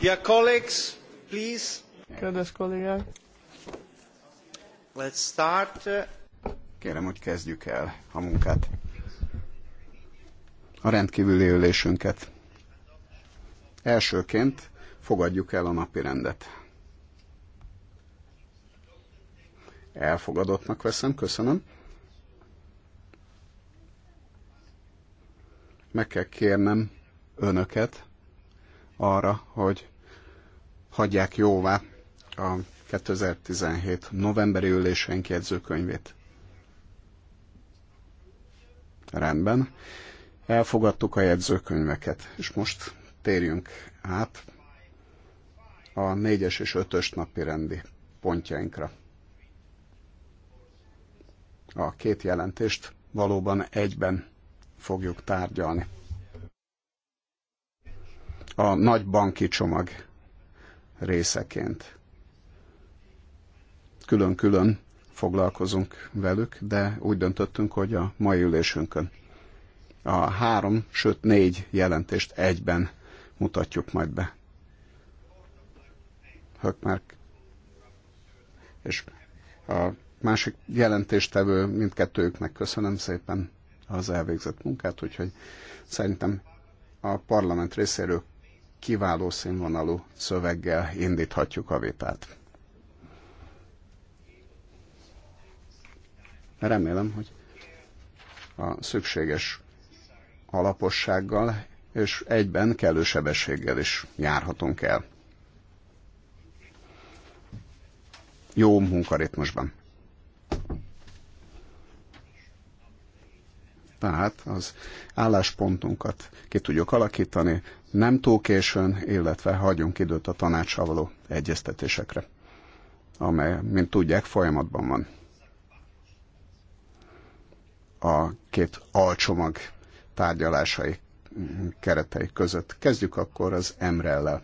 Dear colleagues, please. Kedves kollégák! Let's start. Kérem, hogy kezdjük el a munkát. A rendkívüli ülésünket. Elsőként fogadjuk el a napi rendet. Elfogadottnak veszem, köszönöm. Meg kell kérnem önöket, arra, hogy hagyják jóvá a 2017 novemberi ülésen jegyzőkönyvét. Rendben. Elfogadtuk a jegyzőkönyveket, és most térjünk át a 4-es és 5-ös napi rendi pontjainkra. A két jelentést valóban egyben fogjuk tárgyalni a nagy banki csomag részeként. Külön-külön foglalkozunk velük, de úgy döntöttünk, hogy a mai ülésünkön a három, sőt négy jelentést egyben mutatjuk majd be. Hökmark és a másik jelentéstevő mindkettőjüknek köszönöm szépen az elvégzett munkát, úgyhogy szerintem a parlament részéről kiváló színvonalú szöveggel indíthatjuk a vitát. Remélem, hogy a szükséges alapossággal és egyben kellő sebességgel is járhatunk el. Jó munkaritmusban. Tehát az álláspontunkat ki tudjuk alakítani, nem túl későn, illetve hagyjunk időt a tanácssal való egyeztetésekre, amely, mint tudják, folyamatban van. A két alcsomag tárgyalásai mm, keretei között. Kezdjük akkor az Emrellel,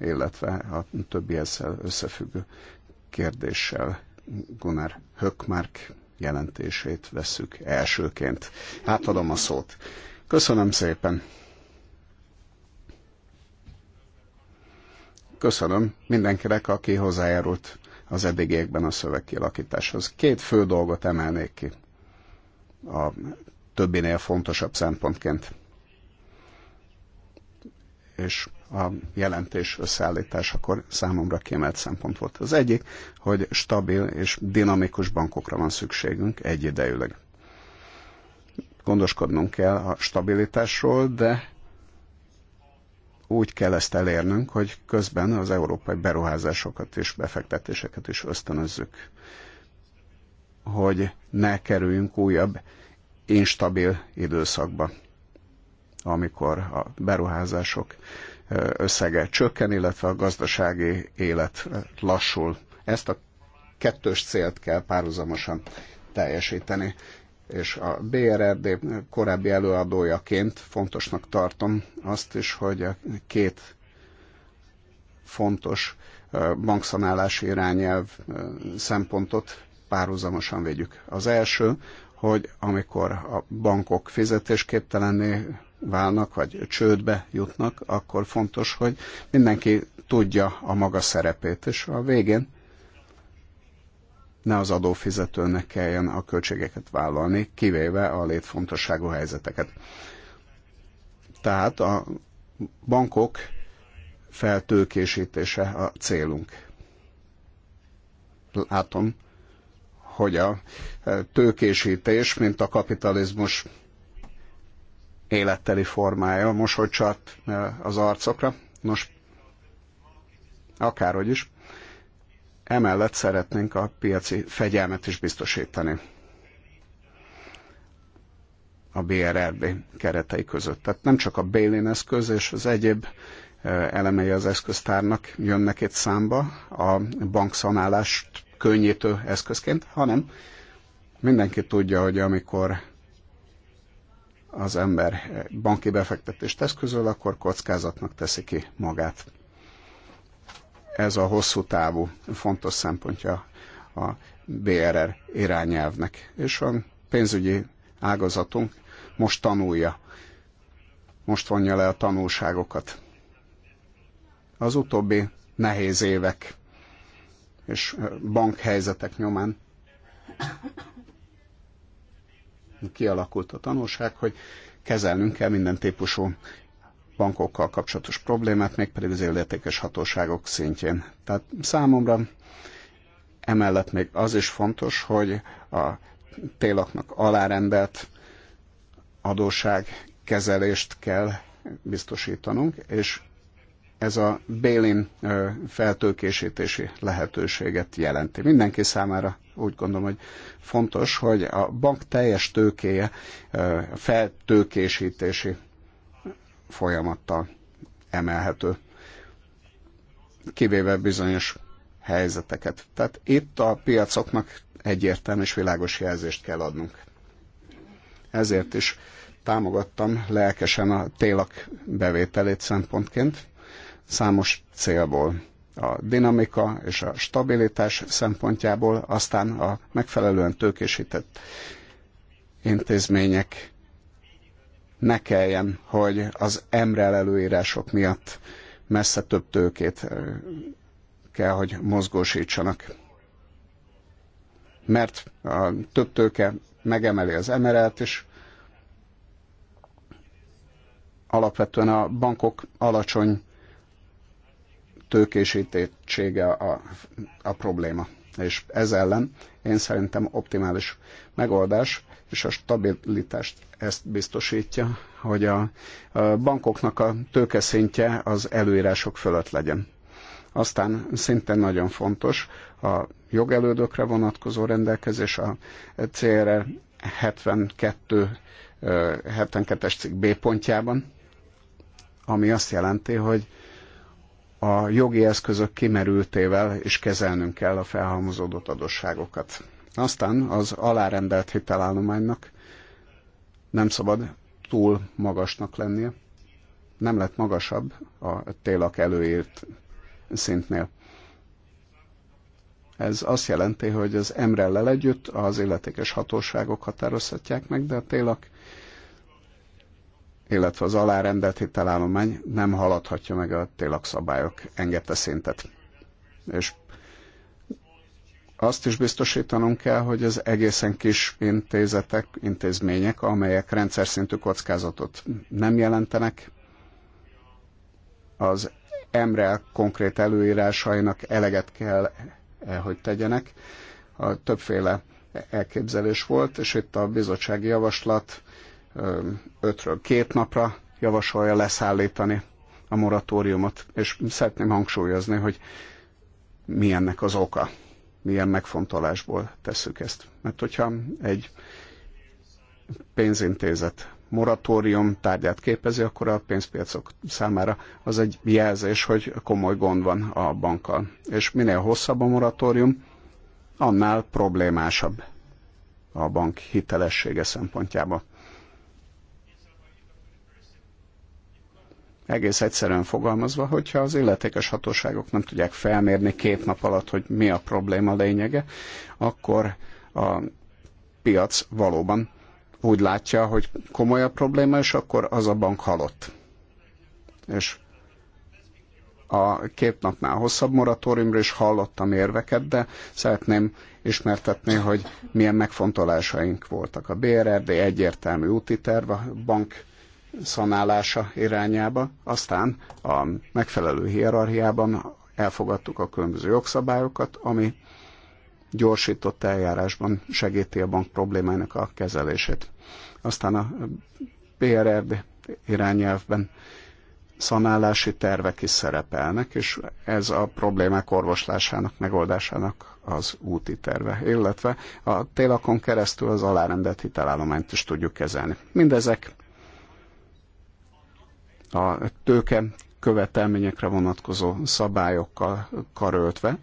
illetve a többi ezzel összefüggő kérdéssel. Gunnar Höckmark jelentését vesszük elsőként. Átadom a szót. Köszönöm szépen. Köszönöm mindenkinek, aki hozzájárult az eddigiekben a szöveg kialakításhoz. Két fő dolgot emelnék ki a többinél fontosabb szempontként. És a jelentés összeállításakor számomra kiemelt szempont volt. Az egyik, hogy stabil és dinamikus bankokra van szükségünk egyidejűleg. Gondoskodnunk kell a stabilitásról, de úgy kell ezt elérnünk, hogy közben az európai beruházásokat és befektetéseket is ösztönözzük, hogy ne kerüljünk újabb instabil időszakba, amikor a beruházások összege csökken, illetve a gazdasági élet lassul. Ezt a kettős célt kell párhuzamosan teljesíteni és a BRRD korábbi előadójaként fontosnak tartom azt is, hogy a két fontos bankszanálási irányelv szempontot párhuzamosan vegyük. Az első, hogy amikor a bankok fizetésképtelenné válnak, vagy csődbe jutnak, akkor fontos, hogy mindenki tudja a maga szerepét, és a végén ne az adófizetőnek kelljen a költségeket vállalni, kivéve a létfontosságú helyzeteket. Tehát a bankok feltőkésítése a célunk. Látom, hogy a tőkésítés, mint a kapitalizmus életteli formája, mosoly csat az arcokra. Nos, akárhogy is, emellett szeretnénk a piaci fegyelmet is biztosítani a BRRB keretei között. Tehát nem csak a Bélin eszköz és az egyéb elemei az eszköztárnak jönnek itt számba a bankszanálást könnyítő eszközként, hanem mindenki tudja, hogy amikor az ember banki befektetést eszközöl, akkor kockázatnak teszi ki magát. Ez a hosszú távú fontos szempontja a BRR irányelvnek, és a pénzügyi ágazatunk most tanulja, most vonja le a tanulságokat. Az utóbbi nehéz évek és bankhelyzetek nyomán kialakult a tanulság, hogy kezelnünk kell minden típusú bankokkal kapcsolatos problémát, mégpedig az illetékes hatóságok szintjén. Tehát számomra emellett még az is fontos, hogy a télaknak alárendelt kezelést kell biztosítanunk, és ez a Bélin feltőkésítési lehetőséget jelenti. Mindenki számára úgy gondolom, hogy fontos, hogy a bank teljes tőkéje feltőkésítési folyamattal emelhető, kivéve bizonyos helyzeteket. Tehát itt a piacoknak egyértelmű és világos jelzést kell adnunk. Ezért is támogattam lelkesen a télak bevételét szempontként számos célból a dinamika és a stabilitás szempontjából, aztán a megfelelően tőkésített intézmények ne kelljen, hogy az emrel előírások miatt messze több tőkét kell, hogy mozgósítsanak. Mert a több tőke megemeli az emerelt is, alapvetően a bankok alacsony tőkésítettsége a, a probléma. És ez ellen én szerintem optimális megoldás, és a stabilitást ezt biztosítja, hogy a, a bankoknak a tőkeszintje az előírások fölött legyen. Aztán szintén nagyon fontos a jogelődökre vonatkozó rendelkezés, a CRR 72, 72-es cikk B pontjában, ami azt jelenti, hogy a jogi eszközök kimerültével is kezelnünk kell a felhalmozódott adósságokat. Aztán az alárendelt hitelállománynak nem szabad túl magasnak lennie. Nem lett magasabb a télak előírt szintnél. Ez azt jelenti, hogy az emrellel együtt az illetékes hatóságok határozhatják meg, de a télak illetve az alárendelt hitelállomány nem haladhatja meg a télakszabályok engedte szintet. És azt is biztosítanunk kell, hogy az egészen kis intézetek, intézmények, amelyek rendszer szintű kockázatot nem jelentenek, az emre konkrét előírásainak eleget kell, eh, hogy tegyenek. A többféle elképzelés volt, és itt a bizottsági javaslat ötről két napra javasolja leszállítani a moratóriumot, és szeretném hangsúlyozni, hogy mi ennek az oka, milyen megfontolásból tesszük ezt. Mert hogyha egy pénzintézet moratórium tárgyát képezi, akkor a pénzpiacok számára az egy jelzés, hogy komoly gond van a bankkal. És minél hosszabb a moratórium, annál problémásabb a bank hitelessége szempontjából. Egész egyszerűen fogalmazva, hogyha az illetékes hatóságok nem tudják felmérni két nap alatt, hogy mi a probléma lényege, akkor a piac valóban úgy látja, hogy komoly a probléma, és akkor az a bank halott. És a két napnál hosszabb moratóriumra is hallottam érveket, de szeretném ismertetni, hogy milyen megfontolásaink voltak. A BRRD egyértelmű úti terv, a bank szanálása irányába, aztán a megfelelő hierarchiában elfogadtuk a különböző jogszabályokat, ami gyorsított eljárásban segíti a bank problémának a kezelését. Aztán a PRRD irányelvben szanálási tervek is szerepelnek, és ez a problémák orvoslásának, megoldásának az úti terve, illetve a télakon keresztül az alárendelt hitelállományt is tudjuk kezelni. Mindezek a tőke követelményekre vonatkozó szabályokkal karöltve,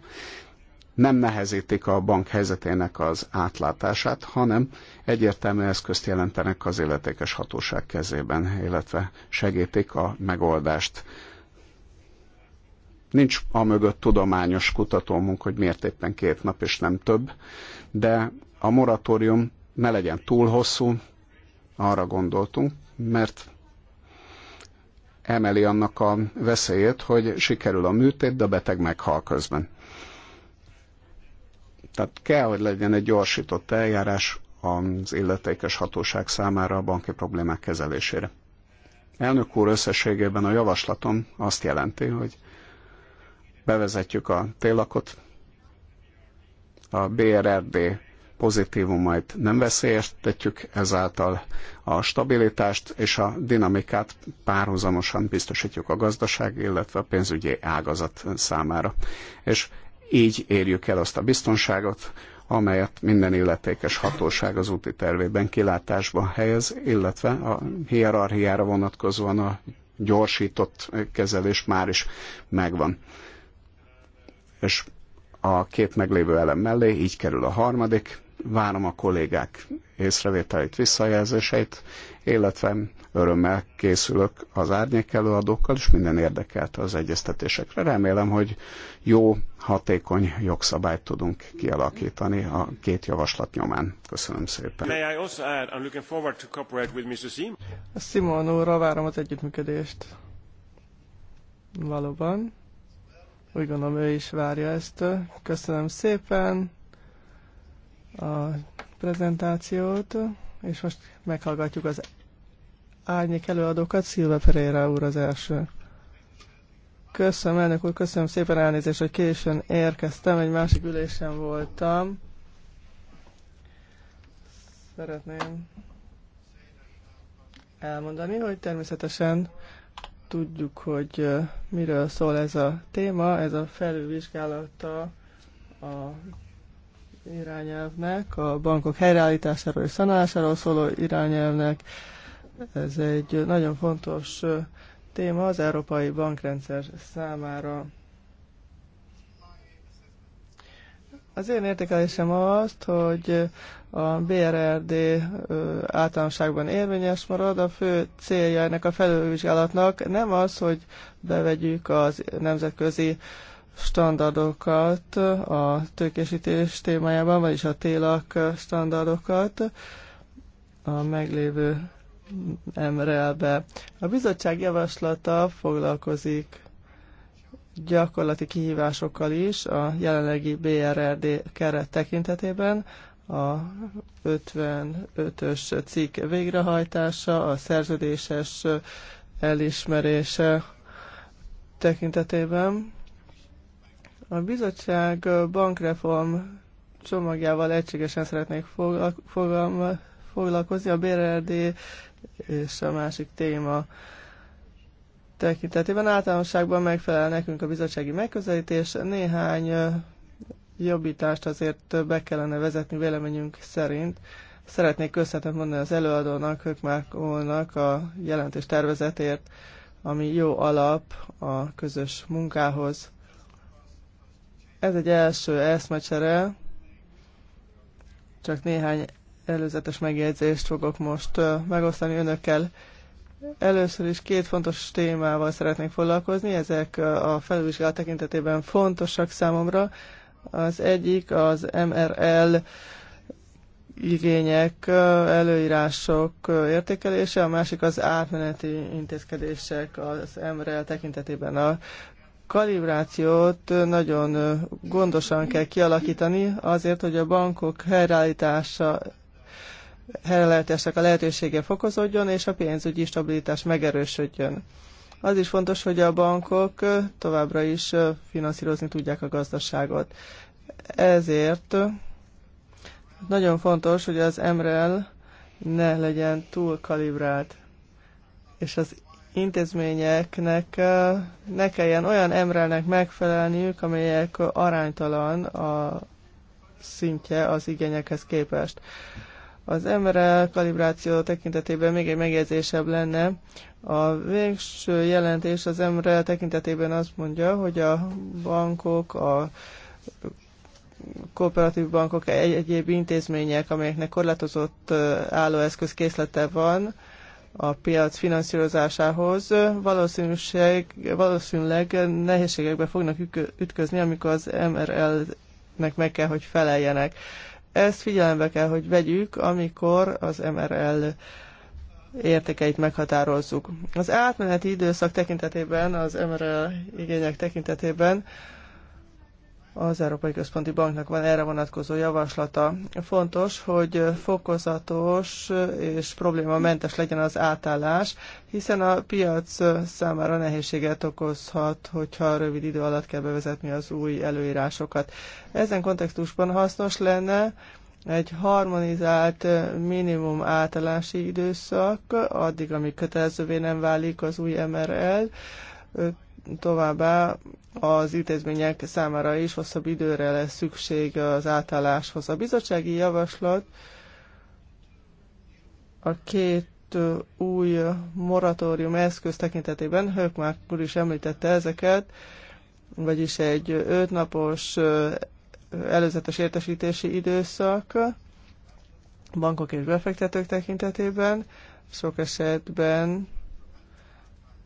nem nehezítik a bank helyzetének az átlátását, hanem egyértelmű eszközt jelentenek az illetékes hatóság kezében, illetve segítik a megoldást. Nincs a mögött tudományos kutatómunk, hogy miért éppen két nap és nem több, de a moratórium ne legyen túl hosszú, arra gondoltunk, mert emeli annak a veszélyét, hogy sikerül a műtét, de a beteg meghal közben. Tehát kell, hogy legyen egy gyorsított eljárás az illetékes hatóság számára a banki problémák kezelésére. Elnök úr összességében a javaslatom azt jelenti, hogy bevezetjük a télakot, a BRRD pozitívumait nem veszélyeztetjük, ezáltal a stabilitást és a dinamikát párhuzamosan biztosítjuk a gazdaság, illetve a pénzügyi ágazat számára. És így érjük el azt a biztonságot, amelyet minden illetékes hatóság az úti tervében kilátásba helyez, illetve a hierarchiára vonatkozóan a gyorsított kezelés már is megvan. És a két meglévő elem mellé így kerül a harmadik, várom a kollégák észrevételeit, visszajelzéseit, illetve örömmel készülök az árnyék előadókkal, és minden érdekelt az egyeztetésekre. Remélem, hogy jó, hatékony jogszabályt tudunk kialakítani a két javaslat nyomán. Köszönöm szépen. May I also add, I'm looking forward to cooperate with Mr. Sim. Simon úrra várom az együttműködést. Valóban. Úgy gondolom, ő is várja ezt. Köszönöm szépen a prezentációt, és most meghallgatjuk az árnyék előadókat. Szilva Pereira úr az első. Köszönöm, elnök úr, köszönöm szépen elnézést, hogy későn érkeztem, egy másik ülésen voltam. Szeretném elmondani, hogy természetesen tudjuk, hogy miről szól ez a téma, ez a felülvizsgálata a irányelvnek, a bankok helyreállításáról és szanálásáról szóló irányelvnek. Ez egy nagyon fontos téma az európai bankrendszer számára. Az én értékelésem azt, hogy a BRRD általánosságban érvényes marad. A fő célja ennek a felülvizsgálatnak nem az, hogy bevegyük az nemzetközi standardokat a tőkésítés témájában, vagyis a télak standardokat a meglévő MREL-be. A bizottság javaslata foglalkozik gyakorlati kihívásokkal is a jelenlegi BRRD keret tekintetében, a 55-ös cikk végrehajtása, a szerződéses elismerése tekintetében a bizottság bankreform csomagjával egységesen szeretnék foglalkozni. A BRRD és a másik téma tekintetében általánosságban megfelel nekünk a bizottsági megközelítés. Néhány jobbítást azért be kellene vezetni véleményünk szerint. Szeretnék köszönetet mondani az előadónak, ők már a jelentés tervezetért, ami jó alap a közös munkához. Ez egy első eszmecsere, csak néhány előzetes megjegyzést fogok most megosztani önökkel. Először is két fontos témával szeretnék foglalkozni, ezek a felvizsgálat tekintetében fontosak számomra. Az egyik az MRL igények, előírások értékelése, a másik az átmeneti intézkedések az MRL tekintetében. A kalibrációt nagyon gondosan kell kialakítani azért, hogy a bankok helyreállítása helyreállítások a lehetősége fokozódjon, és a pénzügyi stabilitás megerősödjön. Az is fontos, hogy a bankok továbbra is finanszírozni tudják a gazdaságot. Ezért nagyon fontos, hogy az MREL ne legyen túl kalibrált, és az intézményeknek ne kelljen olyan emrelnek megfelelniük, amelyek aránytalan a szintje az igényekhez képest. Az emre kalibráció tekintetében még egy megjegyzésebb lenne. A végső jelentés az emre tekintetében azt mondja, hogy a bankok, a kooperatív bankok, egy egyéb intézmények, amelyeknek korlátozott állóeszköz készlete van, a piac finanszírozásához valószínűség, valószínűleg nehézségekbe fognak ütközni, amikor az MRL-nek meg kell, hogy feleljenek. Ezt figyelembe kell, hogy vegyük, amikor az MRL értékeit meghatározzuk. Az átmeneti időszak tekintetében, az MRL igények tekintetében az Európai Központi Banknak van erre vonatkozó javaslata. Fontos, hogy fokozatos és problémamentes legyen az átállás, hiszen a piac számára nehézséget okozhat, hogyha rövid idő alatt kell bevezetni az új előírásokat. Ezen kontextusban hasznos lenne, egy harmonizált minimum átállási időszak, addig, amíg kötelezővé nem válik az új MRL, továbbá az intézmények számára is hosszabb időre lesz szükség az átálláshoz. A bizottsági javaslat a két új moratórium eszköz tekintetében, Hők már úr is említette ezeket, vagyis egy ötnapos előzetes értesítési időszak bankok és befektetők tekintetében, sok esetben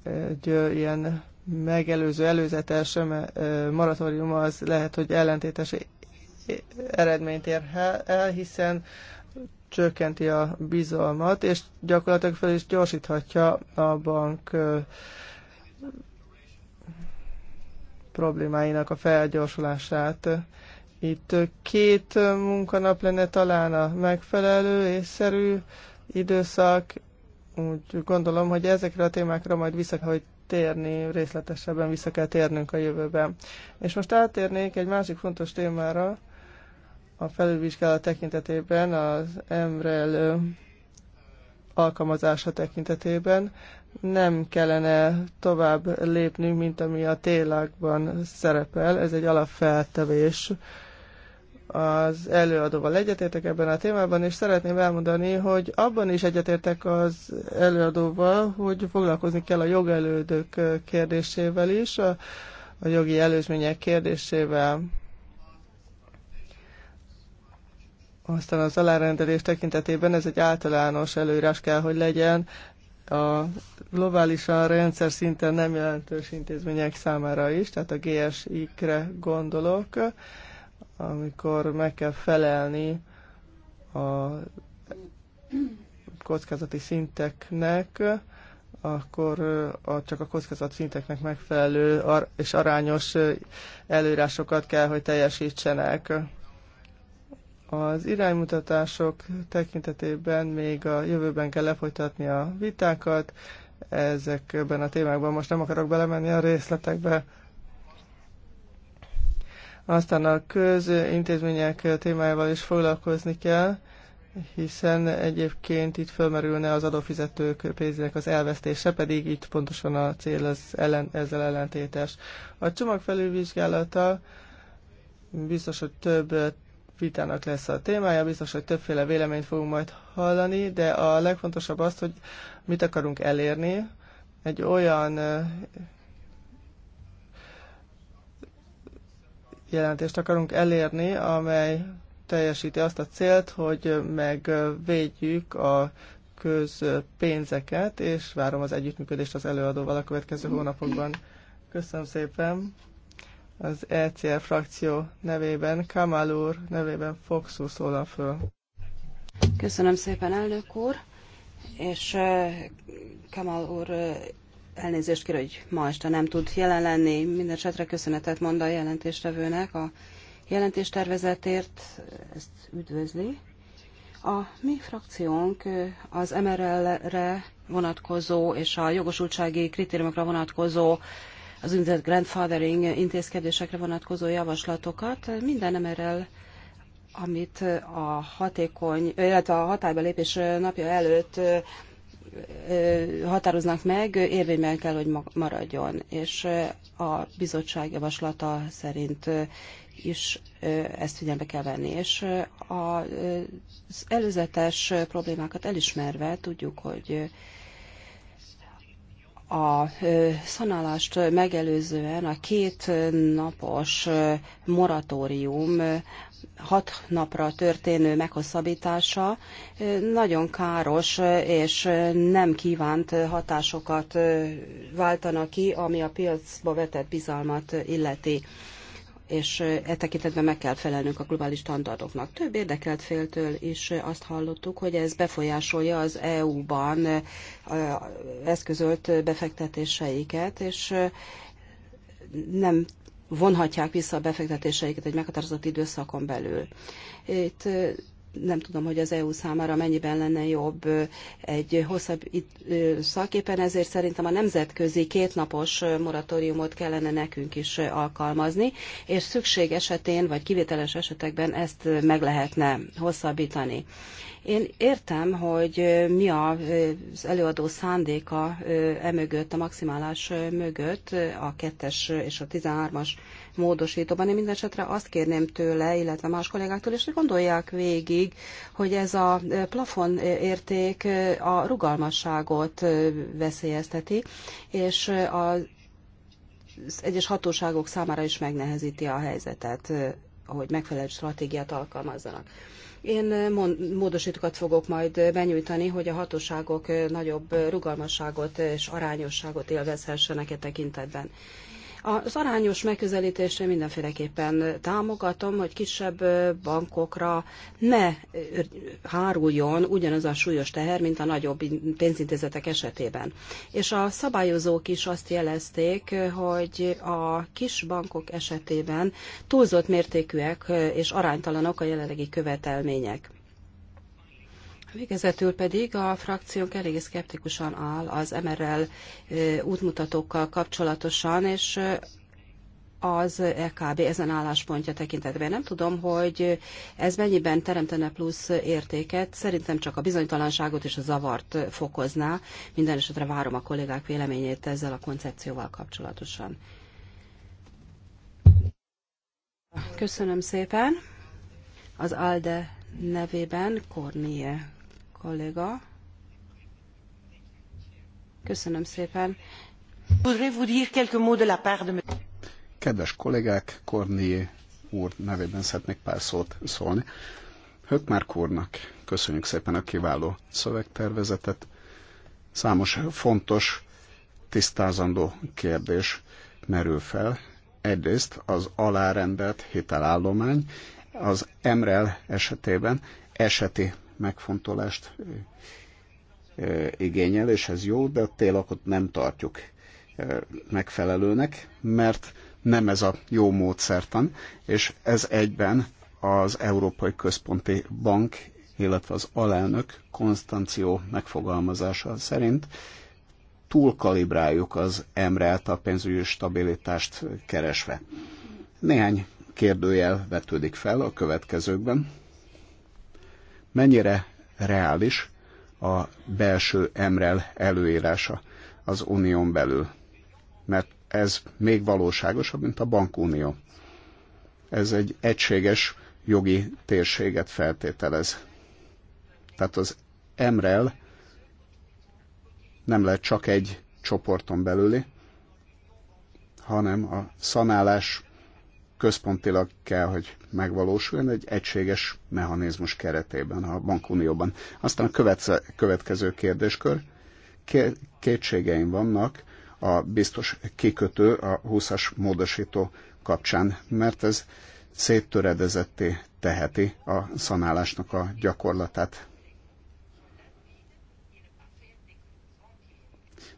egy ilyen megelőző, előzetes moratórium az lehet, hogy ellentétes eredményt ér el, hiszen csökkenti a bizalmat, és gyakorlatilag fel is gyorsíthatja a bank problémáinak a felgyorsulását. Itt két munkanap lenne talán a megfelelő, és szerű időszak. Úgy gondolom, hogy ezekre a témákra majd vissza, hogy térni, részletesebben vissza kell térnünk a jövőben. És most átérnék egy másik fontos témára, a felülvizsgálat tekintetében, az MREL alkalmazása tekintetében nem kellene tovább lépnünk, mint ami a télákban szerepel. Ez egy alapfeltevés az előadóval egyetértek ebben a témában, és szeretném elmondani, hogy abban is egyetértek az előadóval, hogy foglalkozni kell a jogelődök kérdésével is, a, a jogi előzmények kérdésével. Aztán az alárendelés tekintetében ez egy általános előírás kell, hogy legyen, a globálisan rendszer szinten nem jelentős intézmények számára is, tehát a GSI-kre gondolok amikor meg kell felelni a kockázati szinteknek, akkor a, csak a kockázati szinteknek megfelelő ar és arányos előírásokat kell, hogy teljesítsenek. Az iránymutatások tekintetében még a jövőben kell lefolytatni a vitákat, ezekben a témákban most nem akarok belemenni a részletekbe, aztán a közintézmények témájával is foglalkozni kell, hiszen egyébként itt fölmerülne az adófizetők pénzének az elvesztése, pedig itt pontosan a cél az ellen, ezzel ellentétes. A csomag felülvizsgálata biztos, hogy több vitának lesz a témája, biztos, hogy többféle véleményt fogunk majd hallani, de a legfontosabb az, hogy mit akarunk elérni, egy olyan jelentést akarunk elérni, amely teljesíti azt a célt, hogy megvédjük a közpénzeket, és várom az együttműködést az előadóval a következő hónapokban. Köszönöm szépen! Az ECR frakció nevében, Kamal úr nevében Foxu úr szólal föl. Köszönöm szépen, elnök úr! És eh, Kamal úr eh, elnézést kér, hogy ma este nem tud jelen lenni. Mindenesetre köszönetet mond a jelentéstevőnek a jelentéstervezetért, ezt üdvözli. A mi frakciónk az MRL-re vonatkozó és a jogosultsági kritériumokra vonatkozó az úgynevezett grandfathering intézkedésekre vonatkozó javaslatokat minden MRL amit a hatékony, illetve a hatályba lépés napja előtt határoznak meg, érvényben kell, hogy maradjon, és a bizottság javaslata szerint is ezt figyelme kell venni. És az előzetes problémákat elismerve tudjuk, hogy a szanálást megelőzően a két napos moratórium hat napra történő meghosszabbítása nagyon káros és nem kívánt hatásokat váltana ki, ami a piacba vetett bizalmat illeti és e tekintetben meg kell felelnünk a globális standardoknak. Több érdekelt féltől is azt hallottuk, hogy ez befolyásolja az EU-ban eszközölt befektetéseiket, és nem vonhatják vissza a befektetéseiket egy meghatározott időszakon belül. Itt nem tudom, hogy az EU számára mennyiben lenne jobb egy hosszabb szaképen, ezért szerintem a nemzetközi kétnapos moratóriumot kellene nekünk is alkalmazni, és szükség esetén vagy kivételes esetekben ezt meg lehetne hosszabbítani. Én értem, hogy mi az előadó szándéka emögött, a maximálás mögött, a kettes és a 13-as módosítóban. Én minden esetre azt kérném tőle, illetve más kollégáktól is, hogy gondolják végig, hogy ez a plafon érték a rugalmasságot veszélyezteti, és az egyes hatóságok számára is megnehezíti a helyzetet, hogy megfelelő stratégiát alkalmazzanak. Én eh, módosítókat fogok majd eh, benyújtani, hogy a hatóságok eh, nagyobb rugalmasságot és arányosságot élvezhessenek e tekintetben. Az arányos megközelítésre mindenféleképpen támogatom, hogy kisebb bankokra ne háruljon ugyanaz a súlyos teher, mint a nagyobb pénzintézetek esetében. És a szabályozók is azt jelezték, hogy a kis bankok esetében túlzott mértékűek és aránytalanok a jelenlegi követelmények. Végezetül pedig a frakciónk eléggé szkeptikusan áll az MRL útmutatókkal kapcsolatosan, és az EKB ezen álláspontja tekintetben. Nem tudom, hogy ez mennyiben teremtene plusz értéket. Szerintem csak a bizonytalanságot és a zavart fokozná. Minden esetre várom a kollégák véleményét ezzel a koncepcióval kapcsolatosan. Köszönöm szépen. Az ALDE nevében Kornie kolléga. Köszönöm szépen. Kedves kollégák, Korné úr nevében szeretnék pár szót szólni. Hökmárk úrnak köszönjük szépen a kiváló szövegtervezetet. Számos fontos, tisztázandó kérdés merül fel. Egyrészt az alárendelt hitelállomány, az MREL esetében eseti megfontolást igényel, és ez jó, de a télakot nem tartjuk megfelelőnek, mert nem ez a jó módszertan, és ez egyben az Európai Központi Bank, illetve az alelnök Konstanció megfogalmazása szerint túlkalibráljuk az MRE-t a pénzügyi stabilitást keresve. Néhány kérdőjel vetődik fel a következőkben mennyire reális a belső emrel előírása az unión belül. Mert ez még valóságosabb, mint a bankunió. Ez egy egységes jogi térséget feltételez. Tehát az emrel nem lehet csak egy csoporton belüli, hanem a szanálás központilag kell, hogy megvalósuljon egy egységes mechanizmus keretében a bankunióban. Aztán a következő kérdéskör. Kétségeim vannak a biztos kikötő a 20-as módosító kapcsán, mert ez széttöredezetté teheti a szanálásnak a gyakorlatát.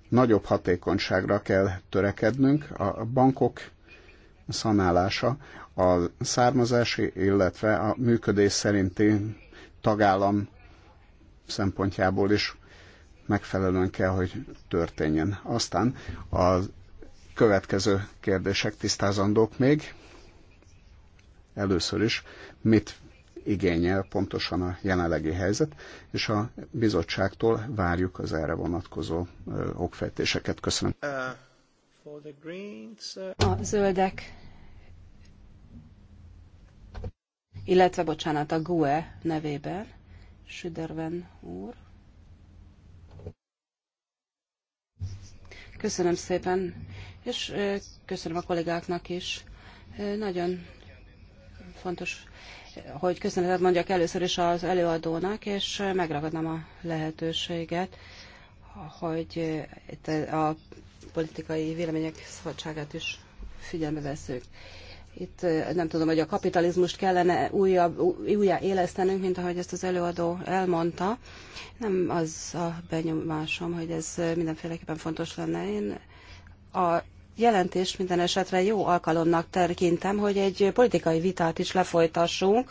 Nagyobb hatékonyságra kell törekednünk. A bankok szanálása a származási, illetve a működés szerinti tagállam szempontjából is megfelelően kell, hogy történjen. Aztán a következő kérdések tisztázandók még. Először is, mit igényel pontosan a jelenlegi helyzet, és a bizottságtól várjuk az erre vonatkozó okfejtéseket. Köszönöm. Uh... Uh, a zöldek, illetve bocsánat, a GUE nevében, Süderven úr. Köszönöm szépen, és köszönöm a kollégáknak is. Nagyon fontos, hogy köszönetet mondjak először is az előadónak, és megragadnám a lehetőséget, hogy itt a politikai vélemények szabadságát is figyelme veszük. Itt nem tudom, hogy a kapitalizmust kellene újabb, újjá élesztenünk, mint ahogy ezt az előadó elmondta. Nem az a benyomásom, hogy ez mindenféleképpen fontos lenne. Én a jelentést minden esetre jó alkalomnak terkintem, hogy egy politikai vitát is lefolytassunk,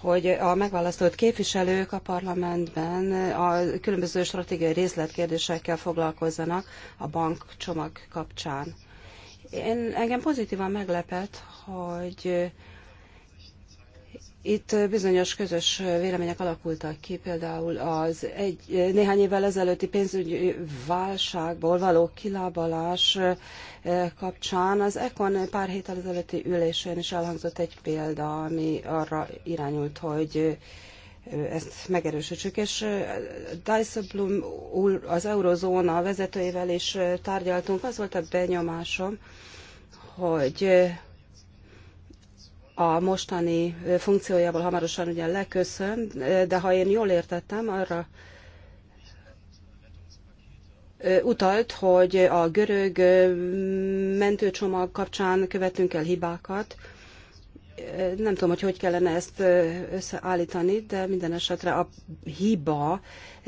hogy a megválasztott képviselők a parlamentben a különböző stratégiai részletkérdésekkel foglalkozzanak a bankcsomag kapcsán. Én engem pozitívan meglepett, hogy itt bizonyos közös vélemények alakultak ki, például az egy, néhány évvel ezelőtti pénzügyi válságból való kilábalás kapcsán az ECON pár héttel ezelőtti ülésén is elhangzott egy példa, ami arra irányult, hogy ezt megerősítsük, és Dijsselbloem úr az eurozóna vezetőjével is tárgyaltunk, az volt a benyomásom, hogy a mostani funkciójából hamarosan ugye leköszön, de ha én jól értettem, arra utalt, hogy a görög mentőcsomag kapcsán követünk el hibákat. Nem tudom, hogy hogy kellene ezt összeállítani, de minden esetre a hiba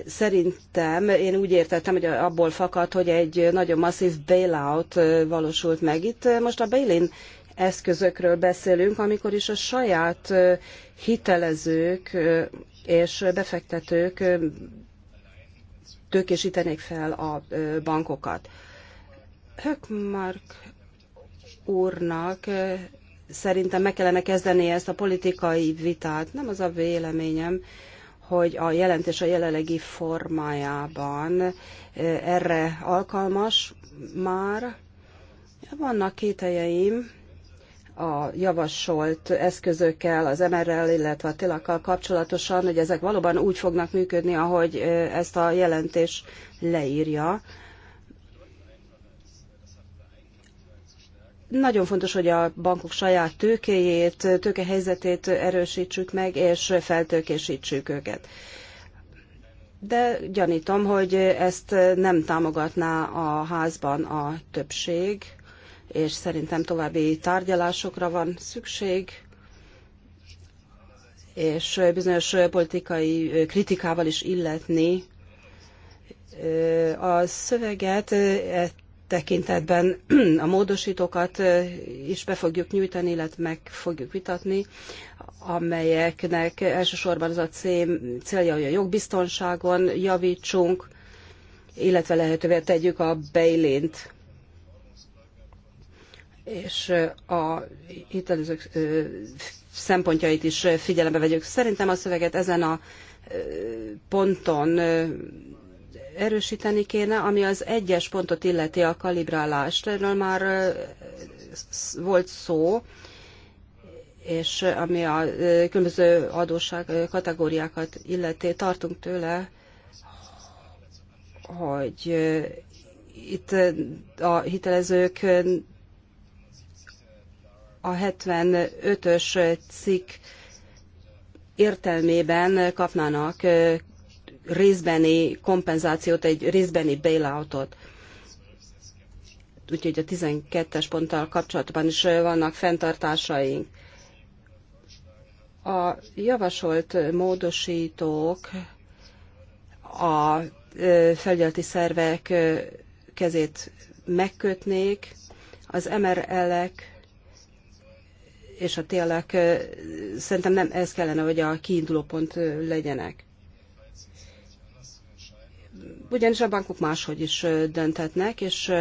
szerintem, én úgy értettem, hogy abból fakad, hogy egy nagyon masszív bailout valósult meg itt. Most a bail eszközökről beszélünk, amikor is a saját hitelezők és befektetők tőkésítenék fel a bankokat. Hökmark úrnak szerintem meg kellene kezdeni ezt a politikai vitát. Nem az a véleményem, hogy a jelentés a jelenlegi formájában erre alkalmas már. Vannak kételjeim, a javasolt eszközökkel, az MR-rel, illetve a tilakkal kapcsolatosan, hogy ezek valóban úgy fognak működni, ahogy ezt a jelentés leírja. Nagyon fontos, hogy a bankok saját tőkéjét, tőkehelyzetét erősítsük meg, és feltőkésítsük őket. De gyanítom, hogy ezt nem támogatná a házban a többség és szerintem további tárgyalásokra van szükség, és bizonyos politikai kritikával is illetni a szöveget e tekintetben a módosítókat is be fogjuk nyújtani, illetve meg fogjuk vitatni, amelyeknek elsősorban az a célja, hogy a jogbiztonságon javítsunk, illetve lehetővé tegyük a bail és a hitelezők szempontjait is figyelembe vegyük. Szerintem a szöveget ezen a ponton erősíteni kéne, ami az egyes pontot illeti a kalibrálást. Erről már volt szó, és ami a különböző adósság kategóriákat illeti, tartunk tőle, hogy itt a hitelezők a 75-ös cikk értelmében kapnának részbeni kompenzációt, egy részbeni bailoutot. Úgyhogy a 12-es ponttal kapcsolatban is vannak fenntartásaink. A javasolt módosítók a felügyeleti szervek kezét megkötnék, az MRL-ek és a télek szerintem nem ez kellene, hogy a kiinduló pont legyenek. Ugyanis a bankok máshogy is dönthetnek, és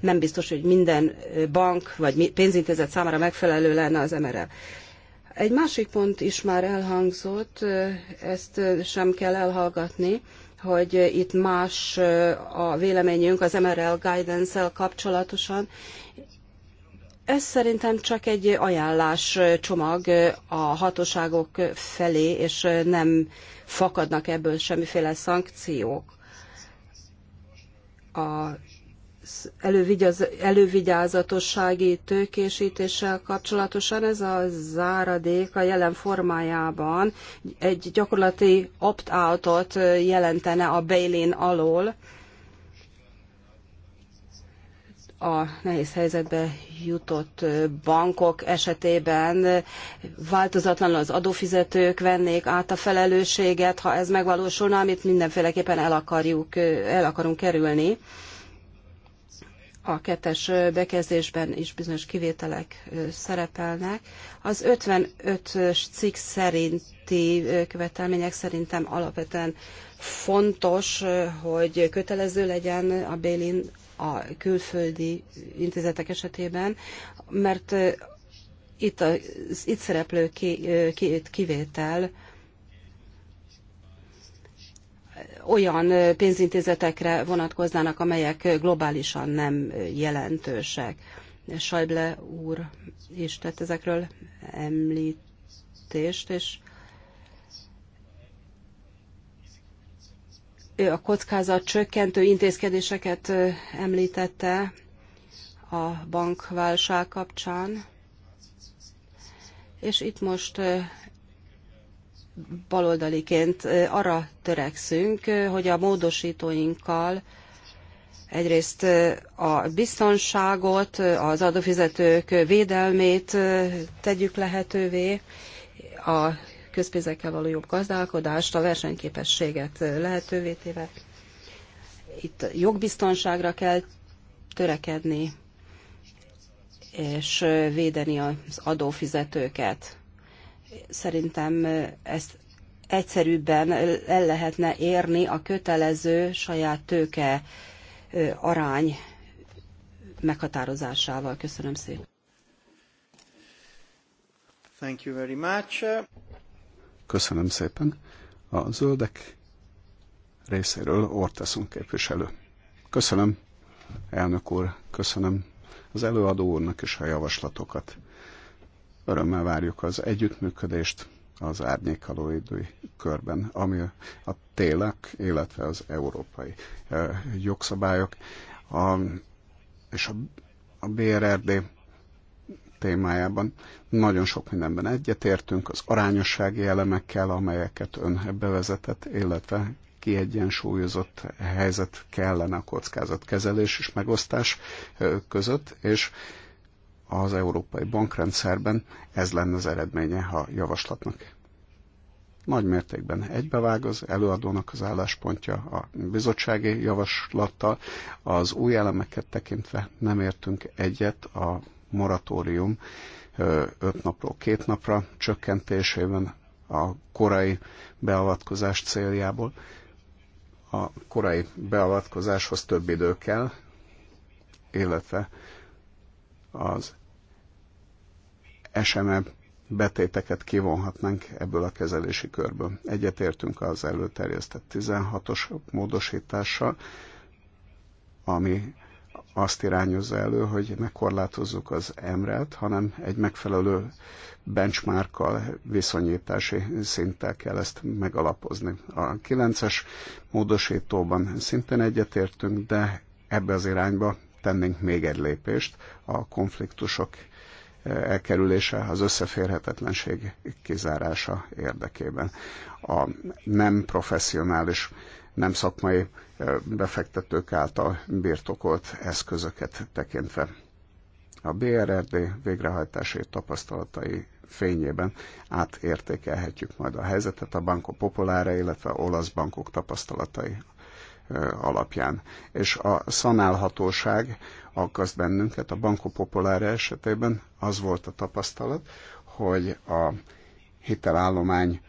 nem biztos, hogy minden bank vagy pénzintézet számára megfelelő lenne az MRL. Egy másik pont is már elhangzott, ezt sem kell elhallgatni, hogy itt más a véleményünk az MRL guidance-el kapcsolatosan, ez szerintem csak egy ajánlás csomag a hatóságok felé, és nem fakadnak ebből semmiféle szankciók. Az elővigyázatossági tőkésítéssel kapcsolatosan ez a záradék a jelen formájában egy gyakorlati opt-outot jelentene a bail-in alól, a nehéz helyzetbe jutott bankok esetében változatlanul az adófizetők vennék át a felelősséget, ha ez megvalósulna, amit mindenféleképpen el, akarjuk, el akarunk kerülni. A kettes bekezdésben is bizonyos kivételek szerepelnek. Az 55-ös cikk szerinti követelmények szerintem alapvetően fontos, hogy kötelező legyen a Bélin a külföldi intézetek esetében, mert itt, a, itt szereplő ki, ki, kivétel olyan pénzintézetekre vonatkoznának, amelyek globálisan nem jelentősek. Schäuble úr is tett ezekről említést, és a kockázat csökkentő intézkedéseket említette a bankválság kapcsán, és itt most baloldaliként arra törekszünk, hogy a módosítóinkkal egyrészt a biztonságot, az adófizetők védelmét tegyük lehetővé, a közpénzekkel való jobb gazdálkodást, a versenyképességet lehetővé téve. Itt jogbiztonságra kell törekedni, és védeni az adófizetőket. Szerintem ezt egyszerűbben el lehetne érni a kötelező saját tőke arány meghatározásával. Köszönöm szépen. Thank you very much. Köszönöm szépen. A zöldek részéről Orteszon képviselő. Köszönöm, elnök úr, köszönöm az előadó úrnak is a javaslatokat. Örömmel várjuk az együttműködést az idői körben, ami a télek, illetve az európai eh, jogszabályok a, és a, a BRRD témájában. Nagyon sok mindenben egyetértünk, az arányossági elemekkel, amelyeket ön bevezetett, illetve kiegyensúlyozott helyzet kellene a kockázatkezelés és megosztás között, és az európai bankrendszerben ez lenne az eredménye a javaslatnak. Nagy mértékben egybevág az előadónak az álláspontja a bizottsági javaslattal. Az új elemeket tekintve nem értünk egyet a moratórium öt napról két napra csökkentésében a korai beavatkozás céljából. A korai beavatkozáshoz több idő kell, illetve az SME betéteket kivonhatnánk ebből a kezelési körből. Egyetértünk az előterjesztett 16-os módosítással, ami azt irányozza elő, hogy ne korlátozzuk az emret, hanem egy megfelelő benchmarkkal, viszonyítási szinttel kell ezt megalapozni. A 9-es módosítóban szintén egyetértünk, de ebbe az irányba tennénk még egy lépést a konfliktusok eh, elkerülése, az összeférhetetlenség kizárása érdekében. A nem professzionális, nem szakmai befektetők által birtokolt eszközöket tekintve. A BRRD végrehajtási tapasztalatai fényében átértékelhetjük majd a helyzetet a Banco Populára, illetve olasz bankok tapasztalatai alapján. És a szanálhatóság aggaszt bennünket, a Banco Populára esetében az volt a tapasztalat, hogy a hitelállomány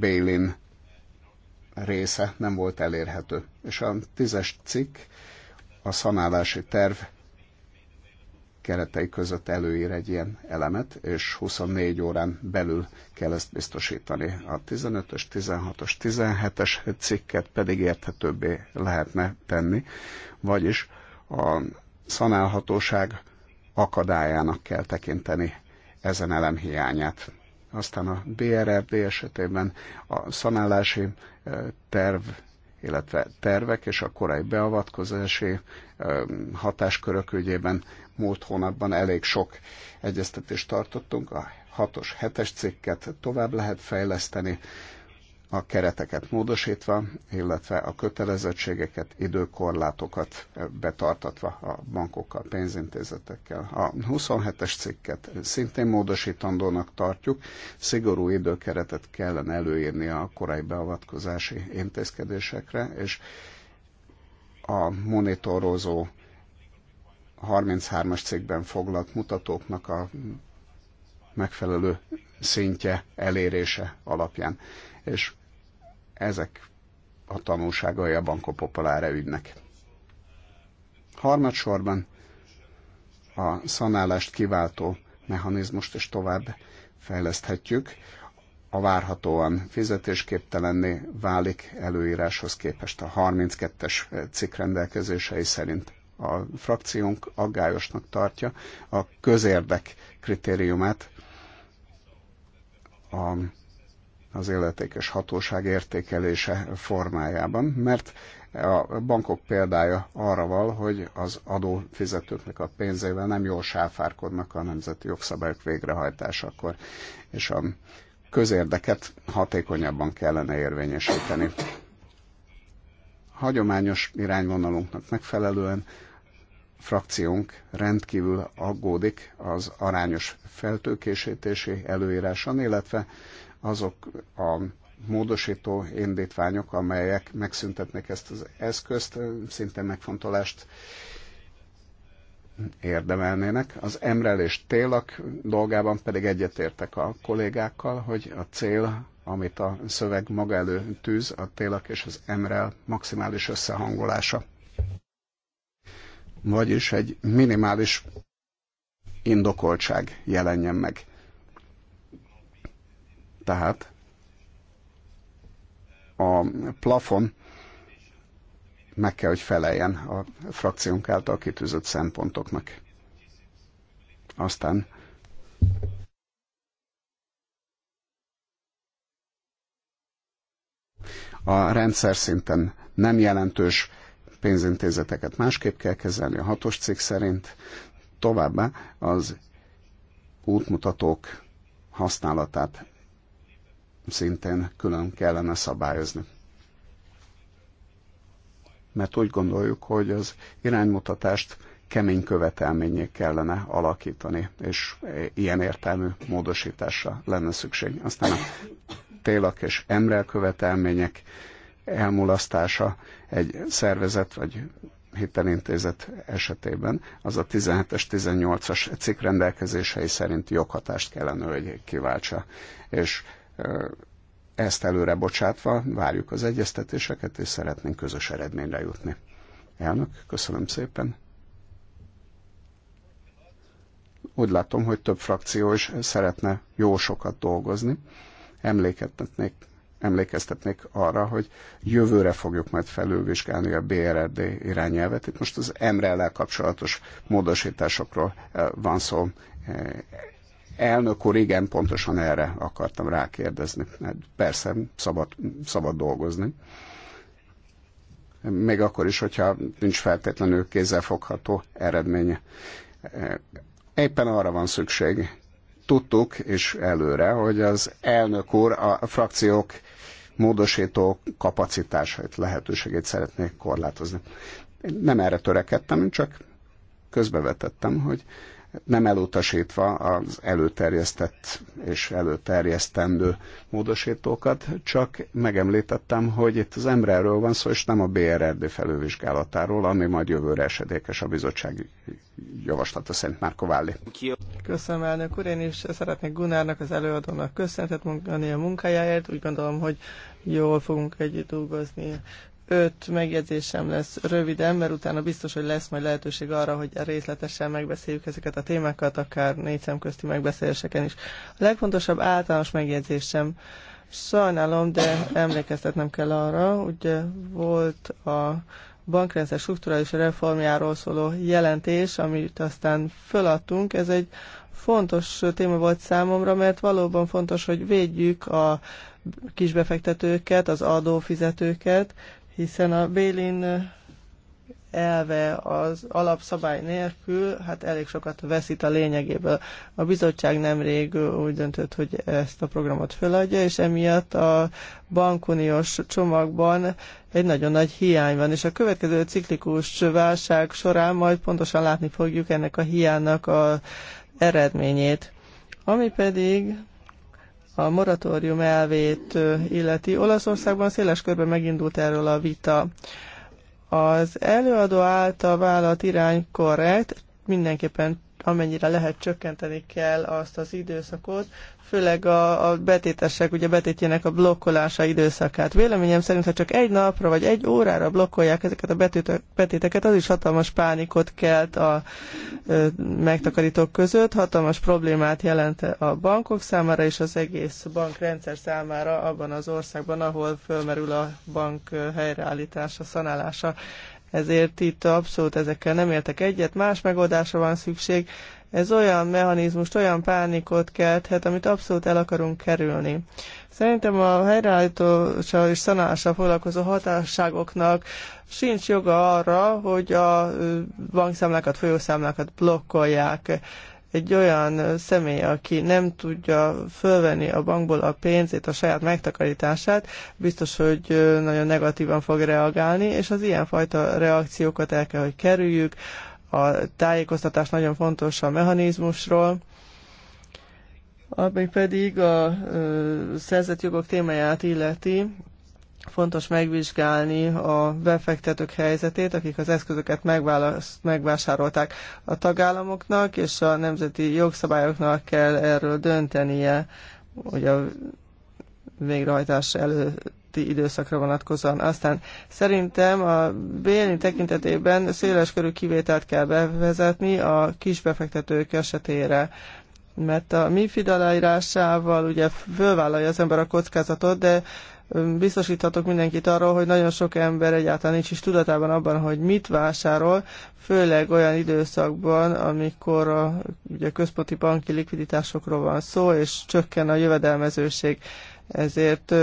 bail-in része nem volt elérhető. És a tízes cikk a szanálási terv keretei között előír egy ilyen elemet, és 24 órán belül kell ezt biztosítani. A 15-ös, 16-os, 17-es cikket pedig érthetőbbé lehetne tenni, vagyis a szanálhatóság akadályának kell tekinteni ezen elem hiányát. Aztán a BRRD esetében a szanálási terv, illetve tervek és a korai beavatkozási hatáskörök ügyében múlt hónapban elég sok egyeztetést tartottunk. A 6-os, 7-es cikket tovább lehet fejleszteni a kereteket módosítva, illetve a kötelezettségeket, időkorlátokat betartatva a bankokkal, pénzintézetekkel. A 27-es cikket szintén módosítandónak tartjuk, szigorú időkeretet kellene előírni a korai beavatkozási intézkedésekre, és a monitorozó 33-as cikkben foglalt mutatóknak a megfelelő szintje elérése alapján. És ezek a tanulságai a Banco Popolare ügynek. Harmadsorban a szanálást kiváltó mechanizmust is tovább fejleszthetjük. A várhatóan fizetésképtelenné válik előíráshoz képest a 32-es cikk rendelkezései szerint. A frakciónk aggályosnak tartja a közérdek kritériumát a az illetékes hatóság értékelése formájában, mert a bankok példája arra val, hogy az adófizetőknek a pénzével nem jól sáfárkodnak a nemzeti jogszabályok végrehajtásakor, és a közérdeket hatékonyabban kellene érvényesíteni. Hagyományos irányvonalunknak megfelelően frakciónk rendkívül aggódik az arányos feltőkésítési előíráson, illetve azok a módosító indítványok, amelyek megszüntetnek ezt az eszközt, szinte megfontolást érdemelnének. Az Emrel és Télak dolgában pedig egyetértek a kollégákkal, hogy a cél, amit a szöveg maga elő tűz, a Télak és az Emrel maximális összehangolása. Vagyis egy minimális indokoltság jelenjen meg tehát a plafon meg kell, hogy feleljen a frakciónk által kitűzött szempontoknak. Aztán a rendszer szinten nem jelentős pénzintézeteket másképp kell kezelni a hatos cikk szerint. Továbbá az útmutatók használatát szintén külön kellene szabályozni. Mert úgy gondoljuk, hogy az iránymutatást kemény követelményé kellene alakítani, és ilyen értelmű módosításra lenne szükség. Aztán a télak és emrel követelmények elmulasztása egy szervezet vagy hitelintézet esetében az a 17-es, 18-as cikk rendelkezései szerint joghatást kellene, hogy kiváltsa. És ezt előre bocsátva várjuk az egyeztetéseket, és szeretnénk közös eredményre jutni. Elnök, köszönöm szépen. Úgy látom, hogy több frakció is szeretne jó sokat dolgozni. Emlékeztetnék, emlékeztetnék arra, hogy jövőre fogjuk majd felülvizsgálni a BRD irányelvet. Itt most az MRL-el kapcsolatos módosításokról van szó Elnök úr, igen, pontosan erre akartam rákérdezni. Hát persze, szabad, szabad dolgozni. Még akkor is, hogyha nincs feltétlenül kézzelfogható eredménye. Éppen arra van szükség. Tudtuk, és előre, hogy az elnök úr a frakciók módosító kapacitásait, lehetőségét szeretnék korlátozni. Én nem erre törekedtem, csak közbevetettem, hogy nem elutasítva az előterjesztett és előterjesztendő módosítókat, csak megemlítettem, hogy itt az emberről van szó, és nem a BRRD felővizsgálatáról, ami majd jövőre esedékes a bizottság javaslata szerint már Válli. Köszönöm, elnök úr, én is szeretnék Gunárnak, az előadónak köszönetet mondani a munkájáért, úgy gondolom, hogy jól fogunk együtt dolgozni öt megjegyzésem lesz röviden, mert utána biztos, hogy lesz majd lehetőség arra, hogy részletesen megbeszéljük ezeket a témákat, akár négy szemközti megbeszéléseken is. A legfontosabb általános megjegyzésem, sajnálom, de emlékeztetnem kell arra, ugye volt a bankrendszer strukturális reformjáról szóló jelentés, amit aztán föladtunk. Ez egy fontos téma volt számomra, mert valóban fontos, hogy védjük a kisbefektetőket, az adófizetőket, hiszen a Bélin elve az alapszabály nélkül, hát elég sokat veszít a lényegéből. A bizottság nemrég úgy döntött, hogy ezt a programot föladja, és emiatt a bankuniós csomagban egy nagyon nagy hiány van, és a következő ciklikus válság során majd pontosan látni fogjuk ennek a hiánynak a eredményét. Ami pedig a moratórium elvét illeti. Olaszországban széles körben megindult erről a vita. Az előadó által vállalt irány korrekt, mindenképpen amennyire lehet csökkenteni kell azt az időszakot, főleg a, a betétesek, ugye betétjének a blokkolása időszakát. Véleményem szerint, ha csak egy napra vagy egy órára blokkolják ezeket a betéteket, az is hatalmas pánikot kelt a ö, megtakarítók között, hatalmas problémát jelent a bankok számára és az egész bankrendszer számára abban az országban, ahol fölmerül a bank helyreállítása, szanálása ezért itt abszolút ezekkel nem értek egyet, más megoldásra van szükség. Ez olyan mechanizmust, olyan pánikot kelthet, amit abszolút el akarunk kerülni. Szerintem a helyreállítással és szanálással foglalkozó hatásságoknak sincs joga arra, hogy a bankszámlákat, folyószámlákat blokkolják egy olyan személy, aki nem tudja fölvenni a bankból a pénzét, a saját megtakarítását, biztos, hogy nagyon negatívan fog reagálni, és az ilyenfajta reakciókat el kell, hogy kerüljük. A tájékoztatás nagyon fontos a mechanizmusról, ami pedig a szerzett jogok témáját illeti, Fontos megvizsgálni a befektetők helyzetét, akik az eszközöket megvásárolták a tagállamoknak, és a nemzeti jogszabályoknak kell erről döntenie, hogy a végrehajtás előtt előtti időszakra vonatkozóan. Aztán szerintem a bélni tekintetében széles körű kivételt kell bevezetni a kisbefektetők esetére. Mert a MIFID aláírásával ugye fölvállalja az ember a kockázatot, de biztosíthatok mindenkit arról, hogy nagyon sok ember egyáltalán nincs is tudatában abban, hogy mit vásárol, főleg olyan időszakban, amikor a ugye, központi banki likviditásokról van szó, és csökken a jövedelmezőség. Ezért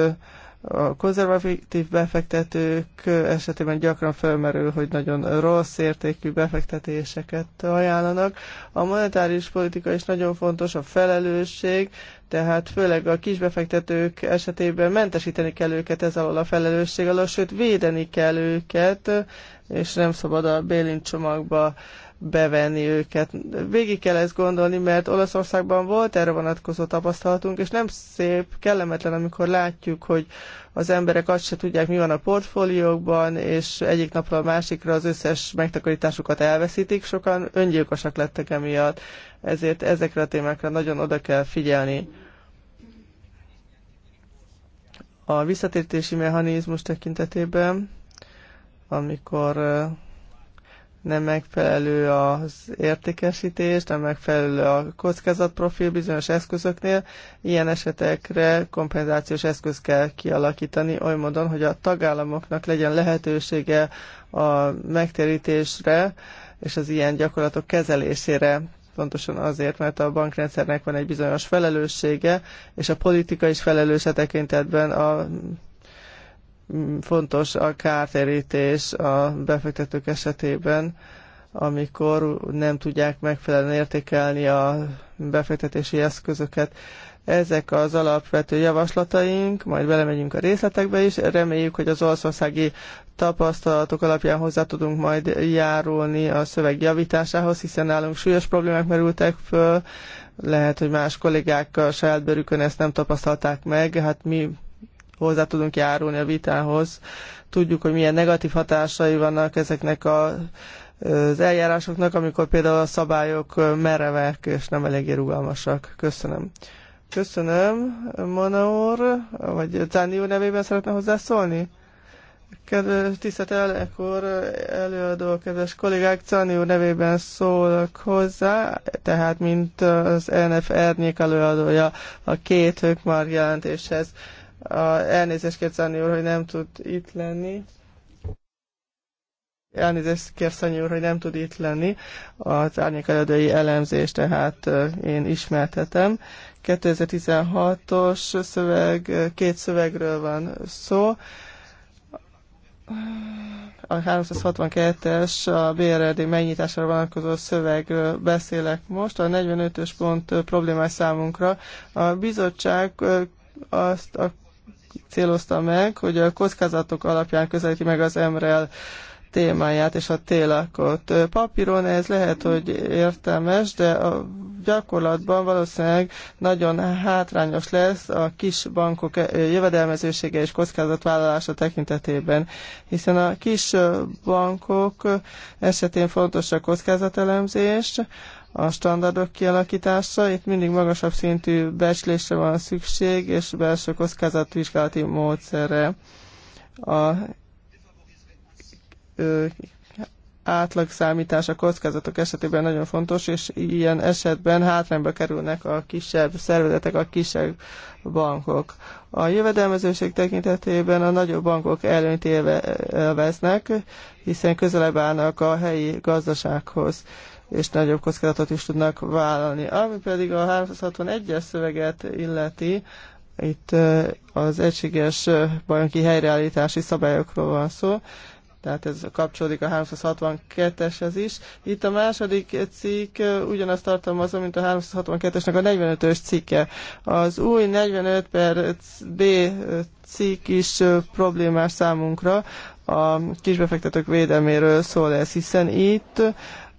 a konzervatív befektetők esetében gyakran felmerül, hogy nagyon rossz értékű befektetéseket ajánlanak. A monetáris politika is nagyon fontos, a felelősség, tehát főleg a kisbefektetők esetében mentesíteni kell őket ez alól a felelősség alól, sőt védeni kell őket, és nem szabad a bélint csomagba bevenni őket. Végig kell ezt gondolni, mert Olaszországban volt erre vonatkozó tapasztalatunk, és nem szép, kellemetlen, amikor látjuk, hogy az emberek azt se tudják, mi van a portfóliókban, és egyik napról a másikra az összes megtakarításukat elveszítik, sokan öngyilkosak lettek emiatt. Ezért ezekre a témákra nagyon oda kell figyelni. A visszatértési mechanizmus tekintetében, amikor nem megfelelő az értékesítés, nem megfelelő a kockázatprofil bizonyos eszközöknél. Ilyen esetekre kompenzációs eszköz kell kialakítani oly módon, hogy a tagállamoknak legyen lehetősége a megtérítésre és az ilyen gyakorlatok kezelésére pontosan azért, mert a bankrendszernek van egy bizonyos felelőssége, és a politika is felelős tekintetben a Mm, fontos a kártérítés a befektetők esetében, amikor nem tudják megfelelően értékelni a befektetési eszközöket. Ezek az alapvető javaslataink, majd belemegyünk a részletekbe is. Reméljük, hogy az országi tapasztalatok alapján hozzá tudunk majd járulni a szöveg javításához, hiszen nálunk súlyos problémák merültek föl, lehet, hogy más kollégák a saját bőrükön ezt nem tapasztalták meg, hát mi hozzá tudunk járulni a vitához. Tudjuk, hogy milyen negatív hatásai vannak ezeknek a, az eljárásoknak, amikor például a szabályok merevek és nem eléggé rugalmasak. Köszönöm. Köszönöm, Mana úr, vagy Cáni úr nevében szeretne hozzászólni? Kedves tisztelt elnök úr, előadó, kedves kollégák, Czani úr nevében szólok hozzá, tehát mint az NF Ernyék előadója a két Hökmar jelentéshez. A, elnézést kér Szanyi úr, hogy nem tud itt lenni. Elnézést kér Szanyi úr, hogy nem tud itt lenni. Az árnyékeladói elemzést tehát én ismertetem. 2016-os szöveg, két szövegről van szó a 362-es a BRD megnyitására vonatkozó szövegről beszélek most. A 45-ös pont problémás számunkra. A bizottság azt a célozta meg, hogy a kockázatok alapján közelíti meg az MREL témáját és a télakot. Papíron ez lehet, hogy értelmes, de a gyakorlatban valószínűleg nagyon hátrányos lesz a kis bankok eh, jövedelmezősége és kockázatvállalása tekintetében, hiszen a kis bankok esetén fontos a kockázatelemzés, a standardok kialakítása. Itt mindig magasabb szintű becslésre van szükség, és belső kockázatvizsgálati módszerre. A ö, átlag számítás a kockázatok esetében nagyon fontos, és ilyen esetben hátrányba kerülnek a kisebb szervezetek, a kisebb bankok. A jövedelmezőség tekintetében a nagyobb bankok előnyt élveznek, hiszen közelebb állnak a helyi gazdasághoz és nagyobb kockázatot is tudnak vállalni. Ami pedig a 361-es szöveget illeti, itt az egységes bajnoki helyreállítási szabályokról van szó, tehát ez kapcsolódik a 362-eshez is. Itt a második cikk ugyanazt tartalmazza, mint a 362-esnek a 45-ös cikke. Az új 45 per B cikk is problémás számunkra, a kisbefektetők védelméről szól ez, hiszen itt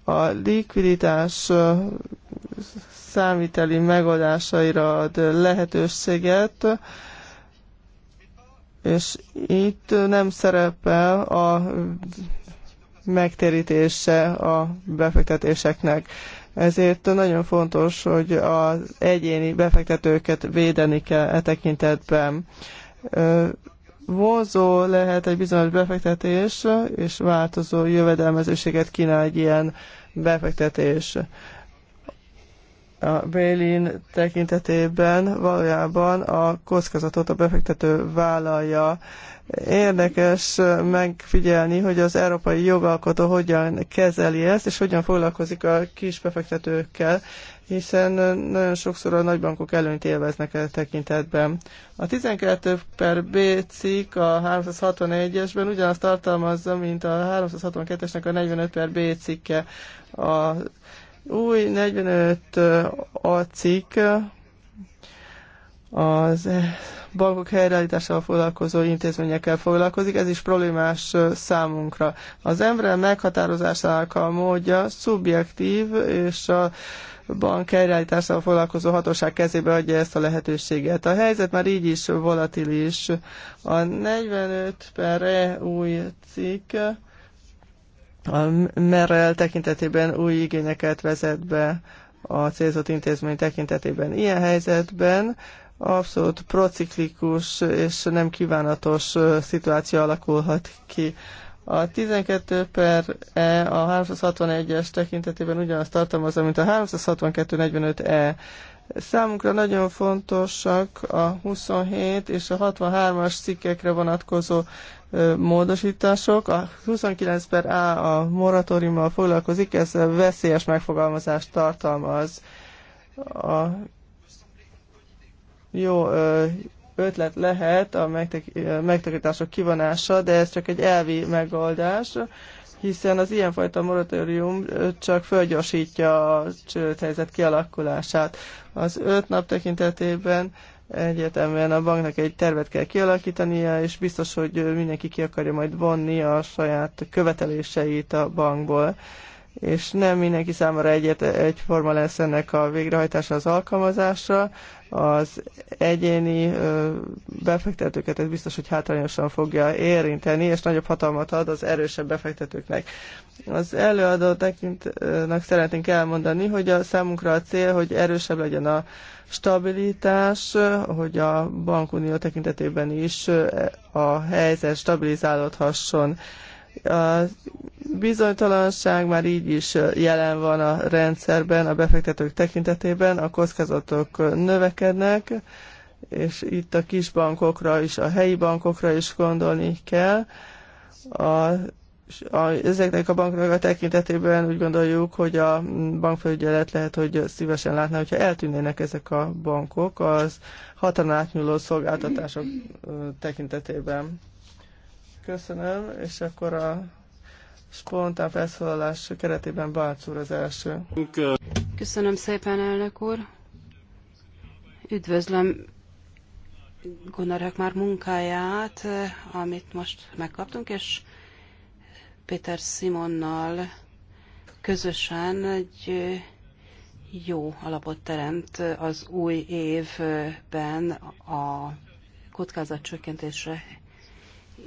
a likviditás számíteli megoldásaira ad lehetőséget, és itt nem szerepel a megtérítése a befektetéseknek. Ezért nagyon fontos, hogy az egyéni befektetőket védeni kell e tekintetben. Vonzó lehet egy bizonyos befektetés, és változó jövedelmezőséget kínál egy ilyen befektetés. A Bélin tekintetében valójában a kockázatot a befektető vállalja. Érdekes megfigyelni, hogy az európai jogalkotó hogyan kezeli ezt, és hogyan foglalkozik a kis befektetőkkel hiszen nagyon sokszor a nagybankok előnyt élveznek e tekintetben. A 12 per B cikk a 361-esben ugyanazt tartalmazza, mint a 362-esnek a 45 per B cikke. A új 45 A cikk az bankok helyreállításával foglalkozó intézményekkel foglalkozik, ez is problémás számunkra. Az ember meghatározásának a módja szubjektív, és a bank helyreállítással foglalkozó hatóság kezébe adja ezt a lehetőséget. A helyzet már így is volatilis. A 45 per E új cikk a merrel tekintetében új igényeket vezet be a célzott intézmény tekintetében. Ilyen helyzetben abszolút prociklikus és nem kívánatos szituáció alakulhat ki. A 12 per E a 361-es tekintetében ugyanazt tartalmazza, mint a 362-45E. Számunkra nagyon fontosak a 27 és a 63-as cikkekre vonatkozó módosítások. A 29 per A a moratóriummal foglalkozik, ez veszélyes megfogalmazást tartalmaz. A jó ötlet lehet a megtakarítások kivonása, de ez csak egy elvi megoldás, hiszen az ilyenfajta moratórium csak fölgyorsítja a helyzet kialakulását. Az öt nap tekintetében egyetemben a banknak egy tervet kell kialakítania, és biztos, hogy mindenki ki akarja majd vonni a saját követeléseit a bankból és nem mindenki számára egyet, egyforma lesz ennek a végrehajtása az alkalmazásra az egyéni befektetőket ez biztos, hogy hátrányosan fogja érinteni, és nagyobb hatalmat ad az erősebb befektetőknek. Az előadó tekintnek szeretnénk elmondani, hogy a számunkra a cél, hogy erősebb legyen a stabilitás, hogy a bankunió tekintetében is a helyzet stabilizálódhasson. A bizonytalanság már így is jelen van a rendszerben, a befektetők tekintetében, a kockázatok növekednek, és itt a kisbankokra is, a helyi bankokra is gondolni kell. A a, ezeknek a banknak a tekintetében úgy gondoljuk, hogy a bankfelügyelet lehet, hogy szívesen látná, hogyha eltűnnének ezek a bankok az határon átnyúló szolgáltatások tekintetében. Köszönöm, és akkor a spontán felszólalás keretében Balcs úr az első. Köszönöm szépen, elnök úr. Üdvözlöm Gunnar már munkáját, amit most megkaptunk, és Péter Simonnal közösen egy jó alapot teremt az új évben a kockázatcsökkentésre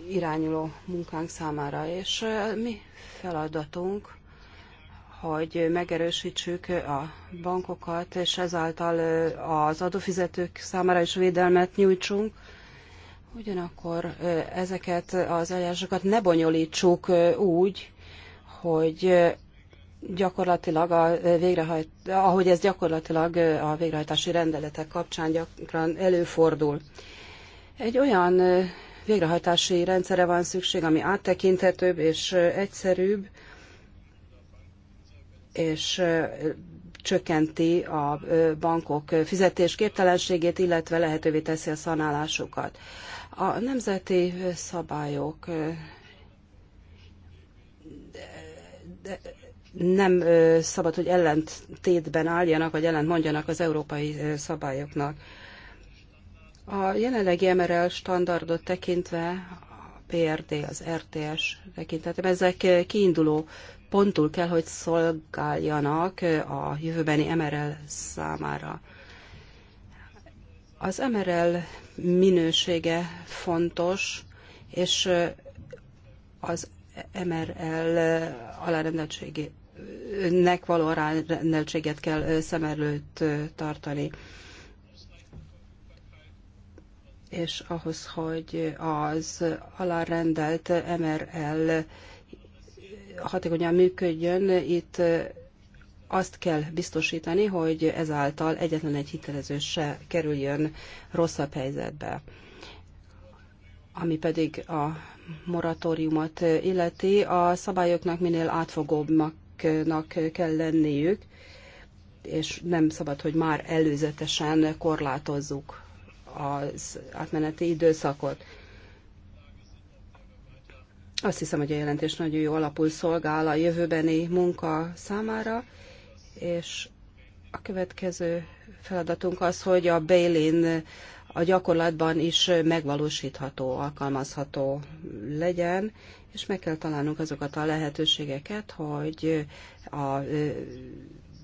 irányuló munkánk számára, és mi feladatunk, hogy megerősítsük a bankokat, és ezáltal az adófizetők számára is védelmet nyújtsunk. Ugyanakkor ezeket az eljárásokat ne bonyolítsuk úgy, hogy gyakorlatilag a végrehajt, ahogy ez gyakorlatilag a végrehajtási rendeletek kapcsán gyakran előfordul. Egy olyan végrehajtási rendszere van szükség, ami áttekinthetőbb és egyszerűbb, és csökkenti a bankok fizetésképtelenségét, illetve lehetővé teszi a szanálásukat. A nemzeti szabályok nem szabad, hogy ellentétben álljanak, vagy ellent mondjanak az európai szabályoknak. A jelenlegi MRL standardot tekintve, a PRD, az RTS tekintetében, ezek kiinduló pontul kell, hogy szolgáljanak a jövőbeni MRL számára. Az MRL minősége fontos, és az MRL nek való alárendeltséget kell szem előtt tartani és ahhoz, hogy az alárendelt MRL hatékonyan működjön, itt azt kell biztosítani, hogy ezáltal egyetlen egy hitelező se kerüljön rosszabb helyzetbe. Ami pedig a moratóriumot illeti, a szabályoknak minél átfogóbbnak kell lenniük, és nem szabad, hogy már előzetesen korlátozzuk az átmeneti időszakot. Azt hiszem, hogy a jelentés nagyon jó alapul szolgál a jövőbeni munka számára, és a következő feladatunk az, hogy a Bélin a gyakorlatban is megvalósítható, alkalmazható legyen, és meg kell találnunk azokat a lehetőségeket, hogy a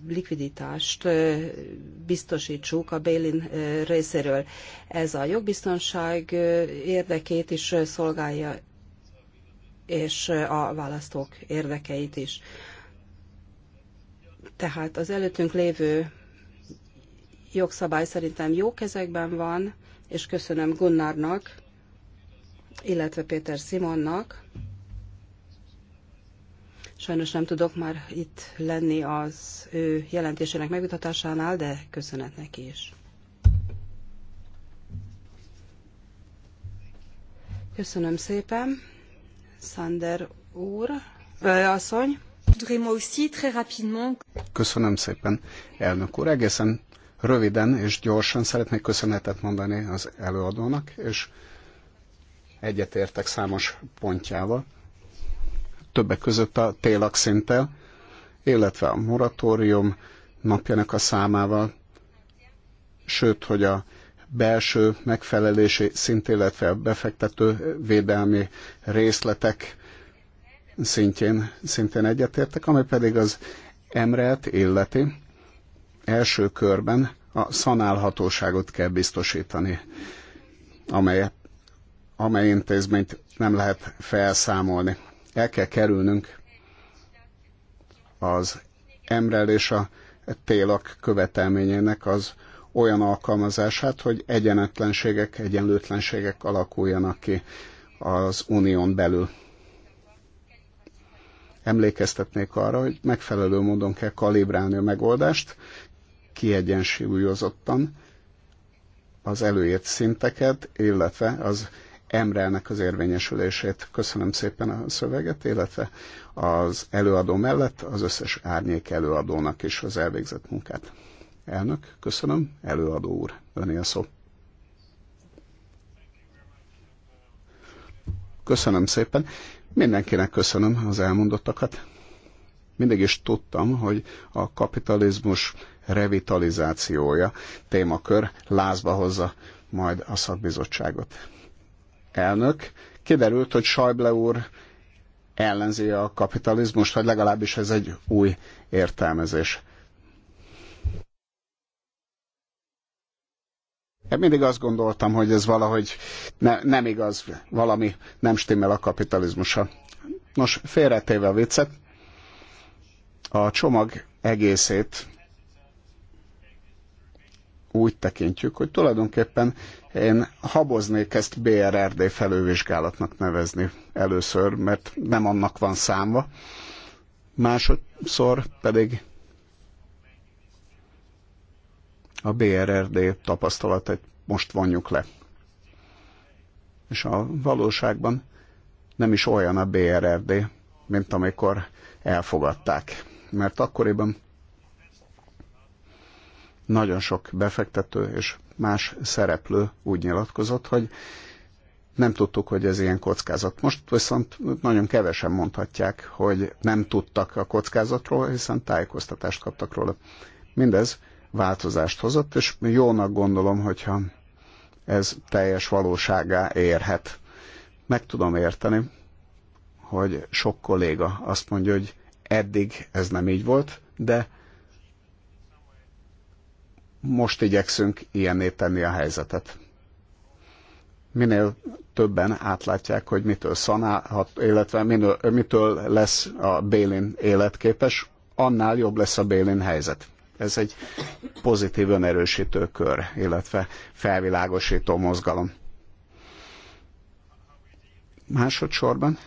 likviditást biztosítsuk a Bélin részéről. Ez a jogbiztonság érdekét is szolgálja, és a választók érdekeit is. Tehát az előttünk lévő jogszabály szerintem jó kezekben van, és köszönöm Gunnarnak, illetve Péter Simonnak, Sajnos nem tudok már itt lenni az ő jelentésének megvitatásánál, de köszönet neki is. Köszönöm szépen, Sander úr, ö, asszony. Köszönöm szépen, elnök úr. Egészen röviden és gyorsan szeretnék köszönetet mondani az előadónak, és egyetértek számos pontjával többek között a télakszinttel, illetve a moratórium napjának a számával, sőt, hogy a belső megfelelési szint, illetve a befektető védelmi részletek szintjén szintén egyetértek, ami pedig az emrelt illeti első körben a szanálhatóságot kell biztosítani, amelyet, amely intézményt nem lehet felszámolni. El kell kerülnünk az emrel és a télak követelményének az olyan alkalmazását, hogy egyenetlenségek, egyenlőtlenségek alakuljanak ki az unión belül. Emlékeztetnék arra, hogy megfelelő módon kell kalibrálni a megoldást, kiegyensúlyozottan az előírt szinteket, illetve az Emrelnek az érvényesülését. Köszönöm szépen a szöveget, illetve az előadó mellett az összes árnyék előadónak is az elvégzett munkát. Elnök, köszönöm. Előadó úr, öné a szó. Köszönöm szépen. Mindenkinek köszönöm az elmondottakat. Mindig is tudtam, hogy a kapitalizmus revitalizációja témakör lázba hozza majd a szakbizottságot elnök. Kiderült, hogy Schäuble úr ellenzi a kapitalizmust, vagy legalábbis ez egy új értelmezés. Én mindig azt gondoltam, hogy ez valahogy ne, nem igaz, valami nem stimmel a kapitalizmusa. Nos, félretéve a viccet, a csomag egészét úgy tekintjük, hogy tulajdonképpen én haboznék ezt BRRD felővizsgálatnak nevezni először, mert nem annak van számva. Másodszor pedig a BRRD tapasztalatot most vonjuk le. És a valóságban nem is olyan a BRRD, mint amikor elfogadták. Mert akkoriban nagyon sok befektető és más szereplő úgy nyilatkozott, hogy nem tudtuk, hogy ez ilyen kockázat. Most viszont nagyon kevesen mondhatják, hogy nem tudtak a kockázatról, hiszen tájékoztatást kaptak róla. Mindez változást hozott, és jónak gondolom, hogyha ez teljes valóságá érhet. Meg tudom érteni, hogy sok kolléga azt mondja, hogy eddig ez nem így volt, de most igyekszünk ilyenné tenni a helyzetet. Minél többen átlátják, hogy mitől szanálhat, illetve minől, mitől lesz a Bélin életképes, annál jobb lesz a Bélin helyzet. Ez egy pozitív önerősítő kör, illetve felvilágosító mozgalom. Másodszorban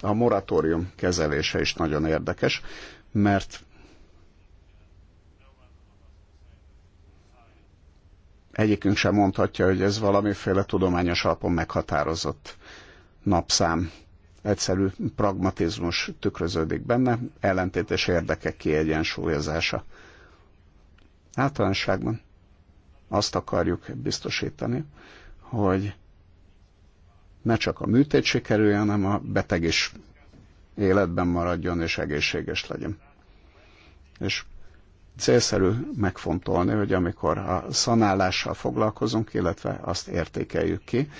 a moratórium kezelése is nagyon érdekes, mert egyikünk sem mondhatja, hogy ez valamiféle tudományos alapon meghatározott napszám. Egyszerű pragmatizmus tükröződik benne, ellentétes érdekek kiegyensúlyozása. Általánosságban azt akarjuk biztosítani, hogy ne csak a műtét sikerüljön, hanem a beteg is életben maradjon és egészséges legyen. És célszerű megfontolni, hogy amikor a szanálással foglalkozunk, illetve azt értékeljük ki,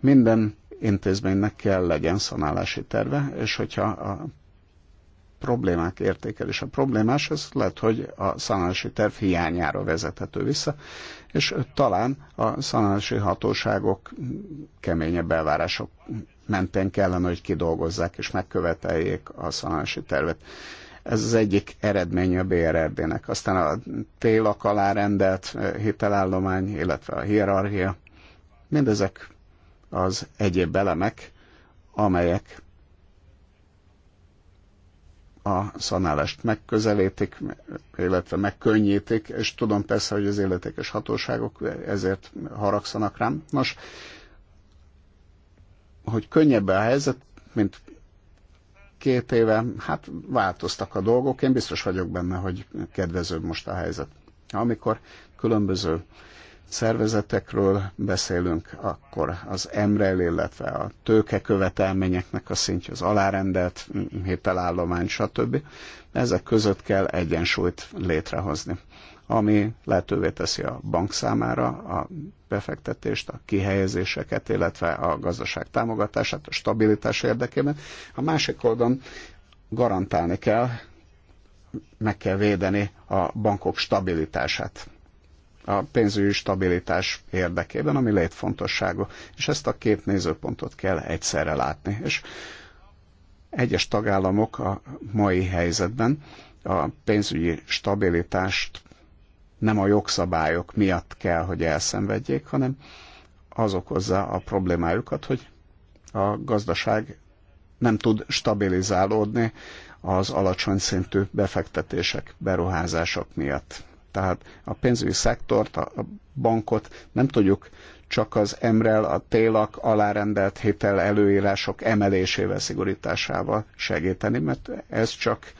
minden intézménynek kell legyen szanálási terve, és hogyha a problémák értékelése problémás, ez lehet, hogy a szanálási terv hiányára vezethető vissza, és talán a szanálási hatóságok keményebb elvárások mentén kellene, hogy kidolgozzák és megköveteljék a szanálási tervet. Ez az egyik eredménye a BRRD-nek. Aztán a télak alá rendelt eh, hitelállomány, illetve a hierarchia, mindezek az egyéb elemek, amelyek a szanálást megközelítik, illetve megkönnyítik, és tudom persze, hogy az életékes hatóságok ezért haragszanak rám. Nos, hogy könnyebb a helyzet, mint két éve, hát változtak a dolgok, én biztos vagyok benne, hogy kedvezőbb most a helyzet. Amikor különböző szervezetekről beszélünk, akkor az emrel, illetve a tőke követelményeknek a szintje, az alárendelt hitelállomány, stb. Ezek között kell egyensúlyt létrehozni, ami lehetővé teszi a bank számára a befektetést, a kihelyezéseket, illetve a gazdaság támogatását, a stabilitás érdekében. A másik oldalon garantálni kell, meg kell védeni a bankok stabilitását a pénzügyi stabilitás érdekében, ami létfontosságú. És ezt a két nézőpontot kell egyszerre látni. És egyes tagállamok a mai helyzetben a pénzügyi stabilitást nem a jogszabályok miatt kell, hogy elszenvedjék, hanem az okozza a problémájukat, hogy a gazdaság nem tud stabilizálódni az alacsony szintű befektetések, beruházások miatt. Tehát a pénzügyi szektort, a bankot nem tudjuk csak az emrel a télak alárendelt hitel előírások emelésével, szigorításával segíteni, mert ez csak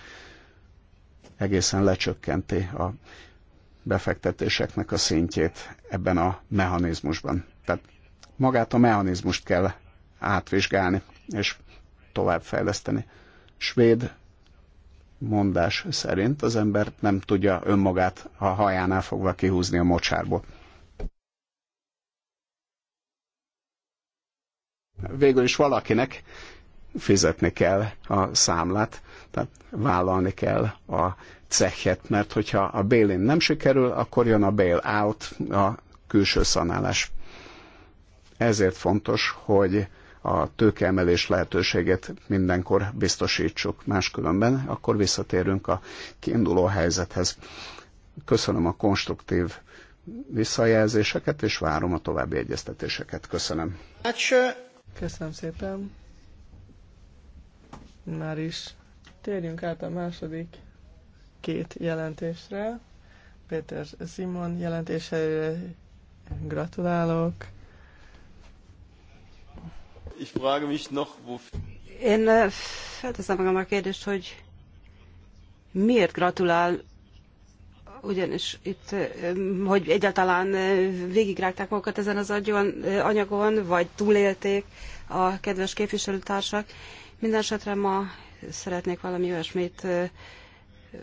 egészen lecsökkenti a befektetéseknek a szintjét ebben a mechanizmusban. Tehát magát a mechanizmust kell átvizsgálni és továbbfejleszteni. Svéd mondás szerint az ember nem tudja önmagát a hajánál fogva kihúzni a mocsárból. végül is valakinek fizetni kell a számlát, tehát vállalni kell a cehet, mert hogyha a bail nem sikerül, akkor jön a bail out, a külső szanálás. Ezért fontos, hogy a tőkeemelés lehetőséget mindenkor biztosítsuk. Máskülönben akkor visszatérünk a kiinduló helyzethez. Köszönöm a konstruktív visszajelzéseket, és várom a további egyeztetéseket. Köszönöm. Uh, Köszönöm szépen. Már is térjünk át a második két jelentésre. Péter Simon jelentésére gratulálok. Ich frage mich noch, Én eh, felteszem magam a kérdést, hogy miért gratulál ugyanis itt, hogy egyáltalán végigrágták magukat ezen az anyagon, vagy túlélték a kedves képviselőtársak. Mindenesetre ma szeretnék valami olyasmit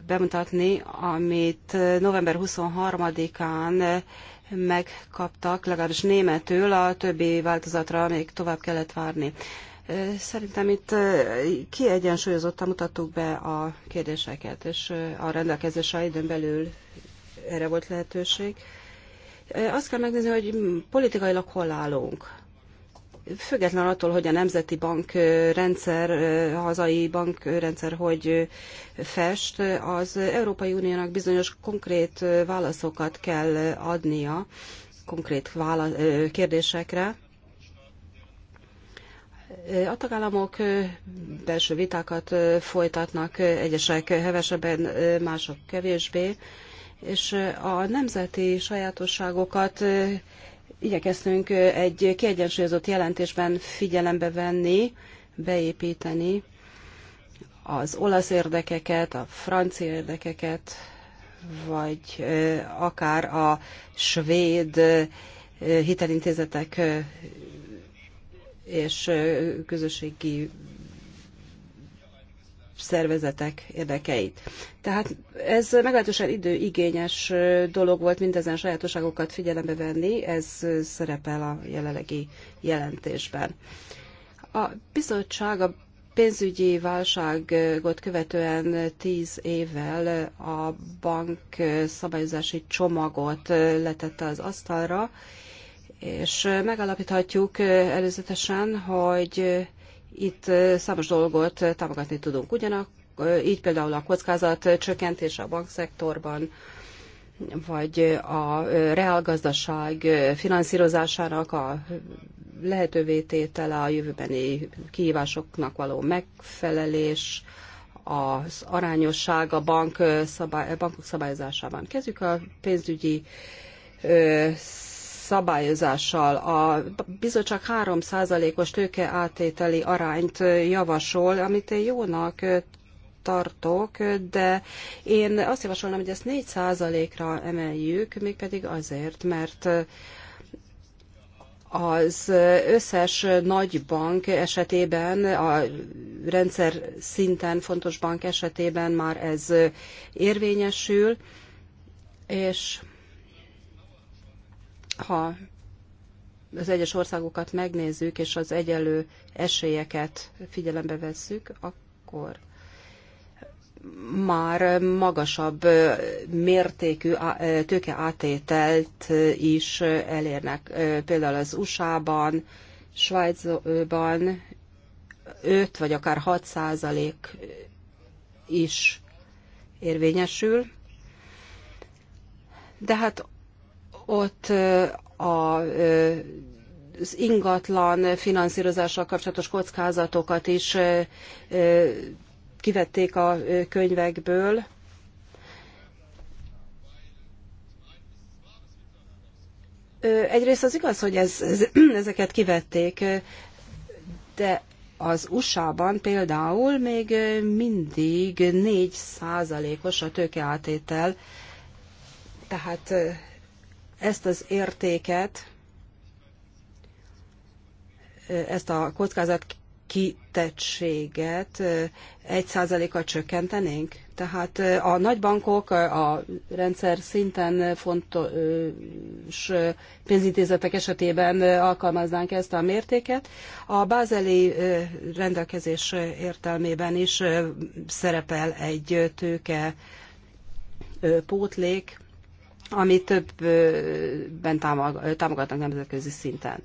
bemutatni, amit november 23-án megkaptak, legalábbis németül, a többi változatra még tovább kellett várni. Szerintem itt kiegyensúlyozottan mutattuk be a kérdéseket, és a rendelkezésre időn belül erre volt lehetőség. Azt kell megnézni, hogy politikailag hol állunk. Független attól, hogy a nemzeti bankrendszer, a hazai bankrendszer hogy fest, az Európai Uniónak bizonyos konkrét válaszokat kell adnia konkrét kérdésekre a tagállamok belső vitákat folytatnak, egyesek hevesebben, mások kevésbé, és a nemzeti sajátosságokat igyekeztünk egy kiegyensúlyozott jelentésben figyelembe venni, beépíteni az olasz érdekeket, a francia érdekeket, vagy akár a svéd hitelintézetek és közösségi szervezetek érdekeit. Tehát ez meglehetősen időigényes dolog volt mindezen sajátosságokat figyelembe venni, ez szerepel a jelenlegi jelentésben. A bizottság a pénzügyi válságot követően tíz évvel a bank szabályozási csomagot letette az asztalra, és megalapíthatjuk előzetesen, hogy itt számos dolgot támogatni tudunk. Ugyanak, így például a kockázat csökkentése a bankszektorban, vagy a reálgazdaság finanszírozásának a lehetővé tétele, a jövőbeni kihívásoknak való megfelelés, az arányosság a bank szabály, bankok szabályozásában. Kezdjük a pénzügyi szabályozással. A bizottság 3%-os tőke átételi arányt javasol, amit én jónak tartok, de én azt javasolnám, hogy ezt 4%-ra emeljük, mégpedig azért, mert az összes nagy bank esetében, a rendszer szinten fontos bank esetében már ez érvényesül, és ha az egyes országokat megnézzük, és az egyenlő esélyeket figyelembe vesszük, akkor már magasabb mértékű tőkeátételt is elérnek. Például az USA-ban, Svájcban 5 vagy akár 6 százalék is érvényesül. De hát ott a az ingatlan finanszírozással kapcsolatos kockázatokat is kivették a könyvekből. Egyrészt az igaz, hogy ez, ez, ezeket kivették, de az USA-ban például még mindig 4 os a tőkeátétel, tehát ezt az értéket, ezt a kockázat kitettséget egy százaléka csökkentenénk? Tehát a nagybankok a rendszer szinten fontos pénzintézetek esetében alkalmaznánk ezt a mértéket. A bázeli rendelkezés értelmében is szerepel egy tőke pótlék, ami többben támogatnak nemzetközi szinten.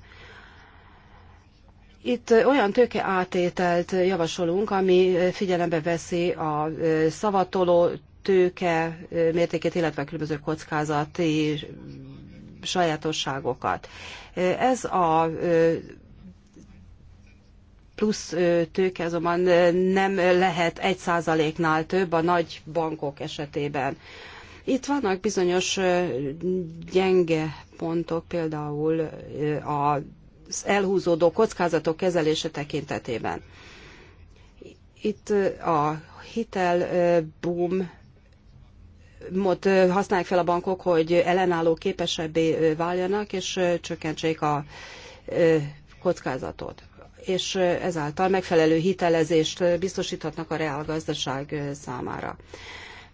Itt olyan tőke átételt javasolunk, ami figyelembe veszi a szavatoló tőke mértékét, illetve a különböző kockázati sajátosságokat. Ez a plusz tőke azonban nem lehet egy százaléknál több a nagy bankok esetében. Itt vannak bizonyos gyenge pontok, például az elhúzódó kockázatok kezelése tekintetében. Itt a hitel boom mot használják fel a bankok, hogy ellenálló képesebbé váljanak, és csökkentsék a kockázatot és ezáltal megfelelő hitelezést biztosíthatnak a reálgazdaság számára.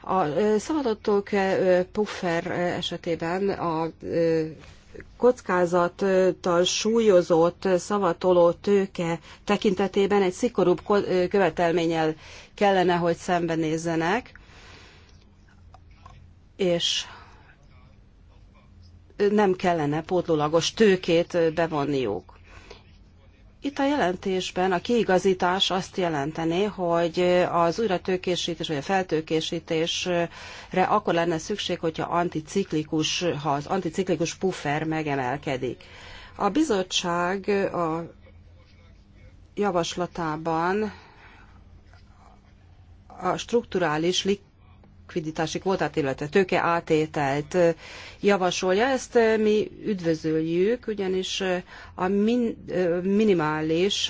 A szabadottók puffer esetében a kockázattal súlyozott szavatoló tőke tekintetében egy szigorúbb követelménnyel kellene, hogy szembenézzenek, és nem kellene pótlólagos tőkét bevonniuk. Itt a jelentésben a kiigazítás azt jelentené, hogy az újratőkésítés vagy a feltőkésítésre akkor lenne szükség, hogyha anticiklikus, ha az anticiklikus puffer megemelkedik. A bizottság a javaslatában a strukturális likviditási kvótát, illetve tőke átételt javasolja. Ezt mi üdvözöljük, ugyanis a min, minimális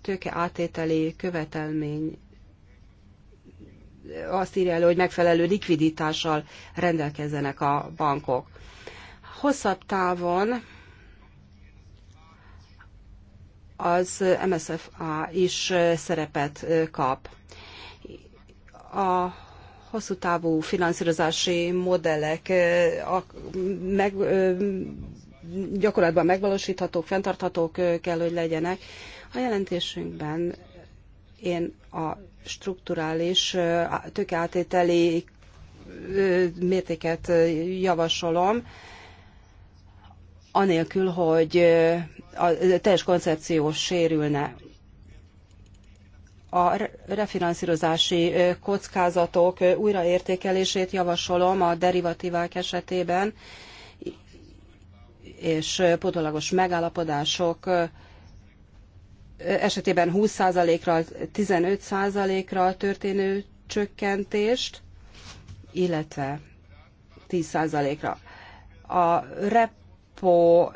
tőke átételi követelmény azt írja elő, hogy megfelelő likviditással rendelkezzenek a bankok. Hosszabb távon az MSFA is szerepet kap. A hosszú távú finanszírozási modellek meg, gyakorlatban megvalósíthatók, fenntarthatók kell, hogy legyenek. A jelentésünkben én a strukturális tökéletételi mértéket javasolom, anélkül, hogy a teljes koncepció sérülne a refinanszírozási kockázatok újraértékelését javasolom a derivatívák esetében, és potolagos megállapodások esetében 20%-ra, 15%-ra történő csökkentést, illetve 10%-ra. A repo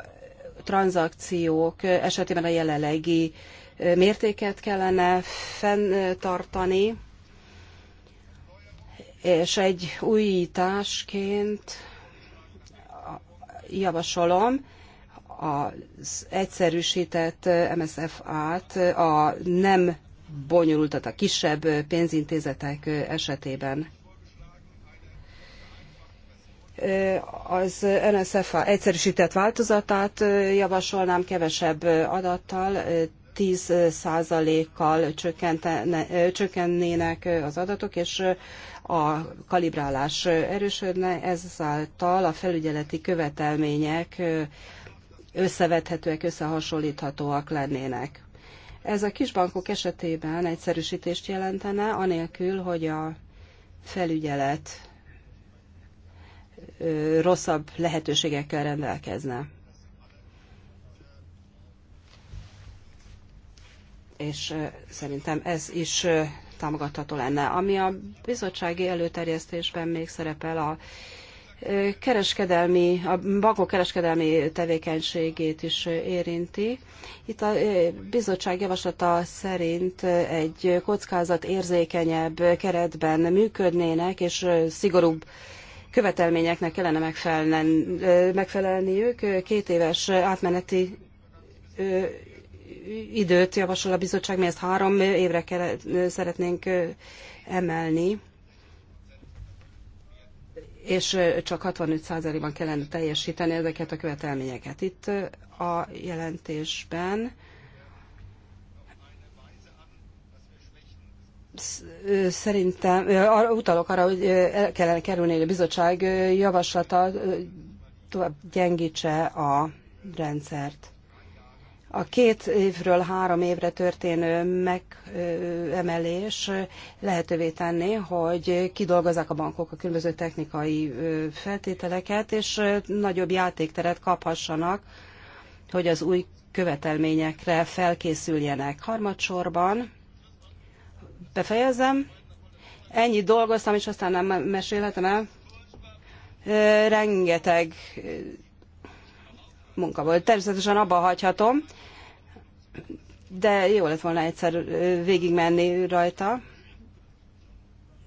tranzakciók esetében a jelenlegi mértéket kellene fenntartani, és egy újításként javasolom az egyszerűsített msf t a nem bonyolult, tehát a kisebb pénzintézetek esetében az NSFA egyszerűsített változatát javasolnám kevesebb adattal, 10%-kal csökkennének az adatok, és a kalibrálás erősödne, ezáltal a felügyeleti követelmények összevethetőek, összehasonlíthatóak lennének. Ez a kisbankok esetében egyszerűsítést jelentene, anélkül, hogy a felügyelet rosszabb lehetőségekkel rendelkezne. és szerintem ez is támogatható lenne. Ami a bizottsági előterjesztésben még szerepel a kereskedelmi, a bankok kereskedelmi tevékenységét is érinti. Itt a bizottság javaslata szerint egy kockázat érzékenyebb keretben működnének, és szigorúbb követelményeknek kellene megfelelniük. Két éves átmeneti időt javasol a bizottság, mi ezt három évre kell, szeretnénk emelni, és csak 65%-ban kellene teljesíteni ezeket a követelményeket. Itt a jelentésben szerintem utalok arra, hogy el kellene kerülni, hogy a bizottság javaslata tovább gyengítse a rendszert. A két évről három évre történő megemelés lehetővé tenné, hogy kidolgozzák a bankok a különböző technikai feltételeket, és nagyobb játékteret kaphassanak, hogy az új követelményekre felkészüljenek. Harmadsorban befejezem. Ennyit dolgoztam, és aztán nem mesélhetem el. Rengeteg munka volt. Természetesen abba hagyhatom, de jó lett volna egyszer végigmenni rajta.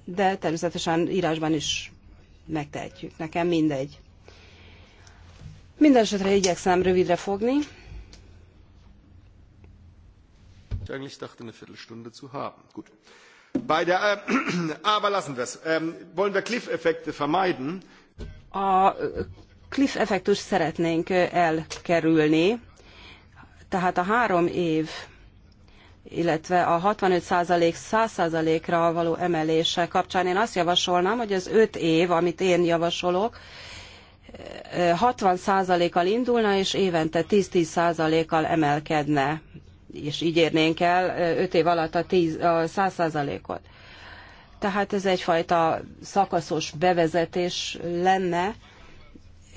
De természetesen írásban is megtehetjük. Nekem mindegy. esetre igyekszem rövidre fogni. Ich eigentlich dachte, eine Viertelstunde zu haben. Gut. Bei der, äh, aber lassen wir es. Ähm, wollen wir Cliff-Effekte vermeiden? A cliff effektust szeretnénk elkerülni, tehát a három év, illetve a 65% 100%-ra való emelése kapcsán én azt javasolnám, hogy az öt év, amit én javasolok, 60%-kal indulna, és évente 10-10%-kal emelkedne, és így érnénk el 5 év alatt a, 10, a 100%-ot. Tehát ez egyfajta szakaszos bevezetés lenne,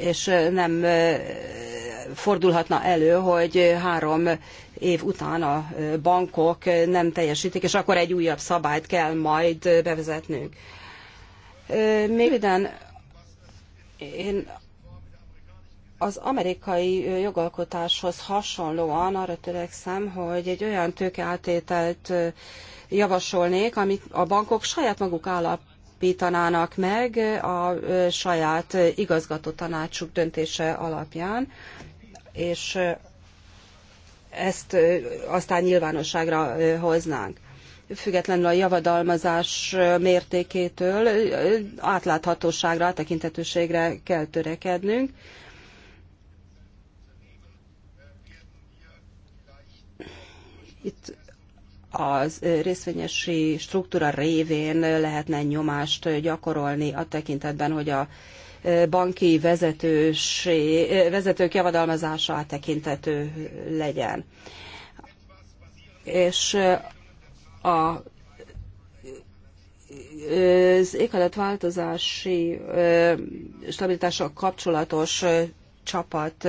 és nem fordulhatna elő, hogy három év után a bankok nem teljesítik, és akkor egy újabb szabályt kell majd bevezetnünk. Még röviden, én az amerikai jogalkotáshoz hasonlóan arra törekszem, hogy egy olyan tőkeáttételt javasolnék, amit a bankok saját maguk állap, állapítanának meg a saját igazgató tanácsuk döntése alapján, és ezt aztán nyilvánosságra hoznánk. Függetlenül a javadalmazás mértékétől átláthatóságra, áttekintetőségre kell törekednünk. Itt az részvényesi struktúra révén lehetne nyomást gyakorolni a tekintetben, hogy a banki vezetősé, vezetők javadalmazása tekintető legyen. És a, az éghajlatváltozási stabilitással kapcsolatos csapat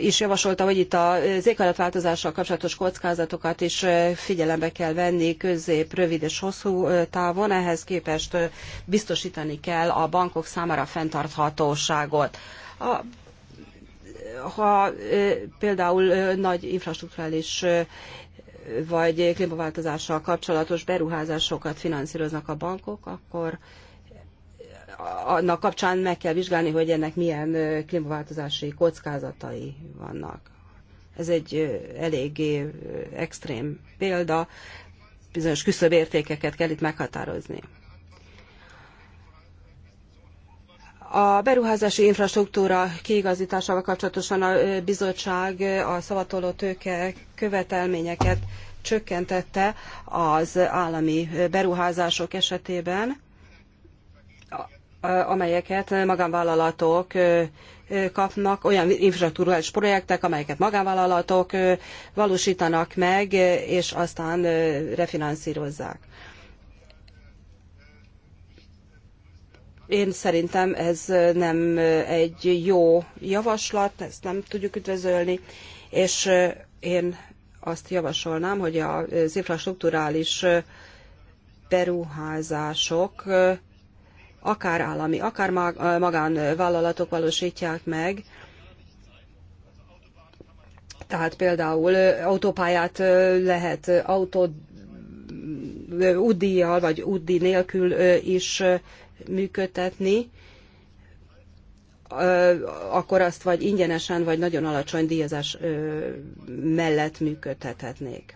is javasolta, hogy itt az éghajlatváltozással kapcsolatos kockázatokat is figyelembe kell venni közép, rövid és hosszú távon, ehhez képest biztosítani kell a bankok számára fenntarthatóságot. A ha például nagy infrastruktúrális vagy klímaváltozással kapcsolatos beruházásokat finanszíroznak a bankok, akkor annak kapcsán meg kell vizsgálni, hogy ennek milyen klímaváltozási kockázatai vannak. Ez egy eléggé extrém példa, bizonyos küszöbértékeket kell itt meghatározni. A beruházási infrastruktúra kiigazításával kapcsolatosan a bizottság a szavatoló tőke követelményeket csökkentette az állami beruházások esetében amelyeket magánvállalatok kapnak, olyan infrastruktúrális projektek, amelyeket magánvállalatok valósítanak meg, és aztán refinanszírozzák. Én szerintem ez nem egy jó javaslat, ezt nem tudjuk üdvözölni, és én azt javasolnám, hogy az infrastruktúrális beruházások akár állami, akár magánvállalatok valósítják meg. Tehát például autópályát lehet autó útdíjjal vagy útdíj nélkül is működtetni, akkor azt vagy ingyenesen, vagy nagyon alacsony díjazás mellett működtethetnék.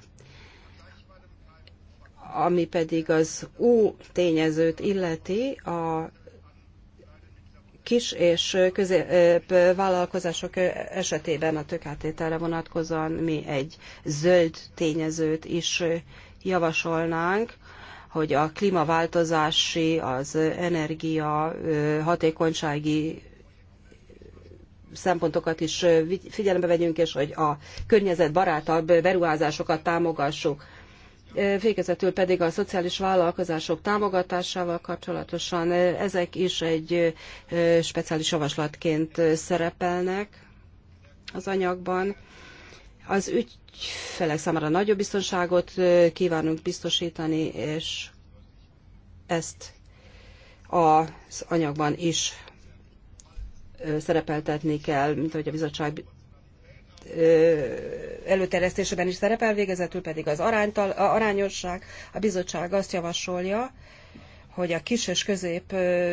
Ami pedig az U tényezőt illeti, a kis és vállalkozások esetében a tökátételre vonatkozóan mi egy zöld tényezőt is javasolnánk, hogy a klímaváltozási, az energia hatékonysági szempontokat is figyelembe vegyünk, és hogy a környezetbarátabb beruházásokat támogassuk. Végezetül pedig a szociális vállalkozások támogatásával kapcsolatosan ezek is egy speciális javaslatként szerepelnek az anyagban. Az ügyfelek számára nagyobb biztonságot kívánunk biztosítani, és ezt az anyagban is szerepeltetni kell, mint ahogy a bizottság előterjesztésében is szerepel, végezetül pedig az aránytal, arányosság. A bizottság azt javasolja, hogy a kis és közép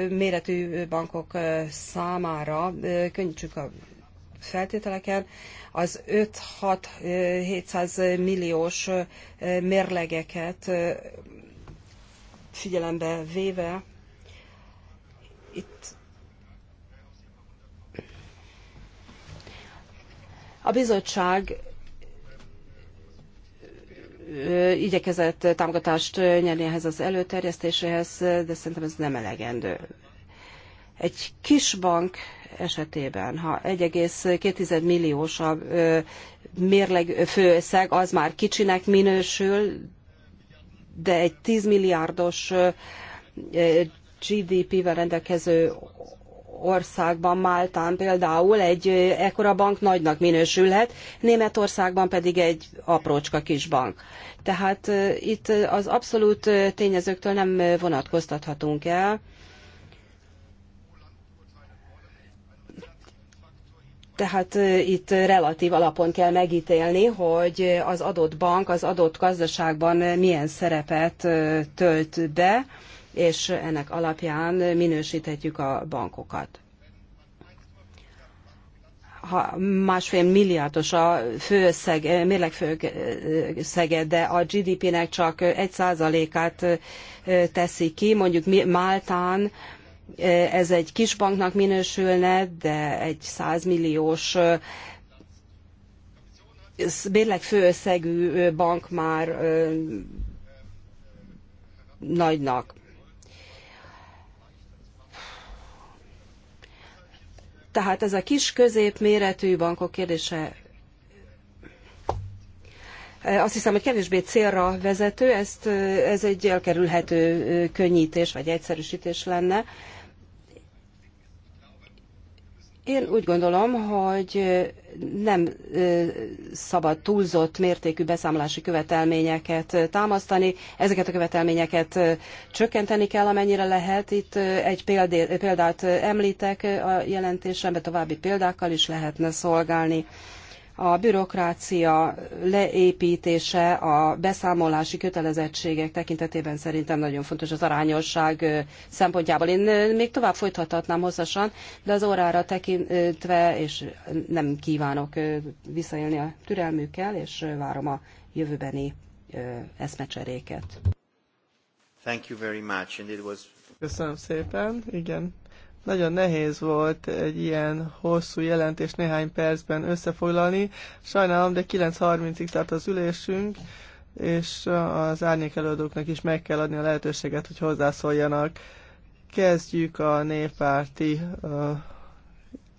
méretű bankok számára könnyítsük a feltételeken, az 5-6-700 milliós mérlegeket figyelembe véve itt A bizottság igyekezett támogatást nyerni ehhez az előterjesztéséhez, de szerintem ez nem elegendő. Egy kis bank esetében, ha 1,2 milliós a mérleg főszeg, az már kicsinek minősül, de egy 10 milliárdos GDP-vel rendelkező országban, Máltán például egy ekkora bank nagynak minősülhet, Németországban pedig egy aprócska kis bank. Tehát itt az abszolút tényezőktől nem vonatkoztathatunk el. Tehát itt relatív alapon kell megítélni, hogy az adott bank az adott gazdaságban milyen szerepet tölt be és ennek alapján minősíthetjük a bankokat. Ha másfél milliárdos a főösszeg, mérlegfőszege, de a GDP-nek csak egy százalékát teszi ki, mondjuk Máltán ez egy kis banknak minősülne, de egy százmilliós bérleg főösszegű bank már nagynak. Tehát ez a kis középméretű bankok kérdése azt hiszem, hogy kevésbé célra vezető, ezt, ez egy elkerülhető könnyítés vagy egyszerűsítés lenne. Én úgy gondolom, hogy nem szabad túlzott mértékű beszámolási követelményeket támasztani, ezeket a követelményeket csökkenteni kell, amennyire lehet. Itt egy példát említek a jelentésemben, további példákkal is lehetne szolgálni a bürokrácia leépítése, a beszámolási kötelezettségek tekintetében szerintem nagyon fontos az arányosság szempontjából. Én még tovább folytathatnám hosszasan, de az órára tekintve, és nem kívánok visszaélni a türelmükkel, és várom a jövőbeni eszmecseréket. Thank you very much, and it was... Köszönöm szépen, igen, nagyon nehéz volt egy ilyen hosszú jelentést néhány percben összefoglalni. Sajnálom, de 9.30-ig tart az ülésünk, és az árnyék is meg kell adni a lehetőséget, hogy hozzászóljanak. Kezdjük a néppárti uh,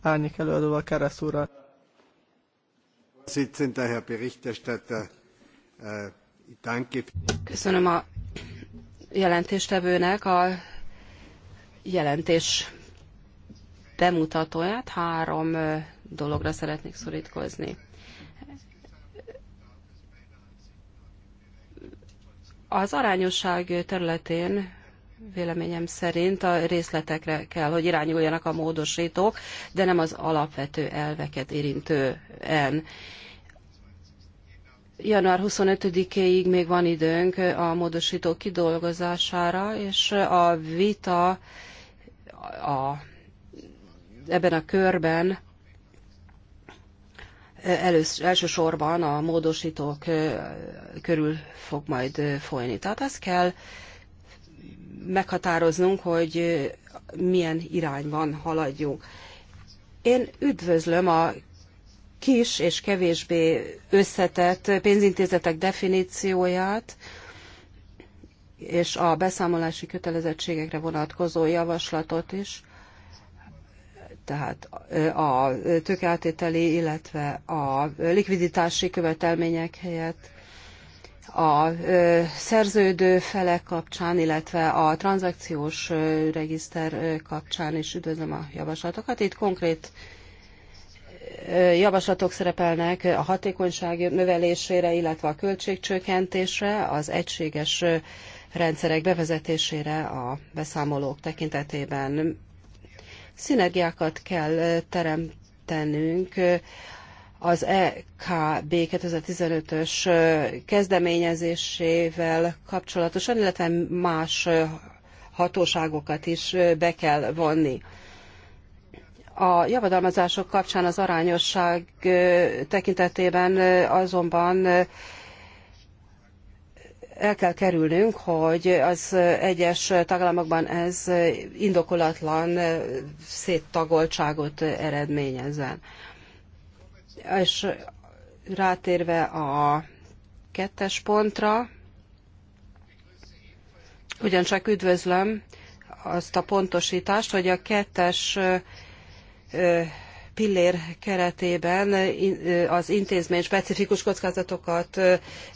árnyék Kereszúra. Köszönöm a jelentéstevőnek a jelentés bemutatóját, három dologra szeretnék szorítkozni. Az arányosság területén véleményem szerint a részletekre kell, hogy irányuljanak a módosítók, de nem az alapvető elveket érintően. Január 25-éig még van időnk a módosítók kidolgozására, és a vita a ebben a körben eh, elősz, elsősorban a módosítók eh, körül fog majd eh, folyni. Tehát azt kell meghatároznunk, hogy milyen irányban haladjunk. Én üdvözlöm a kis és kevésbé összetett pénzintézetek definícióját, és a beszámolási kötelezettségekre vonatkozó javaslatot is tehát a tőkeátételi, illetve a likviditási követelmények helyett a szerződő felek kapcsán, illetve a tranzakciós regiszter kapcsán is üdvözlöm a javaslatokat. Itt konkrét javaslatok szerepelnek a hatékonyság növelésére, illetve a költségcsökkentésre, az egységes rendszerek bevezetésére a beszámolók tekintetében. Szinergiákat kell teremtenünk az EKB 2015-ös kezdeményezésével kapcsolatosan, illetve más hatóságokat is be kell vonni. A javadalmazások kapcsán az arányosság tekintetében azonban el kell kerülnünk, hogy az egyes tagállamokban ez indokolatlan széttagoltságot eredményezzen. És rátérve a kettes pontra, ugyancsak üdvözlöm azt a pontosítást, hogy a kettes pillér keretében az intézmény specifikus kockázatokat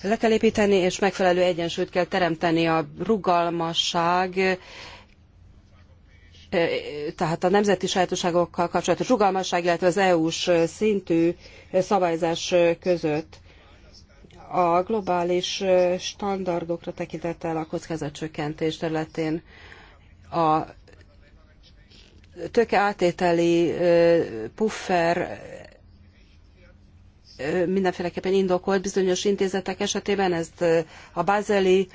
le kell építeni, és megfelelő egyensúlyt kell teremteni a rugalmasság, tehát a nemzeti sajátosságokkal kapcsolatos rugalmasság, illetve az EU-s szintű szabályzás között a globális standardokra tekintettel a kockázatcsökkentés területén a tőke átételi puffer mindenféleképpen indokolt bizonyos intézetek esetében, ezt a bázeli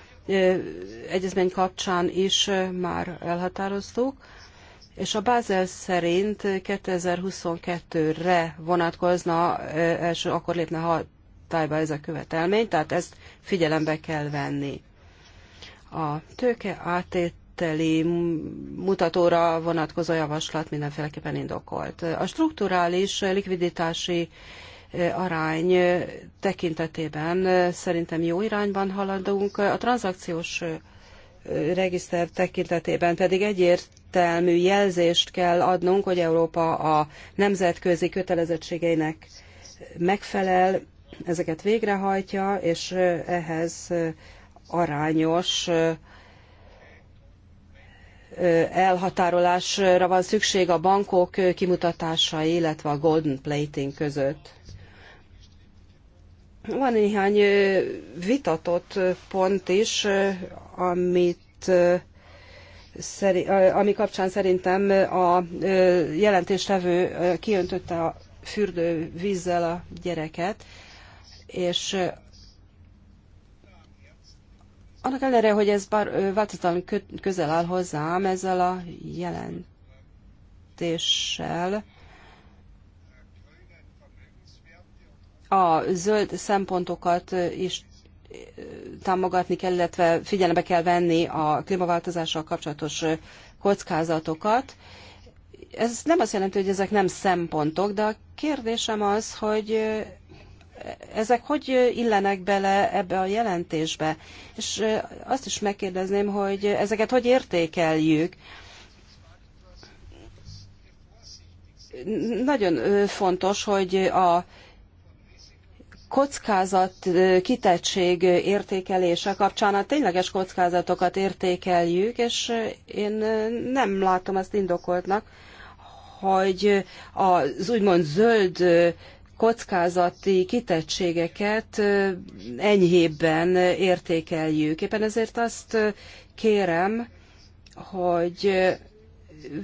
egyezmény kapcsán is már elhatároztuk, és a Bázel szerint 2022-re vonatkozna, első akkor lépne hatályba ez a követelmény, tehát ezt figyelembe kell venni. A tőke átét teli mutatóra vonatkozó javaslat mindenféleképpen indokolt. A strukturális likviditási arány tekintetében szerintem jó irányban haladunk. A tranzakciós regiszter tekintetében pedig egyértelmű jelzést kell adnunk, hogy Európa a nemzetközi kötelezettségeinek megfelel, ezeket végrehajtja, és ehhez arányos elhatárolásra van szükség a bankok kimutatásai, illetve a golden plating között. Van néhány vitatott pont is, amit ami kapcsán szerintem a jelentéstevő kiöntötte a fürdővízzel a gyereket, és annak ellenére, hogy ez bár változatlanul közel áll hozzám, ezzel a jelentéssel a zöld szempontokat is támogatni kell, illetve figyelembe kell venni a klímaváltozással kapcsolatos kockázatokat. Ez nem azt jelenti, hogy ezek nem szempontok, de a kérdésem az, hogy ezek hogy illenek bele ebbe a jelentésbe? És azt is megkérdezném, hogy ezeket hogy értékeljük? Nagyon fontos, hogy a kockázat kitettség értékelése kapcsán a tényleges kockázatokat értékeljük, és én nem látom ezt indokoltnak, hogy az úgymond zöld kockázati kitettségeket enyhébben értékeljük. Éppen ezért azt kérem, hogy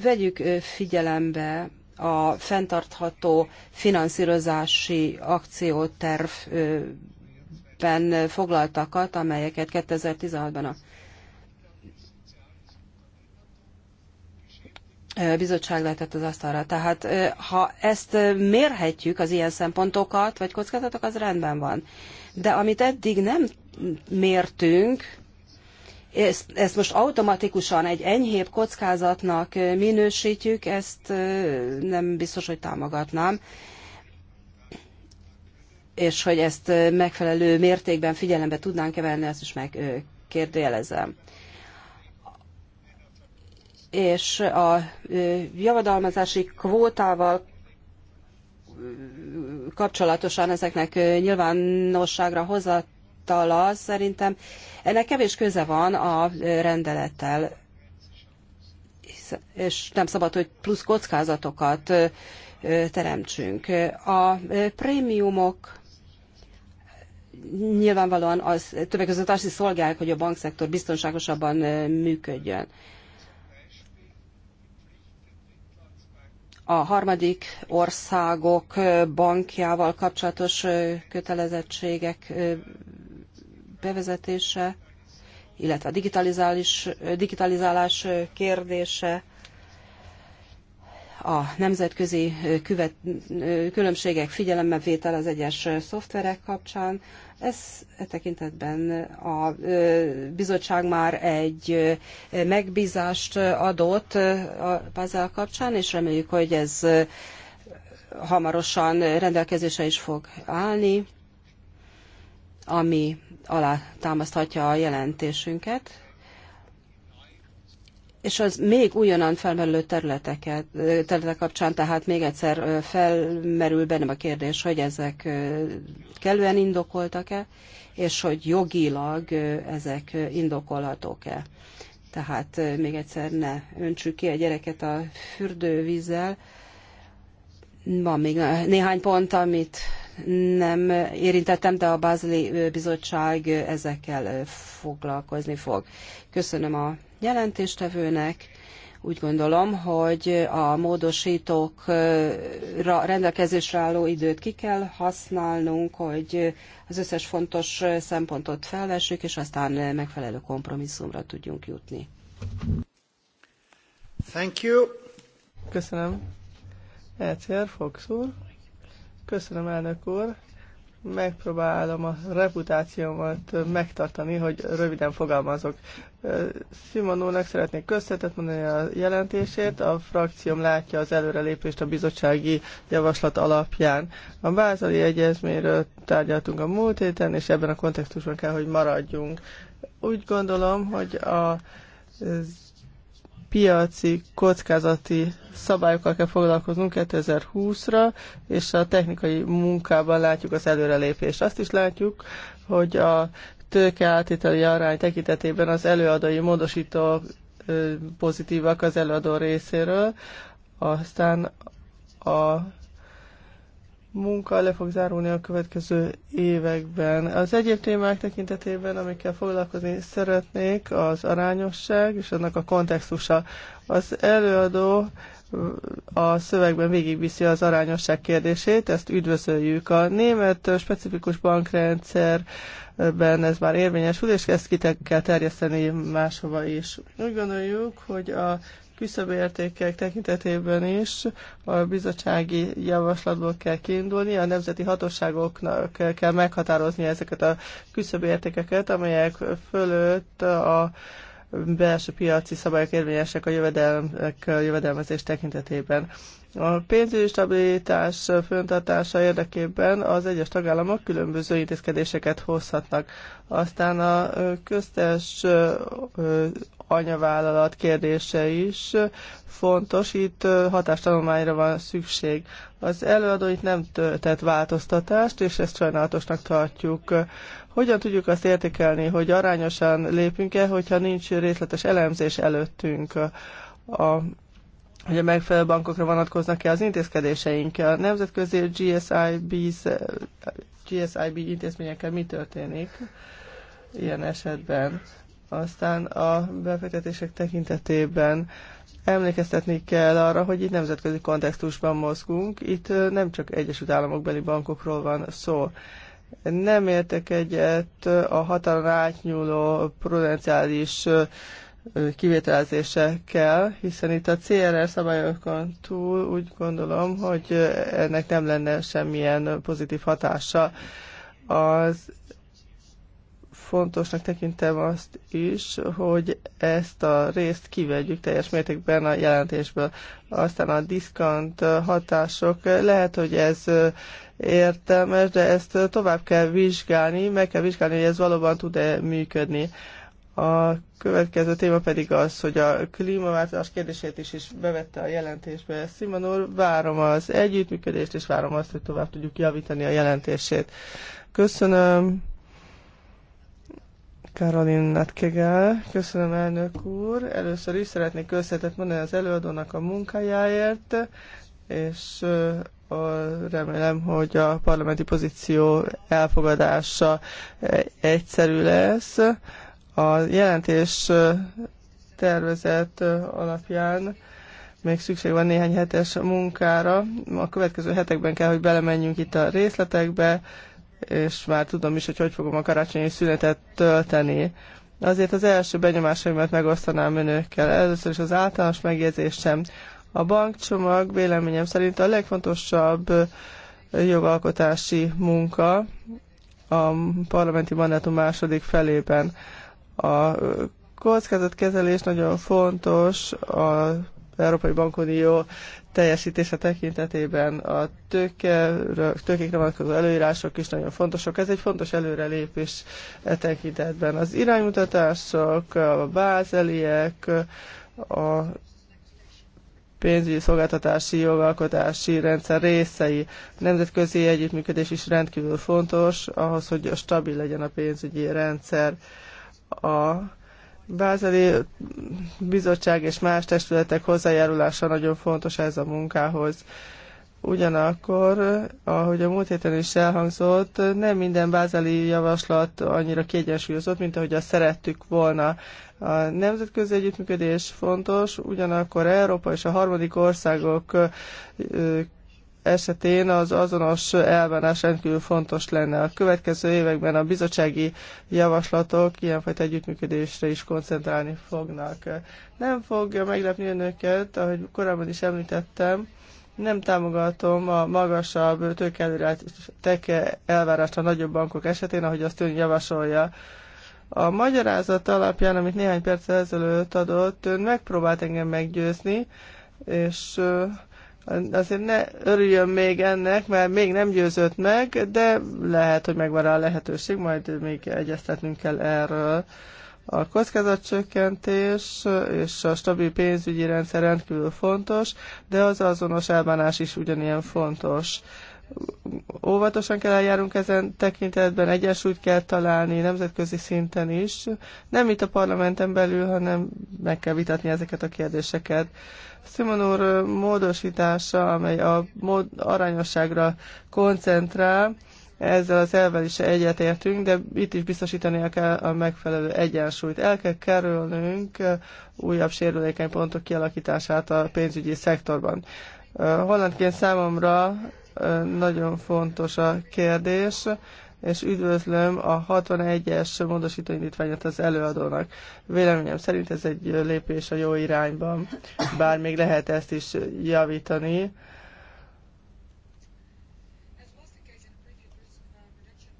vegyük figyelembe a fenntartható finanszírozási akciótervben foglaltakat, amelyeket 2016-ban a bizottság lehetett az asztalra. Tehát ha ezt mérhetjük, az ilyen szempontokat, vagy kockázatok, az rendben van. De amit eddig nem mértünk, ezt, ezt most automatikusan egy enyhébb kockázatnak minősítjük, ezt nem biztos, hogy támogatnám. És hogy ezt megfelelő mértékben figyelembe tudnánk-e venni, ezt is megkérdőjelezem és a javadalmazási kvótával kapcsolatosan ezeknek nyilvánosságra hozatala szerintem ennek kevés köze van a rendelettel, és nem szabad, hogy plusz kockázatokat teremtsünk. A prémiumok nyilvánvalóan az többek között azt is szolgálják, hogy a bankszektor biztonságosabban működjön. a harmadik országok bankjával kapcsolatos kötelezettségek bevezetése, illetve a digitalizálás kérdése a nemzetközi küvet, különbségek figyelembevétel az egyes szoftverek kapcsán. Ez e tekintetben a bizottság már egy megbízást adott a Pázel kapcsán, és reméljük, hogy ez hamarosan rendelkezésre is fog állni, ami alá támaszthatja a jelentésünket és az még újonnan felmerülő területeket, területek kapcsán, tehát még egyszer felmerül bennem a kérdés, hogy ezek kellően indokoltak-e, és hogy jogilag ezek indokolhatók-e. Tehát még egyszer ne öntsük ki a gyereket a fürdővízzel. Van még néhány pont, amit nem érintettem, de a Bázli Bizottság ezekkel foglalkozni fog. Köszönöm a jelentéstevőnek. Úgy gondolom, hogy a módosítókra rendelkezésre álló időt ki kell használnunk, hogy az összes fontos szempontot felvessük, és aztán megfelelő kompromisszumra tudjunk jutni. Thank you. Köszönöm. Egyszer, Fox úr. Köszönöm, elnök úr. Megpróbálom a reputációmat megtartani, hogy röviden fogalmazok. Simon úrnak szeretnék köszönetet mondani a jelentését. A frakcióm látja az előrelépést a bizottsági javaslat alapján. A bázali egyezményről tárgyaltunk a múlt héten, és ebben a kontextusban kell, hogy maradjunk. Úgy gondolom, hogy a piaci kockázati szabályokkal kell foglalkoznunk 2020-ra, és a technikai munkában látjuk az előrelépést. Azt is látjuk, hogy a tőkeátiteli arány tekintetében az előadói módosító pozitívak az előadó részéről, aztán a munka le fog zárulni a következő években. Az egyéb témák tekintetében, amikkel foglalkozni szeretnék, az arányosság és annak a kontextusa. Az előadó a szövegben végigviszi az arányosság kérdését, ezt üdvözöljük. A német specifikus bankrendszer ben ez már érvényesül, és ezt ki kell terjeszteni máshova is. Úgy gondoljuk, hogy a küszöbértékek tekintetében is a bizottsági javaslatból kell kiindulni, a nemzeti hatóságoknak kell meghatározni ezeket a küszöbértékeket, amelyek fölött a belső piaci szabályok érvényesek a jövedelmek jövedelmezés tekintetében. A pénzügyi stabilitás föntartása érdekében az egyes tagállamok különböző intézkedéseket hozhatnak. Aztán a köztes anyavállalat kérdése is fontos. Itt hatástanulmányra van szükség. Az előadó itt nem tett változtatást, és ezt sajnálatosnak tartjuk. Hogyan tudjuk azt értékelni, hogy arányosan lépünk-e, hogyha nincs részletes elemzés előttünk? A hogy a megfelelő bankokra vonatkoznak-e az intézkedéseink. A nemzetközi GSIB, GSIB intézményekkel mi történik ilyen esetben? Aztán a befektetések tekintetében emlékeztetni kell arra, hogy itt nemzetközi kontextusban mozgunk, itt nem csak Egyesült Államokbeli bankokról van szó. Nem értek egyet a hatalan átnyúló prudenciális kivételezésekkel, hiszen itt a CRR szabályokon túl úgy gondolom, hogy ennek nem lenne semmilyen pozitív hatása. Az fontosnak tekintem azt is, hogy ezt a részt kivegyük teljes mértékben a jelentésből. Aztán a diszkant hatások, lehet, hogy ez értelmes, de ezt tovább kell vizsgálni, meg kell vizsgálni, hogy ez valóban tud-e működni. A következő téma pedig az, hogy a klímaváltozás kérdését is, is bevette a jelentésbe. Szimon úr, várom az együttműködést, és várom azt, hogy tovább tudjuk javítani a jelentését. Köszönöm. Karolin Natkegel. Köszönöm, elnök úr. Először is szeretnék köszönetet mondani az előadónak a munkájáért, és remélem, hogy a parlamenti pozíció elfogadása egyszerű lesz. A jelentés tervezet alapján még szükség van néhány hetes munkára. A következő hetekben kell, hogy belemenjünk itt a részletekbe, és már tudom is, hogy hogy fogom a karácsonyi szünetet tölteni. Azért az első benyomásaimat megosztanám önökkel. Először is az általános megjegyzésem. A bankcsomag véleményem szerint a legfontosabb jogalkotási munka a parlamenti mandátum második felében. A kockázatkezelés nagyon fontos a Európai Bankunió teljesítése tekintetében a tőkékre vonatkozó előírások is nagyon fontosak. Ez egy fontos előrelépés e tekintetben. Az iránymutatások, a bázeliek, a pénzügyi szolgáltatási jogalkotási rendszer részei. A nemzetközi együttműködés is rendkívül fontos ahhoz, hogy stabil legyen a pénzügyi rendszer. A Bázeli bizottság és más testületek hozzájárulása nagyon fontos ez a munkához. Ugyanakkor, ahogy a múlt héten is elhangzott, nem minden bázeli javaslat annyira kiegyensúlyozott, mint ahogy azt szerettük volna. A nemzetközi együttműködés fontos, ugyanakkor Európa és a harmadik országok esetén az azonos elvárás rendkívül fontos lenne. A következő években a bizottsági javaslatok ilyenfajta együttműködésre is koncentrálni fognak. Nem fog meglepni önöket, ahogy korábban is említettem, nem támogatom a magasabb tőkeelőrát teke elvárást a nagyobb bankok esetén, ahogy azt ön javasolja. A magyarázat alapján, amit néhány perc ezelőtt adott, ön megpróbált engem meggyőzni, és Azért ne örüljön még ennek, mert még nem győzött meg, de lehet, hogy megvan rá a lehetőség, majd még egyeztetnünk kell erről. A kockázatcsökkentés és a stabil pénzügyi rendszer rendkívül fontos, de az azonos elbánás is ugyanilyen fontos óvatosan kell eljárunk ezen tekintetben, egyensúlyt kell találni nemzetközi szinten is. Nem itt a parlamenten belül, hanem meg kell vitatni ezeket a kérdéseket. Simon úr módosítása, amely a mód, arányosságra koncentrál, ezzel az elvel is egyetértünk, de itt is biztosítani kell a megfelelő egyensúlyt. El kell kerülnünk újabb sérülékeny pontok kialakítását a pénzügyi szektorban. Hollandként számomra nagyon fontos a kérdés, és üdvözlöm a 61-es módosító indítványát az előadónak. Véleményem szerint ez egy lépés a jó irányban, bár még lehet ezt is javítani.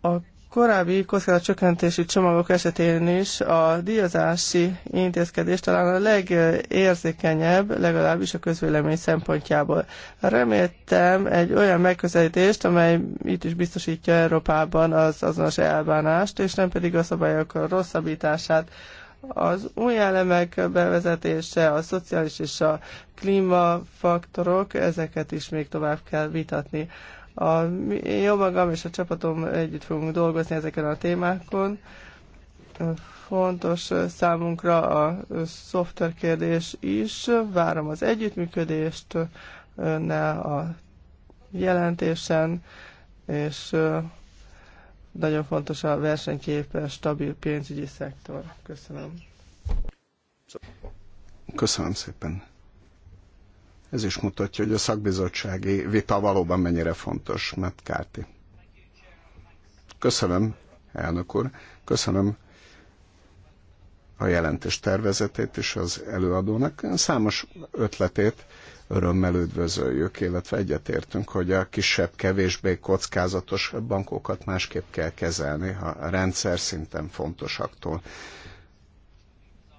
A korábbi kockázatcsökkentési csomagok esetén is a díjazási intézkedés talán a legérzékenyebb, legalábbis a közvélemény szempontjából. Reméltem egy olyan megközelítést, amely itt is biztosítja Európában az azonos elbánást, és nem pedig a szabályok rosszabbítását. Az új elemek bevezetése, a szociális és a klímafaktorok, ezeket is még tovább kell vitatni. A, jó magam és a csapatom együtt fogunk dolgozni ezeken a témákon. Fontos számunkra a szoftver kérdés is. Várom az együttműködést ne a jelentésen, és nagyon fontos a versenyképes, stabil pénzügyi szektor. Köszönöm. Köszönöm szépen. Ez is mutatja, hogy a szakbizottsági vita valóban mennyire fontos, mert Kárti. Köszönöm, elnök úr, köszönöm a jelentés tervezetét és az előadónak. Számos ötletét örömmel üdvözöljük, illetve egyetértünk, hogy a kisebb, kevésbé kockázatos bankokat másképp kell kezelni, a rendszer szinten fontosaktól.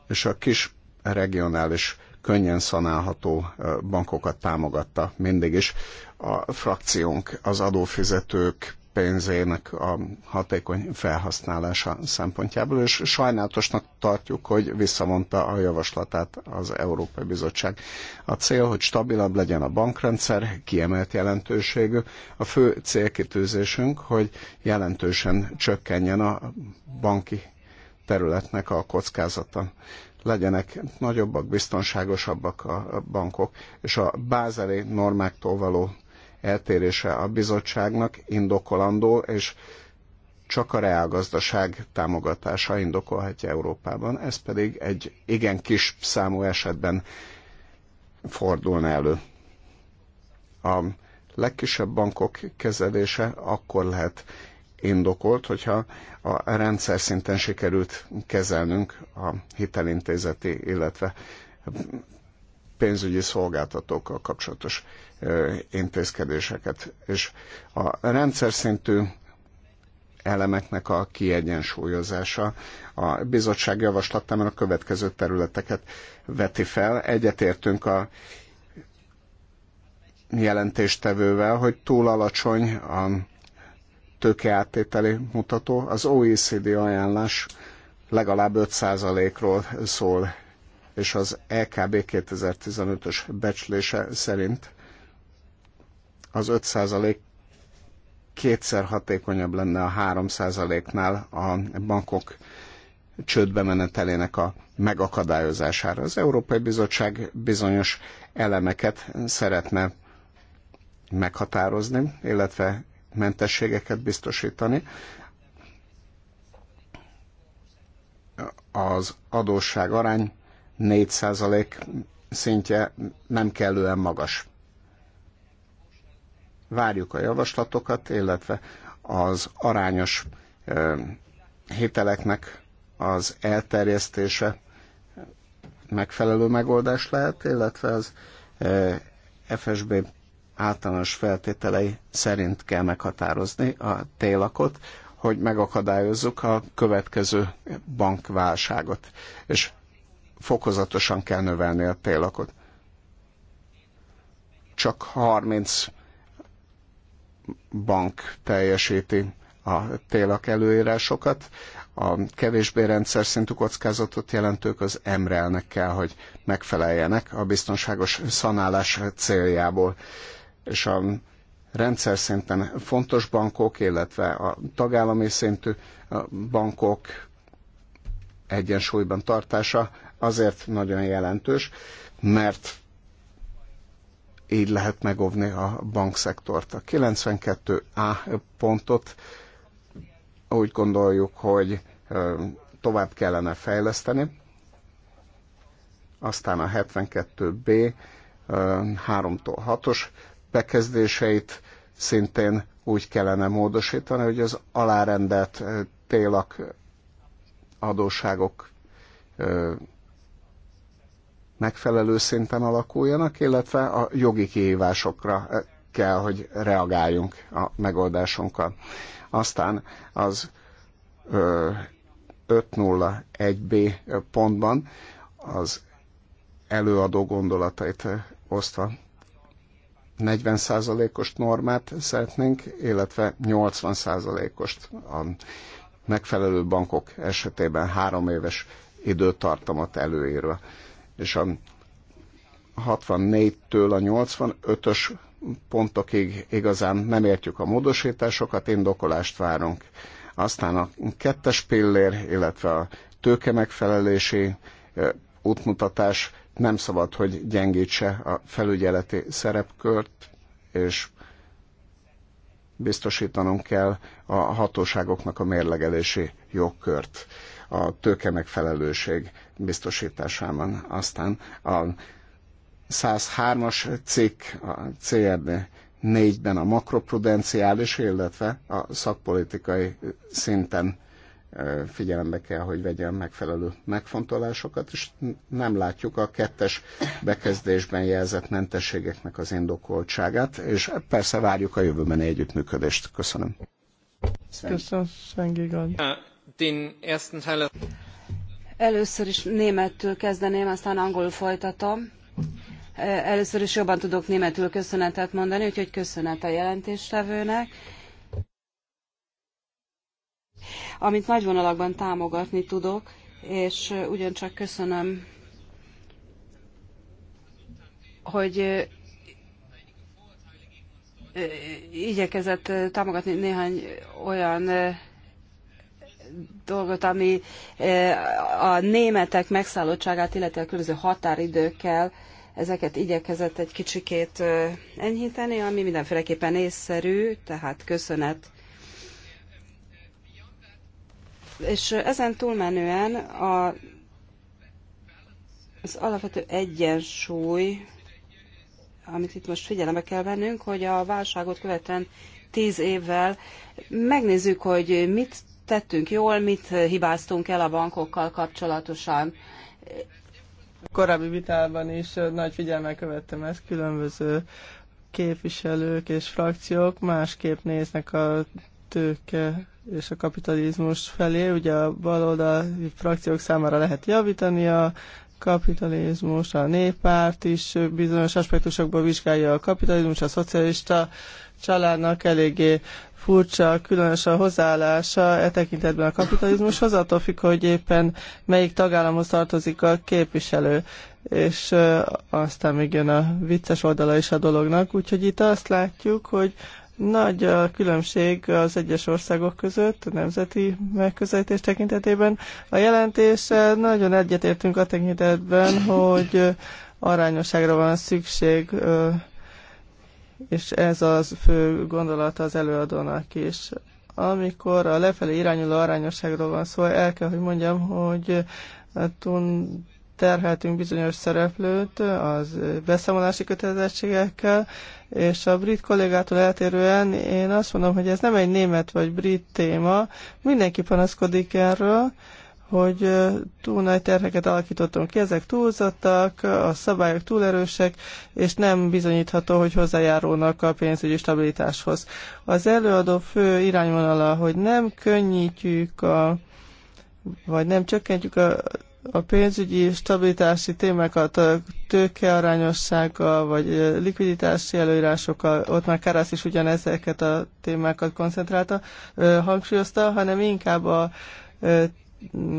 És a kis regionális könnyen szanálható bankokat támogatta mindig is. A frakciónk az adófizetők pénzének a hatékony felhasználása szempontjából, és sajnálatosnak tartjuk, hogy visszavonta a javaslatát az Európai Bizottság. A cél, hogy stabilabb legyen a bankrendszer, kiemelt jelentőségű. A fő célkitűzésünk, hogy jelentősen csökkenjen a banki területnek a kockázata legyenek nagyobbak, biztonságosabbak a bankok, és a bázeli normáktól való eltérése a bizottságnak indokolandó, és csak a reálgazdaság támogatása indokolhatja Európában, ez pedig egy igen kis számú esetben fordulna elő. A legkisebb bankok kezelése akkor lehet indokolt, hogyha a rendszer szinten sikerült kezelnünk a hitelintézeti, illetve pénzügyi szolgáltatókkal kapcsolatos intézkedéseket. És a rendszer szintű elemeknek a kiegyensúlyozása. A bizottság javaslatában a következő területeket veti fel. Egyetértünk a jelentéstevővel, hogy túl alacsony a tőkeáttételi mutató, az OECD ajánlás legalább 5%-ról szól, és az EKB 2015-ös becslése szerint az 5% kétszer hatékonyabb lenne a 3%-nál a bankok csődbe menetelének a megakadályozására. Az Európai Bizottság bizonyos elemeket szeretne meghatározni, illetve mentességeket biztosítani. Az adósság arány 4% szintje nem kellően magas. Várjuk a javaslatokat, illetve az arányos hiteleknek az elterjesztése megfelelő megoldás lehet, illetve az FSB általános feltételei szerint kell meghatározni a télakot, hogy megakadályozzuk a következő bankválságot, és fokozatosan kell növelni a télakot. Csak 30 bank teljesíti a télak előírásokat, a kevésbé rendszer szintű kockázatot jelentők az MREL-nek kell, hogy megfeleljenek a biztonságos szanálás céljából és a rendszer szinten fontos bankok, illetve a tagállami szintű bankok egyensúlyban tartása azért nagyon jelentős, mert így lehet megóvni a bankszektort. A 92A pontot úgy gondoljuk, hogy tovább kellene fejleszteni, aztán a 72B 3-tól 6-os bekezdéseit szintén úgy kellene módosítani, hogy az alárendelt télak adósságok megfelelő szinten alakuljanak, illetve a jogi kihívásokra kell, hogy reagáljunk a megoldásunkkal. Aztán az 501b pontban az előadó gondolatait osztva 40%-os normát szeretnénk, illetve 80%-ost a megfelelő bankok esetében három éves időtartamot előírva. És a 64-től a 85-ös pontokig igazán nem értjük a módosításokat, indokolást várunk. Aztán a kettes pillér, illetve a tőke megfelelési útmutatás nem szabad, hogy gyengítse a felügyeleti szerepkört, és biztosítanunk kell a hatóságoknak a mérlegelési jogkört a tőke megfelelőség biztosításában. Aztán a 103-as cikk, a CRD 4-ben a makroprudenciális, illetve a szakpolitikai szinten figyelembe kell, hogy vegyen megfelelő megfontolásokat, és nem látjuk a kettes bekezdésben jelzett mentességeknek az indokoltságát, és persze várjuk a jövőben együttműködést. Köszönöm. Köszönöm, Először is németül kezdeném, aztán angolul folytatom. Először is jobban tudok németül köszönetet mondani, úgyhogy köszönet a jelentéstevőnek amit nagy vonalakban támogatni tudok, és ugyancsak köszönöm, hogy igyekezett támogatni néhány olyan dolgot, ami a németek megszállottságát, illetve a különböző határidőkkel ezeket igyekezett egy kicsikét enyhíteni, ami mindenféleképpen észszerű, tehát köszönet és ezen túlmenően a, az alapvető egyensúly, amit itt most figyelembe kell vennünk, hogy a válságot követően tíz évvel megnézzük, hogy mit tettünk jól, mit hibáztunk el a bankokkal kapcsolatosan. Korábbi vitában is nagy figyelmel követtem ezt, különböző képviselők és frakciók másképp néznek a tőke és a kapitalizmus felé. Ugye a baloldali frakciók számára lehet javítani a kapitalizmus, a néppárt is bizonyos aspektusokból vizsgálja a kapitalizmus, a szocialista családnak eléggé furcsa, különös a hozzáállása e tekintetben a kapitalizmushoz, attól függ, hogy éppen melyik tagállamhoz tartozik a képviselő. És aztán még jön a vicces oldala is a dolognak, úgyhogy itt azt látjuk, hogy nagy a különbség az egyes országok között a nemzeti megközelítés tekintetében. A jelentés nagyon egyetértünk a tekintetben, hogy arányosságra van szükség, és ez az fő gondolata az előadónak is. Amikor a lefelé irányuló arányosságról van szó, el kell, hogy mondjam, hogy a terheltünk bizonyos szereplőt az beszámolási kötelezettségekkel, és a brit kollégától eltérően én azt mondom, hogy ez nem egy német vagy brit téma, mindenki panaszkodik erről, hogy túl nagy terheket alakítottam ki, ezek túlzottak, a szabályok túl erősek, és nem bizonyítható, hogy hozzájárulnak a pénzügyi stabilitáshoz. Az előadó fő irányvonala, hogy nem könnyítjük a vagy nem csökkentjük a a pénzügyi stabilitási témákat tőkearányossággal vagy likviditási előírásokkal, ott már Karász is ugyanezeket a témákat koncentrálta, hangsúlyozta, hanem inkább a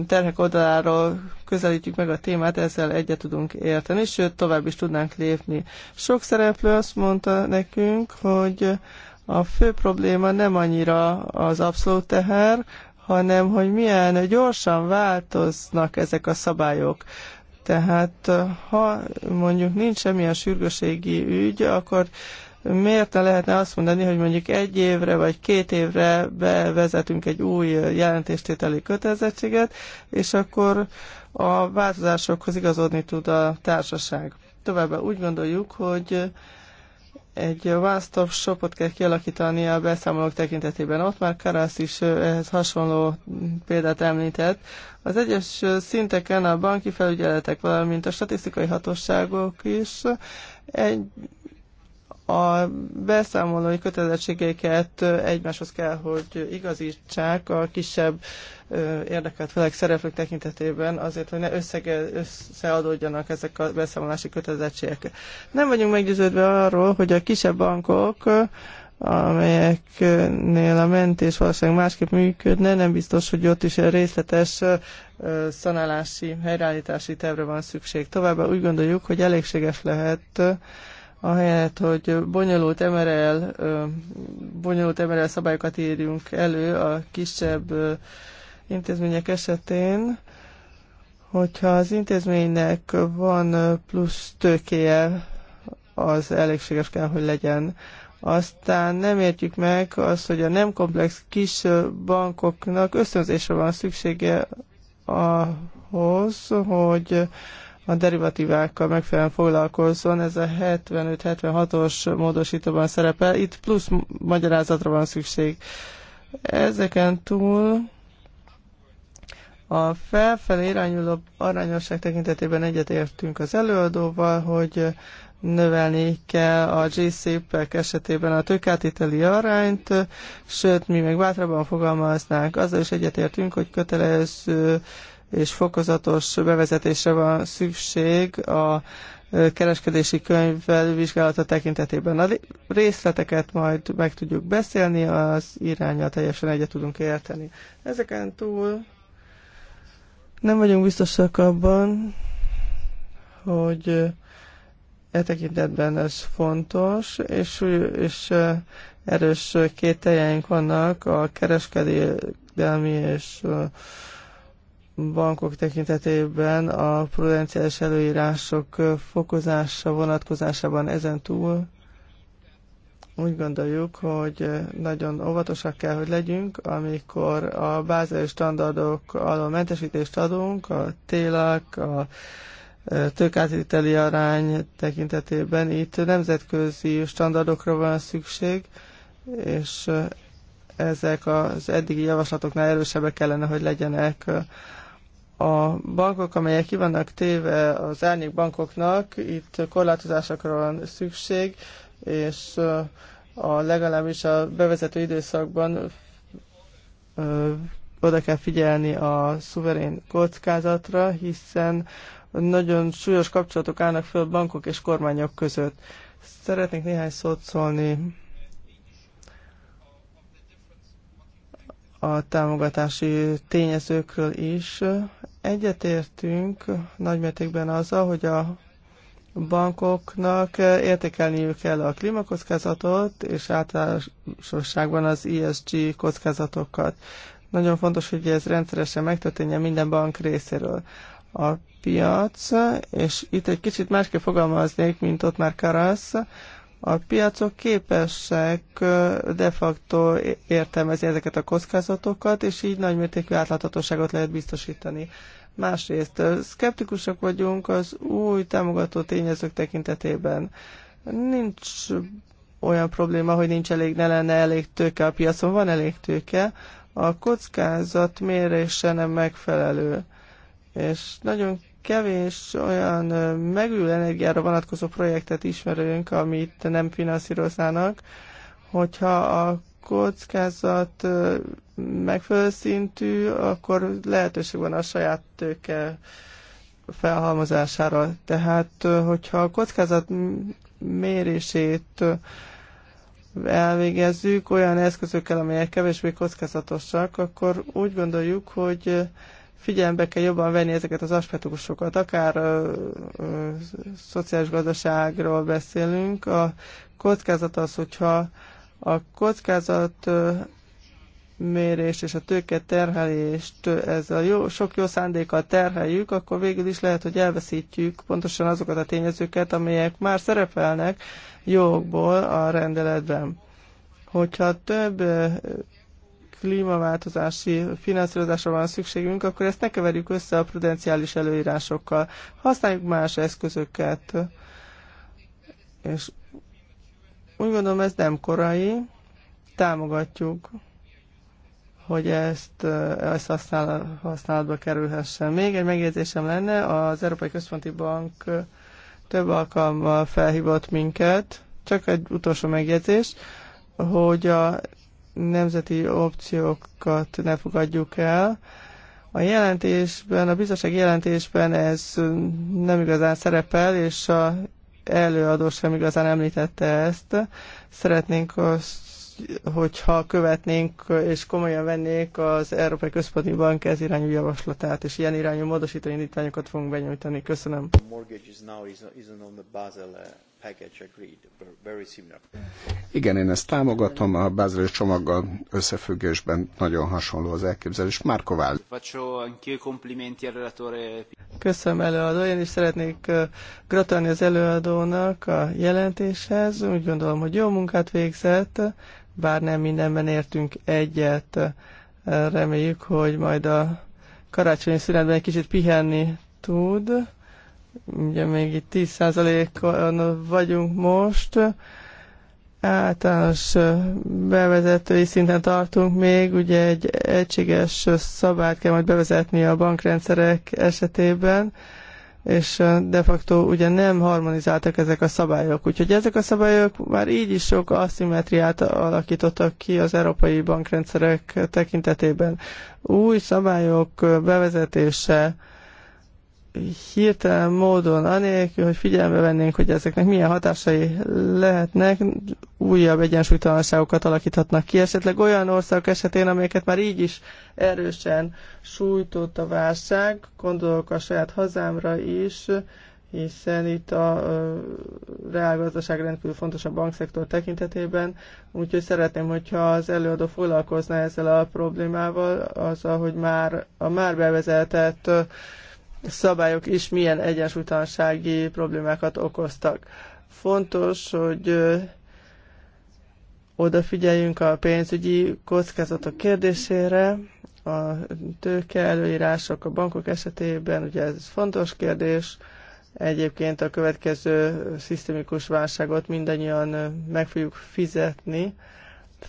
terhek oldaláról közelítjük meg a témát, ezzel egyet tudunk érteni, sőt, tovább is tudnánk lépni. Sok szereplő azt mondta nekünk, hogy a fő probléma nem annyira az abszolút teher, hanem hogy milyen gyorsan változnak ezek a szabályok. Tehát eh, ha mondjuk nincs semmilyen sürgőségi ügy, akkor miért ne lehetne azt mondani, hogy mondjuk egy évre vagy két évre bevezetünk egy új jelentéstételi kötelezettséget, és akkor a változásokhoz igazodni tud a társaság. Továbbá úgy gondoljuk, hogy egy one-stop shopot kell kialakítani a beszámolók tekintetében. Ott már Karasz is ehhez hasonló példát említett. Az egyes szinteken a banki felügyeletek, valamint a statisztikai hatóságok is egy a beszámolói kötelezettségeiket egymáshoz kell, hogy igazítsák a kisebb érdekelt felek szereplők tekintetében azért, hogy ne összege, összeadódjanak ezek a beszámolási kötelezettségek. Nem vagyunk meggyőződve arról, hogy a kisebb bankok amelyeknél a mentés valószínűleg másképp működne, nem biztos, hogy ott is részletes szanálási, helyreállítási tervre van szükség. Továbbá úgy gondoljuk, hogy elégséges lehet ahelyett, hogy bonyolult MRL, bonyolult MRL szabályokat írjunk elő a kisebb intézmények esetén, hogyha az intézménynek van plusz tőkéje, az elégséges kell, hogy legyen. Aztán nem értjük meg azt, hogy a nem komplex kis bankoknak ösztönzésre van szüksége ahhoz, hogy a derivatívákkal megfelelően foglalkozzon. Ez a 75-76-os módosítóban szerepel. Itt plusz magyarázatra van szükség. Ezeken túl a felfelé irányuló arányosság tekintetében egyetértünk az előadóval, hogy növelni kell a g ek esetében a tőkátiteli arányt, sőt, mi még bátrabban fogalmaznánk, azzal is egyetértünk, hogy kötelező és fokozatos bevezetésre van szükség a kereskedési könyvvel vizsgálata tekintetében. A részleteket majd meg tudjuk beszélni, az irányra teljesen egyet tudunk érteni. Ezeken túl nem vagyunk biztosak abban, hogy e tekintetben ez fontos, és, és erős kételjeink vannak a kereskedelmi és bankok tekintetében a prudenciális előírások fokozása vonatkozásában ezen túl úgy gondoljuk, hogy nagyon óvatosak kell, hogy legyünk, amikor a bázai standardok alól mentesítést adunk, a télak, a e, tőkátíteli arány tekintetében. Itt nemzetközi standardokra van szükség, és ezek az eddigi javaslatoknál erősebbek kellene, hogy legyenek a bankok, amelyek ki vannak téve az árnyék bankoknak, itt korlátozásokra van szükség, és a legalábbis a bevezető időszakban ö, oda kell figyelni a szuverén kockázatra, hiszen nagyon súlyos kapcsolatok állnak föl bankok és kormányok között. Szeretnék néhány szót szólni a támogatási tényezőkről is. Egyetértünk nagymértékben azzal, hogy a bankoknak értékelniük kell a klímakockázatot és általánosságban az ESG kockázatokat. Nagyon fontos, hogy ez rendszeresen megtörténjen minden bank részéről. A piac, és itt egy kicsit másképp fogalmaznék, mint ott már Karasz, a piacok képesek de facto értelmezni ezeket a kockázatokat, és így nagymértékű átláthatóságot lehet biztosítani. Másrészt szkeptikusak vagyunk az új támogató tényezők tekintetében. Nincs olyan probléma, hogy nincs elég, ne lenne elég tőke a piacon, van elég tőke, a kockázat mérése nem megfelelő. És nagyon kevés olyan megülő energiára vonatkozó projektet ismerünk, amit nem finanszíroznának, hogyha a kockázat megfelelő szintű, akkor lehetőség van a saját tőke felhalmozására. Tehát, hogyha a kockázat mérését elvégezzük olyan eszközökkel, amelyek kevésbé kockázatosak, akkor úgy gondoljuk, hogy figyelembe kell jobban venni ezeket az aspektusokat, akár ö, ö, szociális gazdaságról beszélünk. A kockázat az, hogyha a kockázat ö, mérést és a tőke terhelést a jó, sok jó szándékkal terheljük, akkor végül is lehet, hogy elveszítjük pontosan azokat a tényezőket, amelyek már szerepelnek jogból a rendeletben. Hogyha több klímaváltozási finanszírozásra van szükségünk, akkor ezt ne keverjük össze a prudenciális előírásokkal. Használjuk más eszközöket. És úgy gondolom, ez nem korai, támogatjuk, hogy ezt, ezt használ, használatba kerülhessen. Még egy megjegyzésem lenne, az Európai Központi Bank több alkalommal felhívott minket, csak egy utolsó megjegyzés, hogy a nemzeti opciókat ne fogadjuk el. A jelentésben, a bizottság jelentésben ez nem igazán szerepel, és a előadó sem igazán említette ezt. Szeretnénk azt hogyha követnénk és komolyan vennék az Európai Központi Bank ez irányú javaslatát, és ilyen irányú módosító indítványokat fogunk benyújtani. Köszönöm. Igen, én ezt támogatom, a bázilis csomaggal összefüggésben nagyon hasonló az elképzelés. Márko Köszönöm előadó, én is szeretnék gratulálni az előadónak a jelentéshez. Úgy gondolom, hogy jó munkát végzett, bár nem mindenben értünk egyet. Reméljük, hogy majd a karácsonyi szünetben egy kicsit pihenni tud ugye még itt 10%-on vagyunk most, általános bevezetői szinten tartunk még, ugye egy egységes szabályt kell majd bevezetni a bankrendszerek esetében, és de facto ugye nem harmonizáltak ezek a szabályok. Úgyhogy ezek a szabályok már így is sok aszimetriát alakítottak ki az európai bankrendszerek tekintetében. Új szabályok bevezetése hirtelen módon, anélkül, hogy figyelembe vennénk, hogy ezeknek milyen hatásai lehetnek, újabb egyensúlytalanságokat alakíthatnak ki, esetleg olyan országok esetén, amelyeket már így is erősen sújtott a válság, gondolok a saját hazámra is, hiszen itt a reálgazdaság rendkívül fontos a bankszektor tekintetében, úgyhogy szeretném, hogyha az előadó foglalkozna ezzel a problémával, az, hogy már a már bevezetett szabályok is milyen egyensúlytalansági problémákat okoztak. Fontos, hogy odafigyeljünk a pénzügyi kockázatok kérdésére, a tőke előírások a bankok esetében, ugye ez fontos kérdés, egyébként a következő szisztemikus válságot mindannyian meg fogjuk fizetni,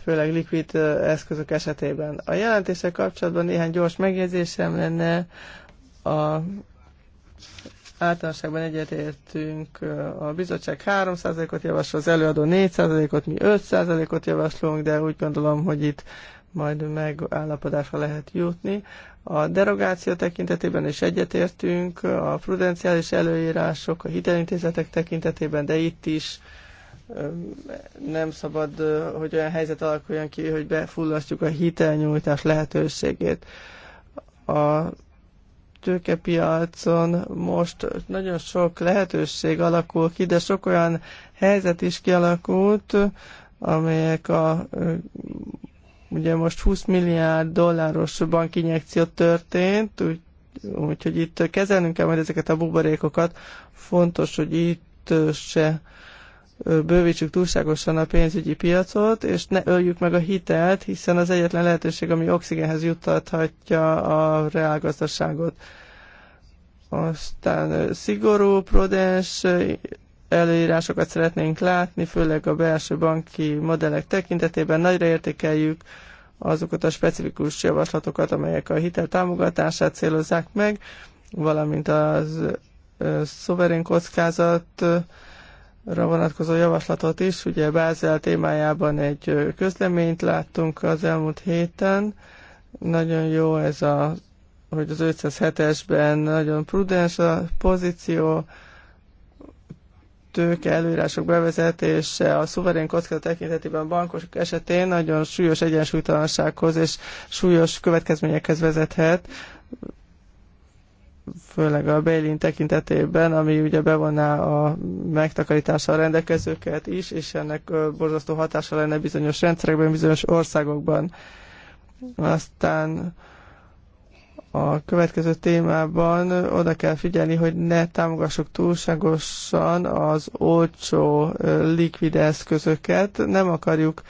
főleg likvid eszközök esetében. A jelentése kapcsolatban néhány gyors megjegyzésem lenne, a általánosságban egyetértünk, a bizottság 3%-ot javasol, az előadó 4%-ot, mi 5%-ot javaslunk, de úgy gondolom, hogy itt majd megállapodásra lehet jutni. A derogáció tekintetében is egyetértünk, a prudenciális előírások, a hitelintézetek tekintetében, de itt is nem szabad, hogy olyan helyzet alakuljon ki, hogy befullasztjuk a hitelnyújtás lehetőségét. A tőkepiacon most nagyon sok lehetőség alakul ki, de sok olyan helyzet is kialakult, amelyek a ugye most 20 milliárd dolláros bankinjekció történt, úgy, úgyhogy itt kezelnünk kell majd ezeket a buborékokat. Fontos, hogy itt se bővítsük túlságosan a pénzügyi piacot, és ne öljük meg a hitelt, hiszen az egyetlen lehetőség, ami oxigénhez juttathatja a reálgazdaságot. Aztán szigorú, prudens előírásokat szeretnénk látni, főleg a belső banki modellek tekintetében nagyra értékeljük azokat a specifikus javaslatokat, amelyek a hitel támogatását célozzák meg, valamint az szuverén kockázat vonatkozó javaslatot is. Ugye Bázel témájában egy közleményt láttunk az elmúlt héten. Nagyon jó ez a, hogy az 507-esben nagyon prudens a pozíció, tőke előírások bevezetése a szuverén kockázat tekintetében bankosok esetén nagyon súlyos egyensúlytalansághoz és súlyos következményekhez vezethet főleg a Bélin tekintetében, ami ugye bevonná a megtakarítással rendelkezőket is, és ennek borzasztó hatása lenne bizonyos rendszerekben, bizonyos országokban. Aztán a következő témában oda kell figyelni, hogy ne támogassuk túlságosan az olcsó likvid eszközöket. Nem akarjuk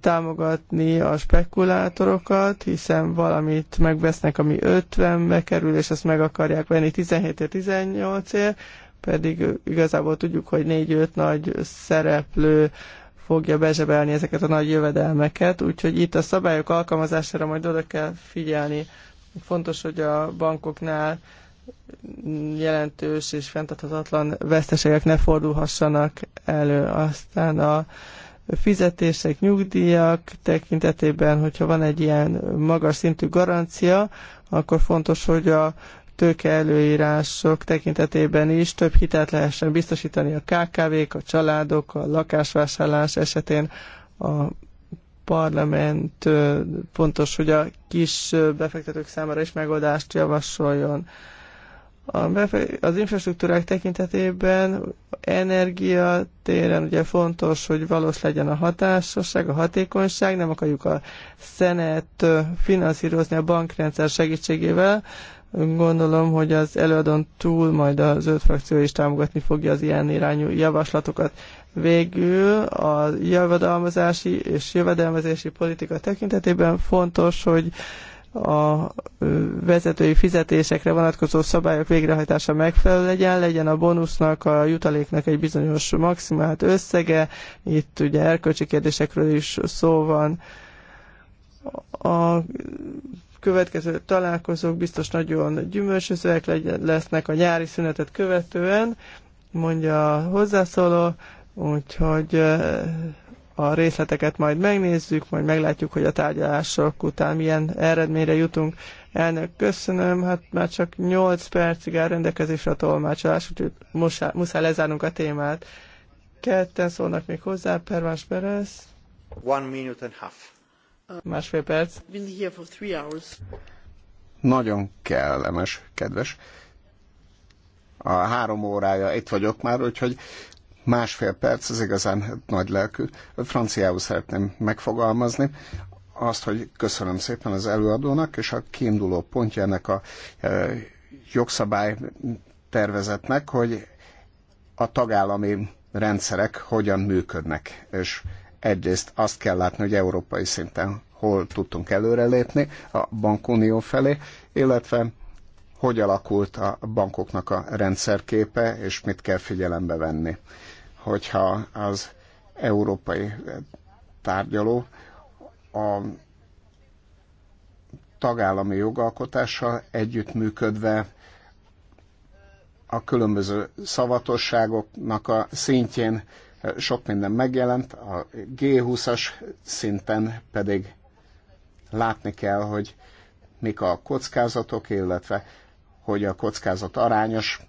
támogatni a spekulátorokat, hiszen valamit megvesznek, ami 50-be kerül, és azt meg akarják venni 17-18-ért, pedig igazából tudjuk, hogy 4-5 nagy szereplő fogja bezsebelni ezeket a nagy jövedelmeket, úgyhogy itt a szabályok alkalmazására majd oda kell figyelni. Fontos, hogy a bankoknál jelentős és fenntarthatatlan veszteségek ne fordulhassanak elő. Aztán a fizetések, nyugdíjak tekintetében, hogyha van egy ilyen magas szintű garancia, akkor fontos, hogy a tőke előírások tekintetében is több hitelt lehessen biztosítani a KKV-k, a családok, a lakásvásárlás esetén a parlament fontos, hogy a kis befektetők számára is megoldást javasoljon az infrastruktúrák tekintetében energia téren ugye fontos, hogy valós legyen a hatásosság, a hatékonyság, nem akarjuk a szenet finanszírozni a bankrendszer segítségével. Gondolom, hogy az előadón túl majd az öt frakció is támogatni fogja az ilyen irányú javaslatokat. Végül a javadalmazási és jövedelmezési politika tekintetében fontos, hogy a vezetői fizetésekre vonatkozó szabályok végrehajtása megfelelő legyen, legyen a bónusznak, a jutaléknak egy bizonyos maximált összege, itt ugye erkölcsi kérdésekről is szó van. A következő találkozók biztos nagyon gyümölcsözőek lesznek a nyári szünetet követően, mondja a hozzászóló, úgyhogy a részleteket majd megnézzük, majd meglátjuk, hogy a tárgyalások után milyen eredményre jutunk. Elnök, köszönöm, hát már csak 8 percig áll rendelkezésre a tolmácsolás, úgyhogy muszá, muszáj lezárnunk a témát. Ketten szólnak még hozzá, Pervás Berez. One minute and half. Másfél perc. Been here for three hours. Nagyon kellemes, kedves. A három órája itt vagyok már, úgyhogy másfél perc, ez igazán nagy lelkű. Franciául szeretném megfogalmazni azt, hogy köszönöm szépen az előadónak, és a kiinduló pontja ennek a e, jogszabály tervezetnek, hogy a tagállami rendszerek hogyan működnek, és egyrészt azt kell látni, hogy európai szinten hol tudtunk előrelépni a bankunió felé, illetve hogy alakult a bankoknak a rendszerképe, és mit kell figyelembe venni hogyha az európai tárgyaló a tagállami jogalkotással együttműködve a különböző szavatosságoknak a szintjén eh, sok minden megjelent, a G20-as szinten pedig látni kell, hogy mik a kockázatok, illetve hogy a kockázat arányos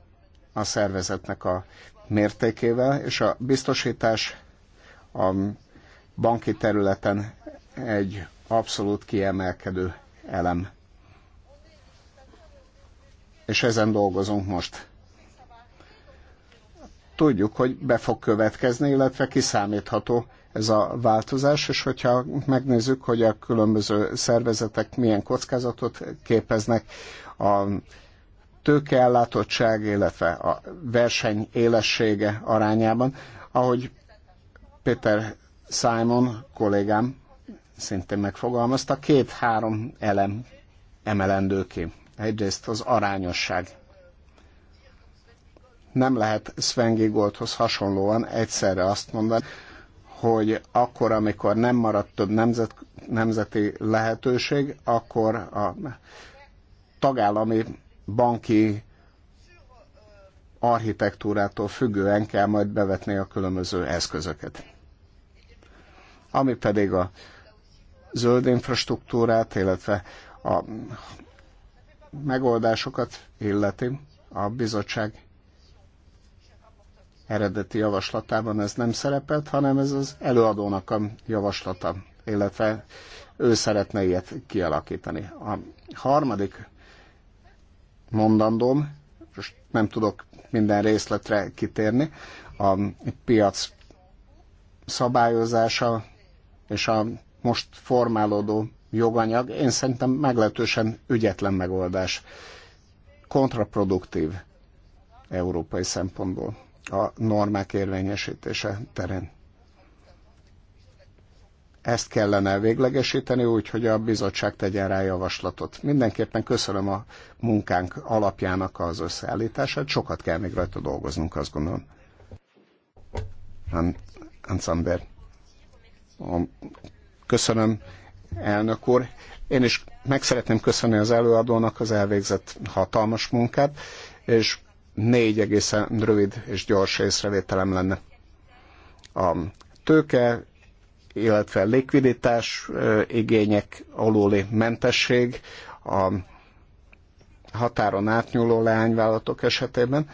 a szervezetnek a mértékével, és a biztosítás a banki területen egy abszolút kiemelkedő elem. És ezen dolgozunk most. Tudjuk, hogy be fog következni, illetve kiszámítható ez a változás, és hogyha megnézzük, hogy a különböző szervezetek milyen kockázatot képeznek a tőkeellátottság, illetve a verseny élessége arányában, ahogy Peter Simon kollégám szintén megfogalmazta, két-három elem emelendő ki. Egyrészt az arányosság. Nem lehet Sven hasonlóan egyszerre azt mondani, hogy akkor, amikor nem maradt több nemzet, nemzeti lehetőség, akkor a tagállami banki architektúrától függően kell majd bevetni a különböző eszközöket. Ami pedig a zöld infrastruktúrát, illetve a megoldásokat illeti a bizottság eredeti javaslatában ez nem szerepelt, hanem ez az előadónak a javaslata, illetve ő szeretne ilyet kialakítani. A harmadik mondandóm, most nem tudok minden részletre kitérni, a piac szabályozása és a most formálódó joganyag én szerintem meglehetősen ügyetlen megoldás, kontraproduktív európai szempontból a normák érvényesítése terén. Ezt kellene véglegesíteni, úgyhogy a bizottság tegyen rá javaslatot. Mindenképpen köszönöm a munkánk alapjának az összeállítását, sokat kell még rajta dolgoznunk, azt gondolom. Ansamber. Köszönöm, elnök úr. Én is meg szeretném köszönni az előadónak az elvégzett hatalmas munkát, és négy egészen rövid és gyors észrevételem lenne. A tőke illetve likviditás igények aluli mentesség a határon átnyúló leányvállalatok esetében.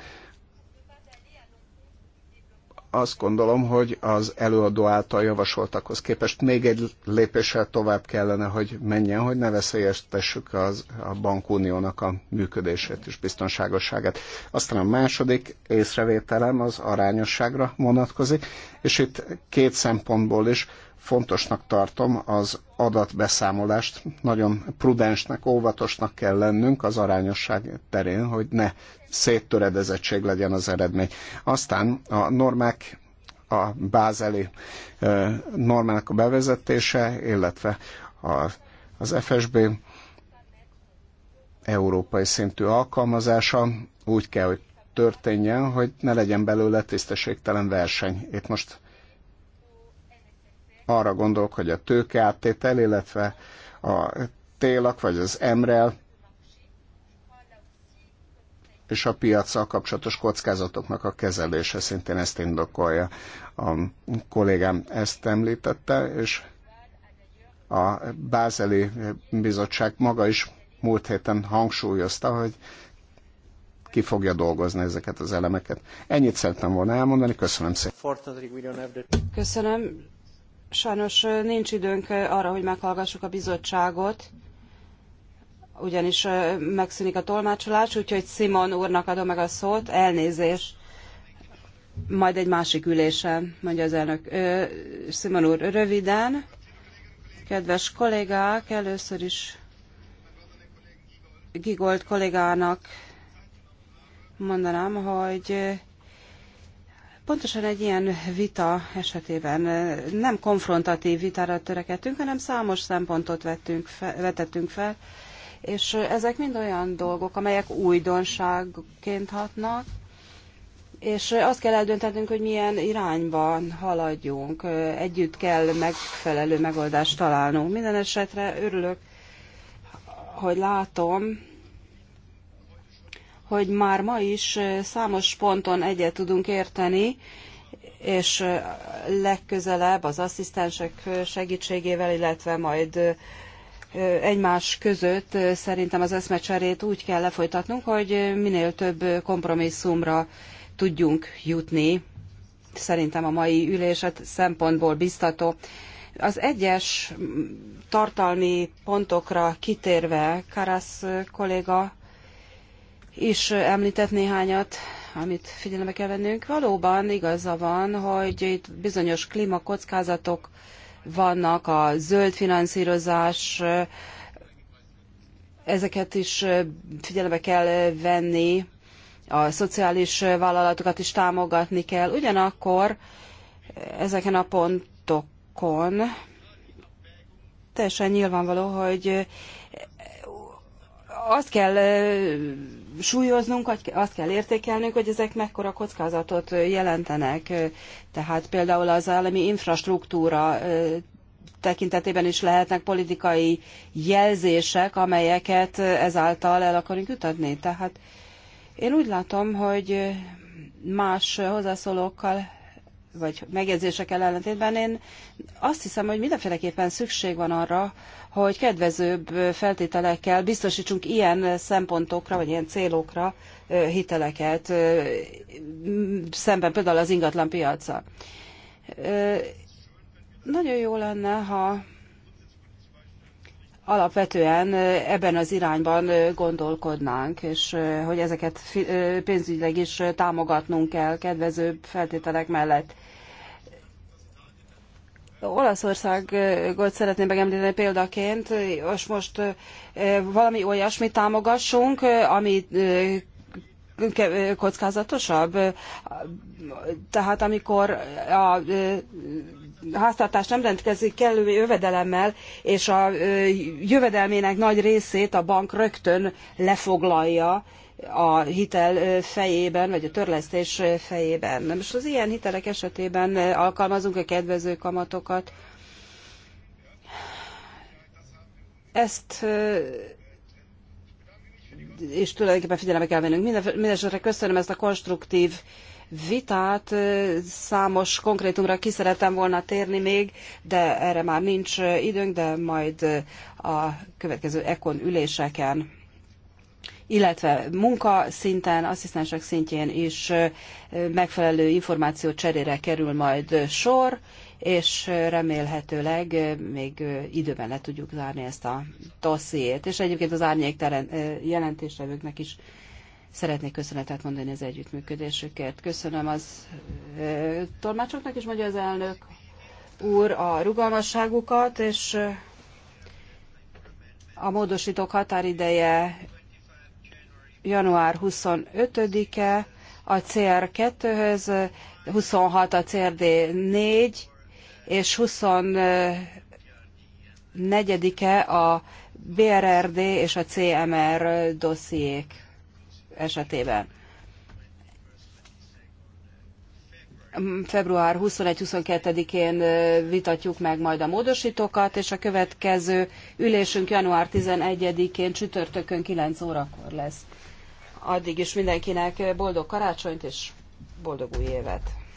Azt gondolom, hogy az előadó által javasoltakhoz képest még egy lépéssel tovább kellene, hogy menjen, hogy ne veszélyeztessük az, a bankuniónak a működését és biztonságosságát. Aztán a második észrevételem az arányosságra vonatkozik, és itt két szempontból is fontosnak tartom az adatbeszámolást. Nagyon prudensnek, óvatosnak kell lennünk az arányosság terén, hogy ne széttöredezettség legyen az eredmény. Aztán a normák a bázeli normának a bevezetése, illetve a, az FSB európai szintű alkalmazása úgy kell, hogy történjen, hogy ne legyen belőle tisztességtelen verseny. Itt most arra gondolok, hogy a tőkeáttétel, illetve a télak, vagy az emrel, és a piacsal kapcsolatos kockázatoknak a kezelése szintén ezt indokolja. A kollégám ezt említette, és a Bázeli Bizottság maga is múlt héten hangsúlyozta, hogy ki fogja dolgozni ezeket az elemeket. Ennyit szerettem volna elmondani, köszönöm szépen. Köszönöm. Sajnos nincs időnk arra, hogy meghallgassuk a bizottságot, ugyanis megszűnik a tolmácsolás, úgyhogy Simon úrnak adom meg a szót, elnézés. Majd egy másik ülésen, mondja az elnök. Simon úr, röviden, kedves kollégák, először is Gigolt kollégának mondanám, hogy Pontosan egy ilyen vita esetében nem konfrontatív vitára törekedtünk, hanem számos szempontot vettünk fel, vetettünk fel, és ezek mind olyan dolgok, amelyek újdonságként hatnak, és azt kell eldöntenünk, hogy milyen irányban haladjunk. Együtt kell megfelelő megoldást találnunk. Minden esetre örülök, hogy látom, hogy már ma is számos ponton egyet tudunk érteni, és legközelebb az asszisztensek segítségével, illetve majd egymás között szerintem az eszmecserét úgy kell lefolytatnunk, hogy minél több kompromisszumra tudjunk jutni. Szerintem a mai üléset szempontból biztató. Az egyes tartalmi pontokra kitérve Karasz kolléga is említett néhányat, amit figyelembe kell vennünk. Valóban igaza van, hogy itt bizonyos klímakockázatok vannak, a zöld finanszírozás, ezeket is figyelembe kell venni, a szociális vállalatokat is támogatni kell. Ugyanakkor ezeken a pontokon teljesen nyilvánvaló, hogy azt kell súlyoznunk, azt kell értékelnünk, hogy ezek mekkora kockázatot jelentenek. Tehát például az állami infrastruktúra tekintetében is lehetnek politikai jelzések, amelyeket ezáltal el akarunk jutatni. Tehát én úgy látom, hogy más hozzászólókkal vagy megjegyzések ellentétben én azt hiszem, hogy mindenféleképpen szükség van arra, hogy kedvezőbb feltételekkel biztosítsunk ilyen szempontokra, vagy ilyen célokra hiteleket, szemben például az ingatlan piaca. Nagyon jó lenne, ha alapvetően ebben az irányban gondolkodnánk, és hogy ezeket pénzügyileg is támogatnunk kell kedvezőbb feltételek mellett. Olaszországot szeretném megemlíteni példaként, és most valami olyasmit támogassunk, ami kockázatosabb. Tehát amikor a háztartás nem rendelkezik kellő jövedelemmel, és a jövedelmének nagy részét a bank rögtön lefoglalja a hitel fejében, vagy a törlesztés fejében. Na most az ilyen hitelek esetében alkalmazunk a kedvező kamatokat. Ezt és tulajdonképpen figyelembe kell vennünk. Mindenesetre köszönöm ezt a konstruktív vitát. Számos konkrétumra ki szerettem volna térni még, de erre már nincs időnk, de majd a következő ekon üléseken illetve munkaszinten, asszisztensek szintjén is megfelelő információ cserére kerül majd sor, és remélhetőleg még időben le tudjuk zárni ezt a dossziét. És egyébként az árnyék jelentéstevőknek is Szeretnék köszönetet mondani az együttműködésükért. Köszönöm az e, tolmácsoknak is, mondja az elnök úr, a rugalmasságukat, és a módosítók határideje január 25-e, a CR2-höz, 26 a CRD 4, és 24-e a BRRD és a CMR dossziék esetében. Február 21-22-én vitatjuk meg majd a módosítókat, és a következő ülésünk január 11-én csütörtökön 9 órakor lesz. Addig is mindenkinek boldog karácsonyt és boldog új évet!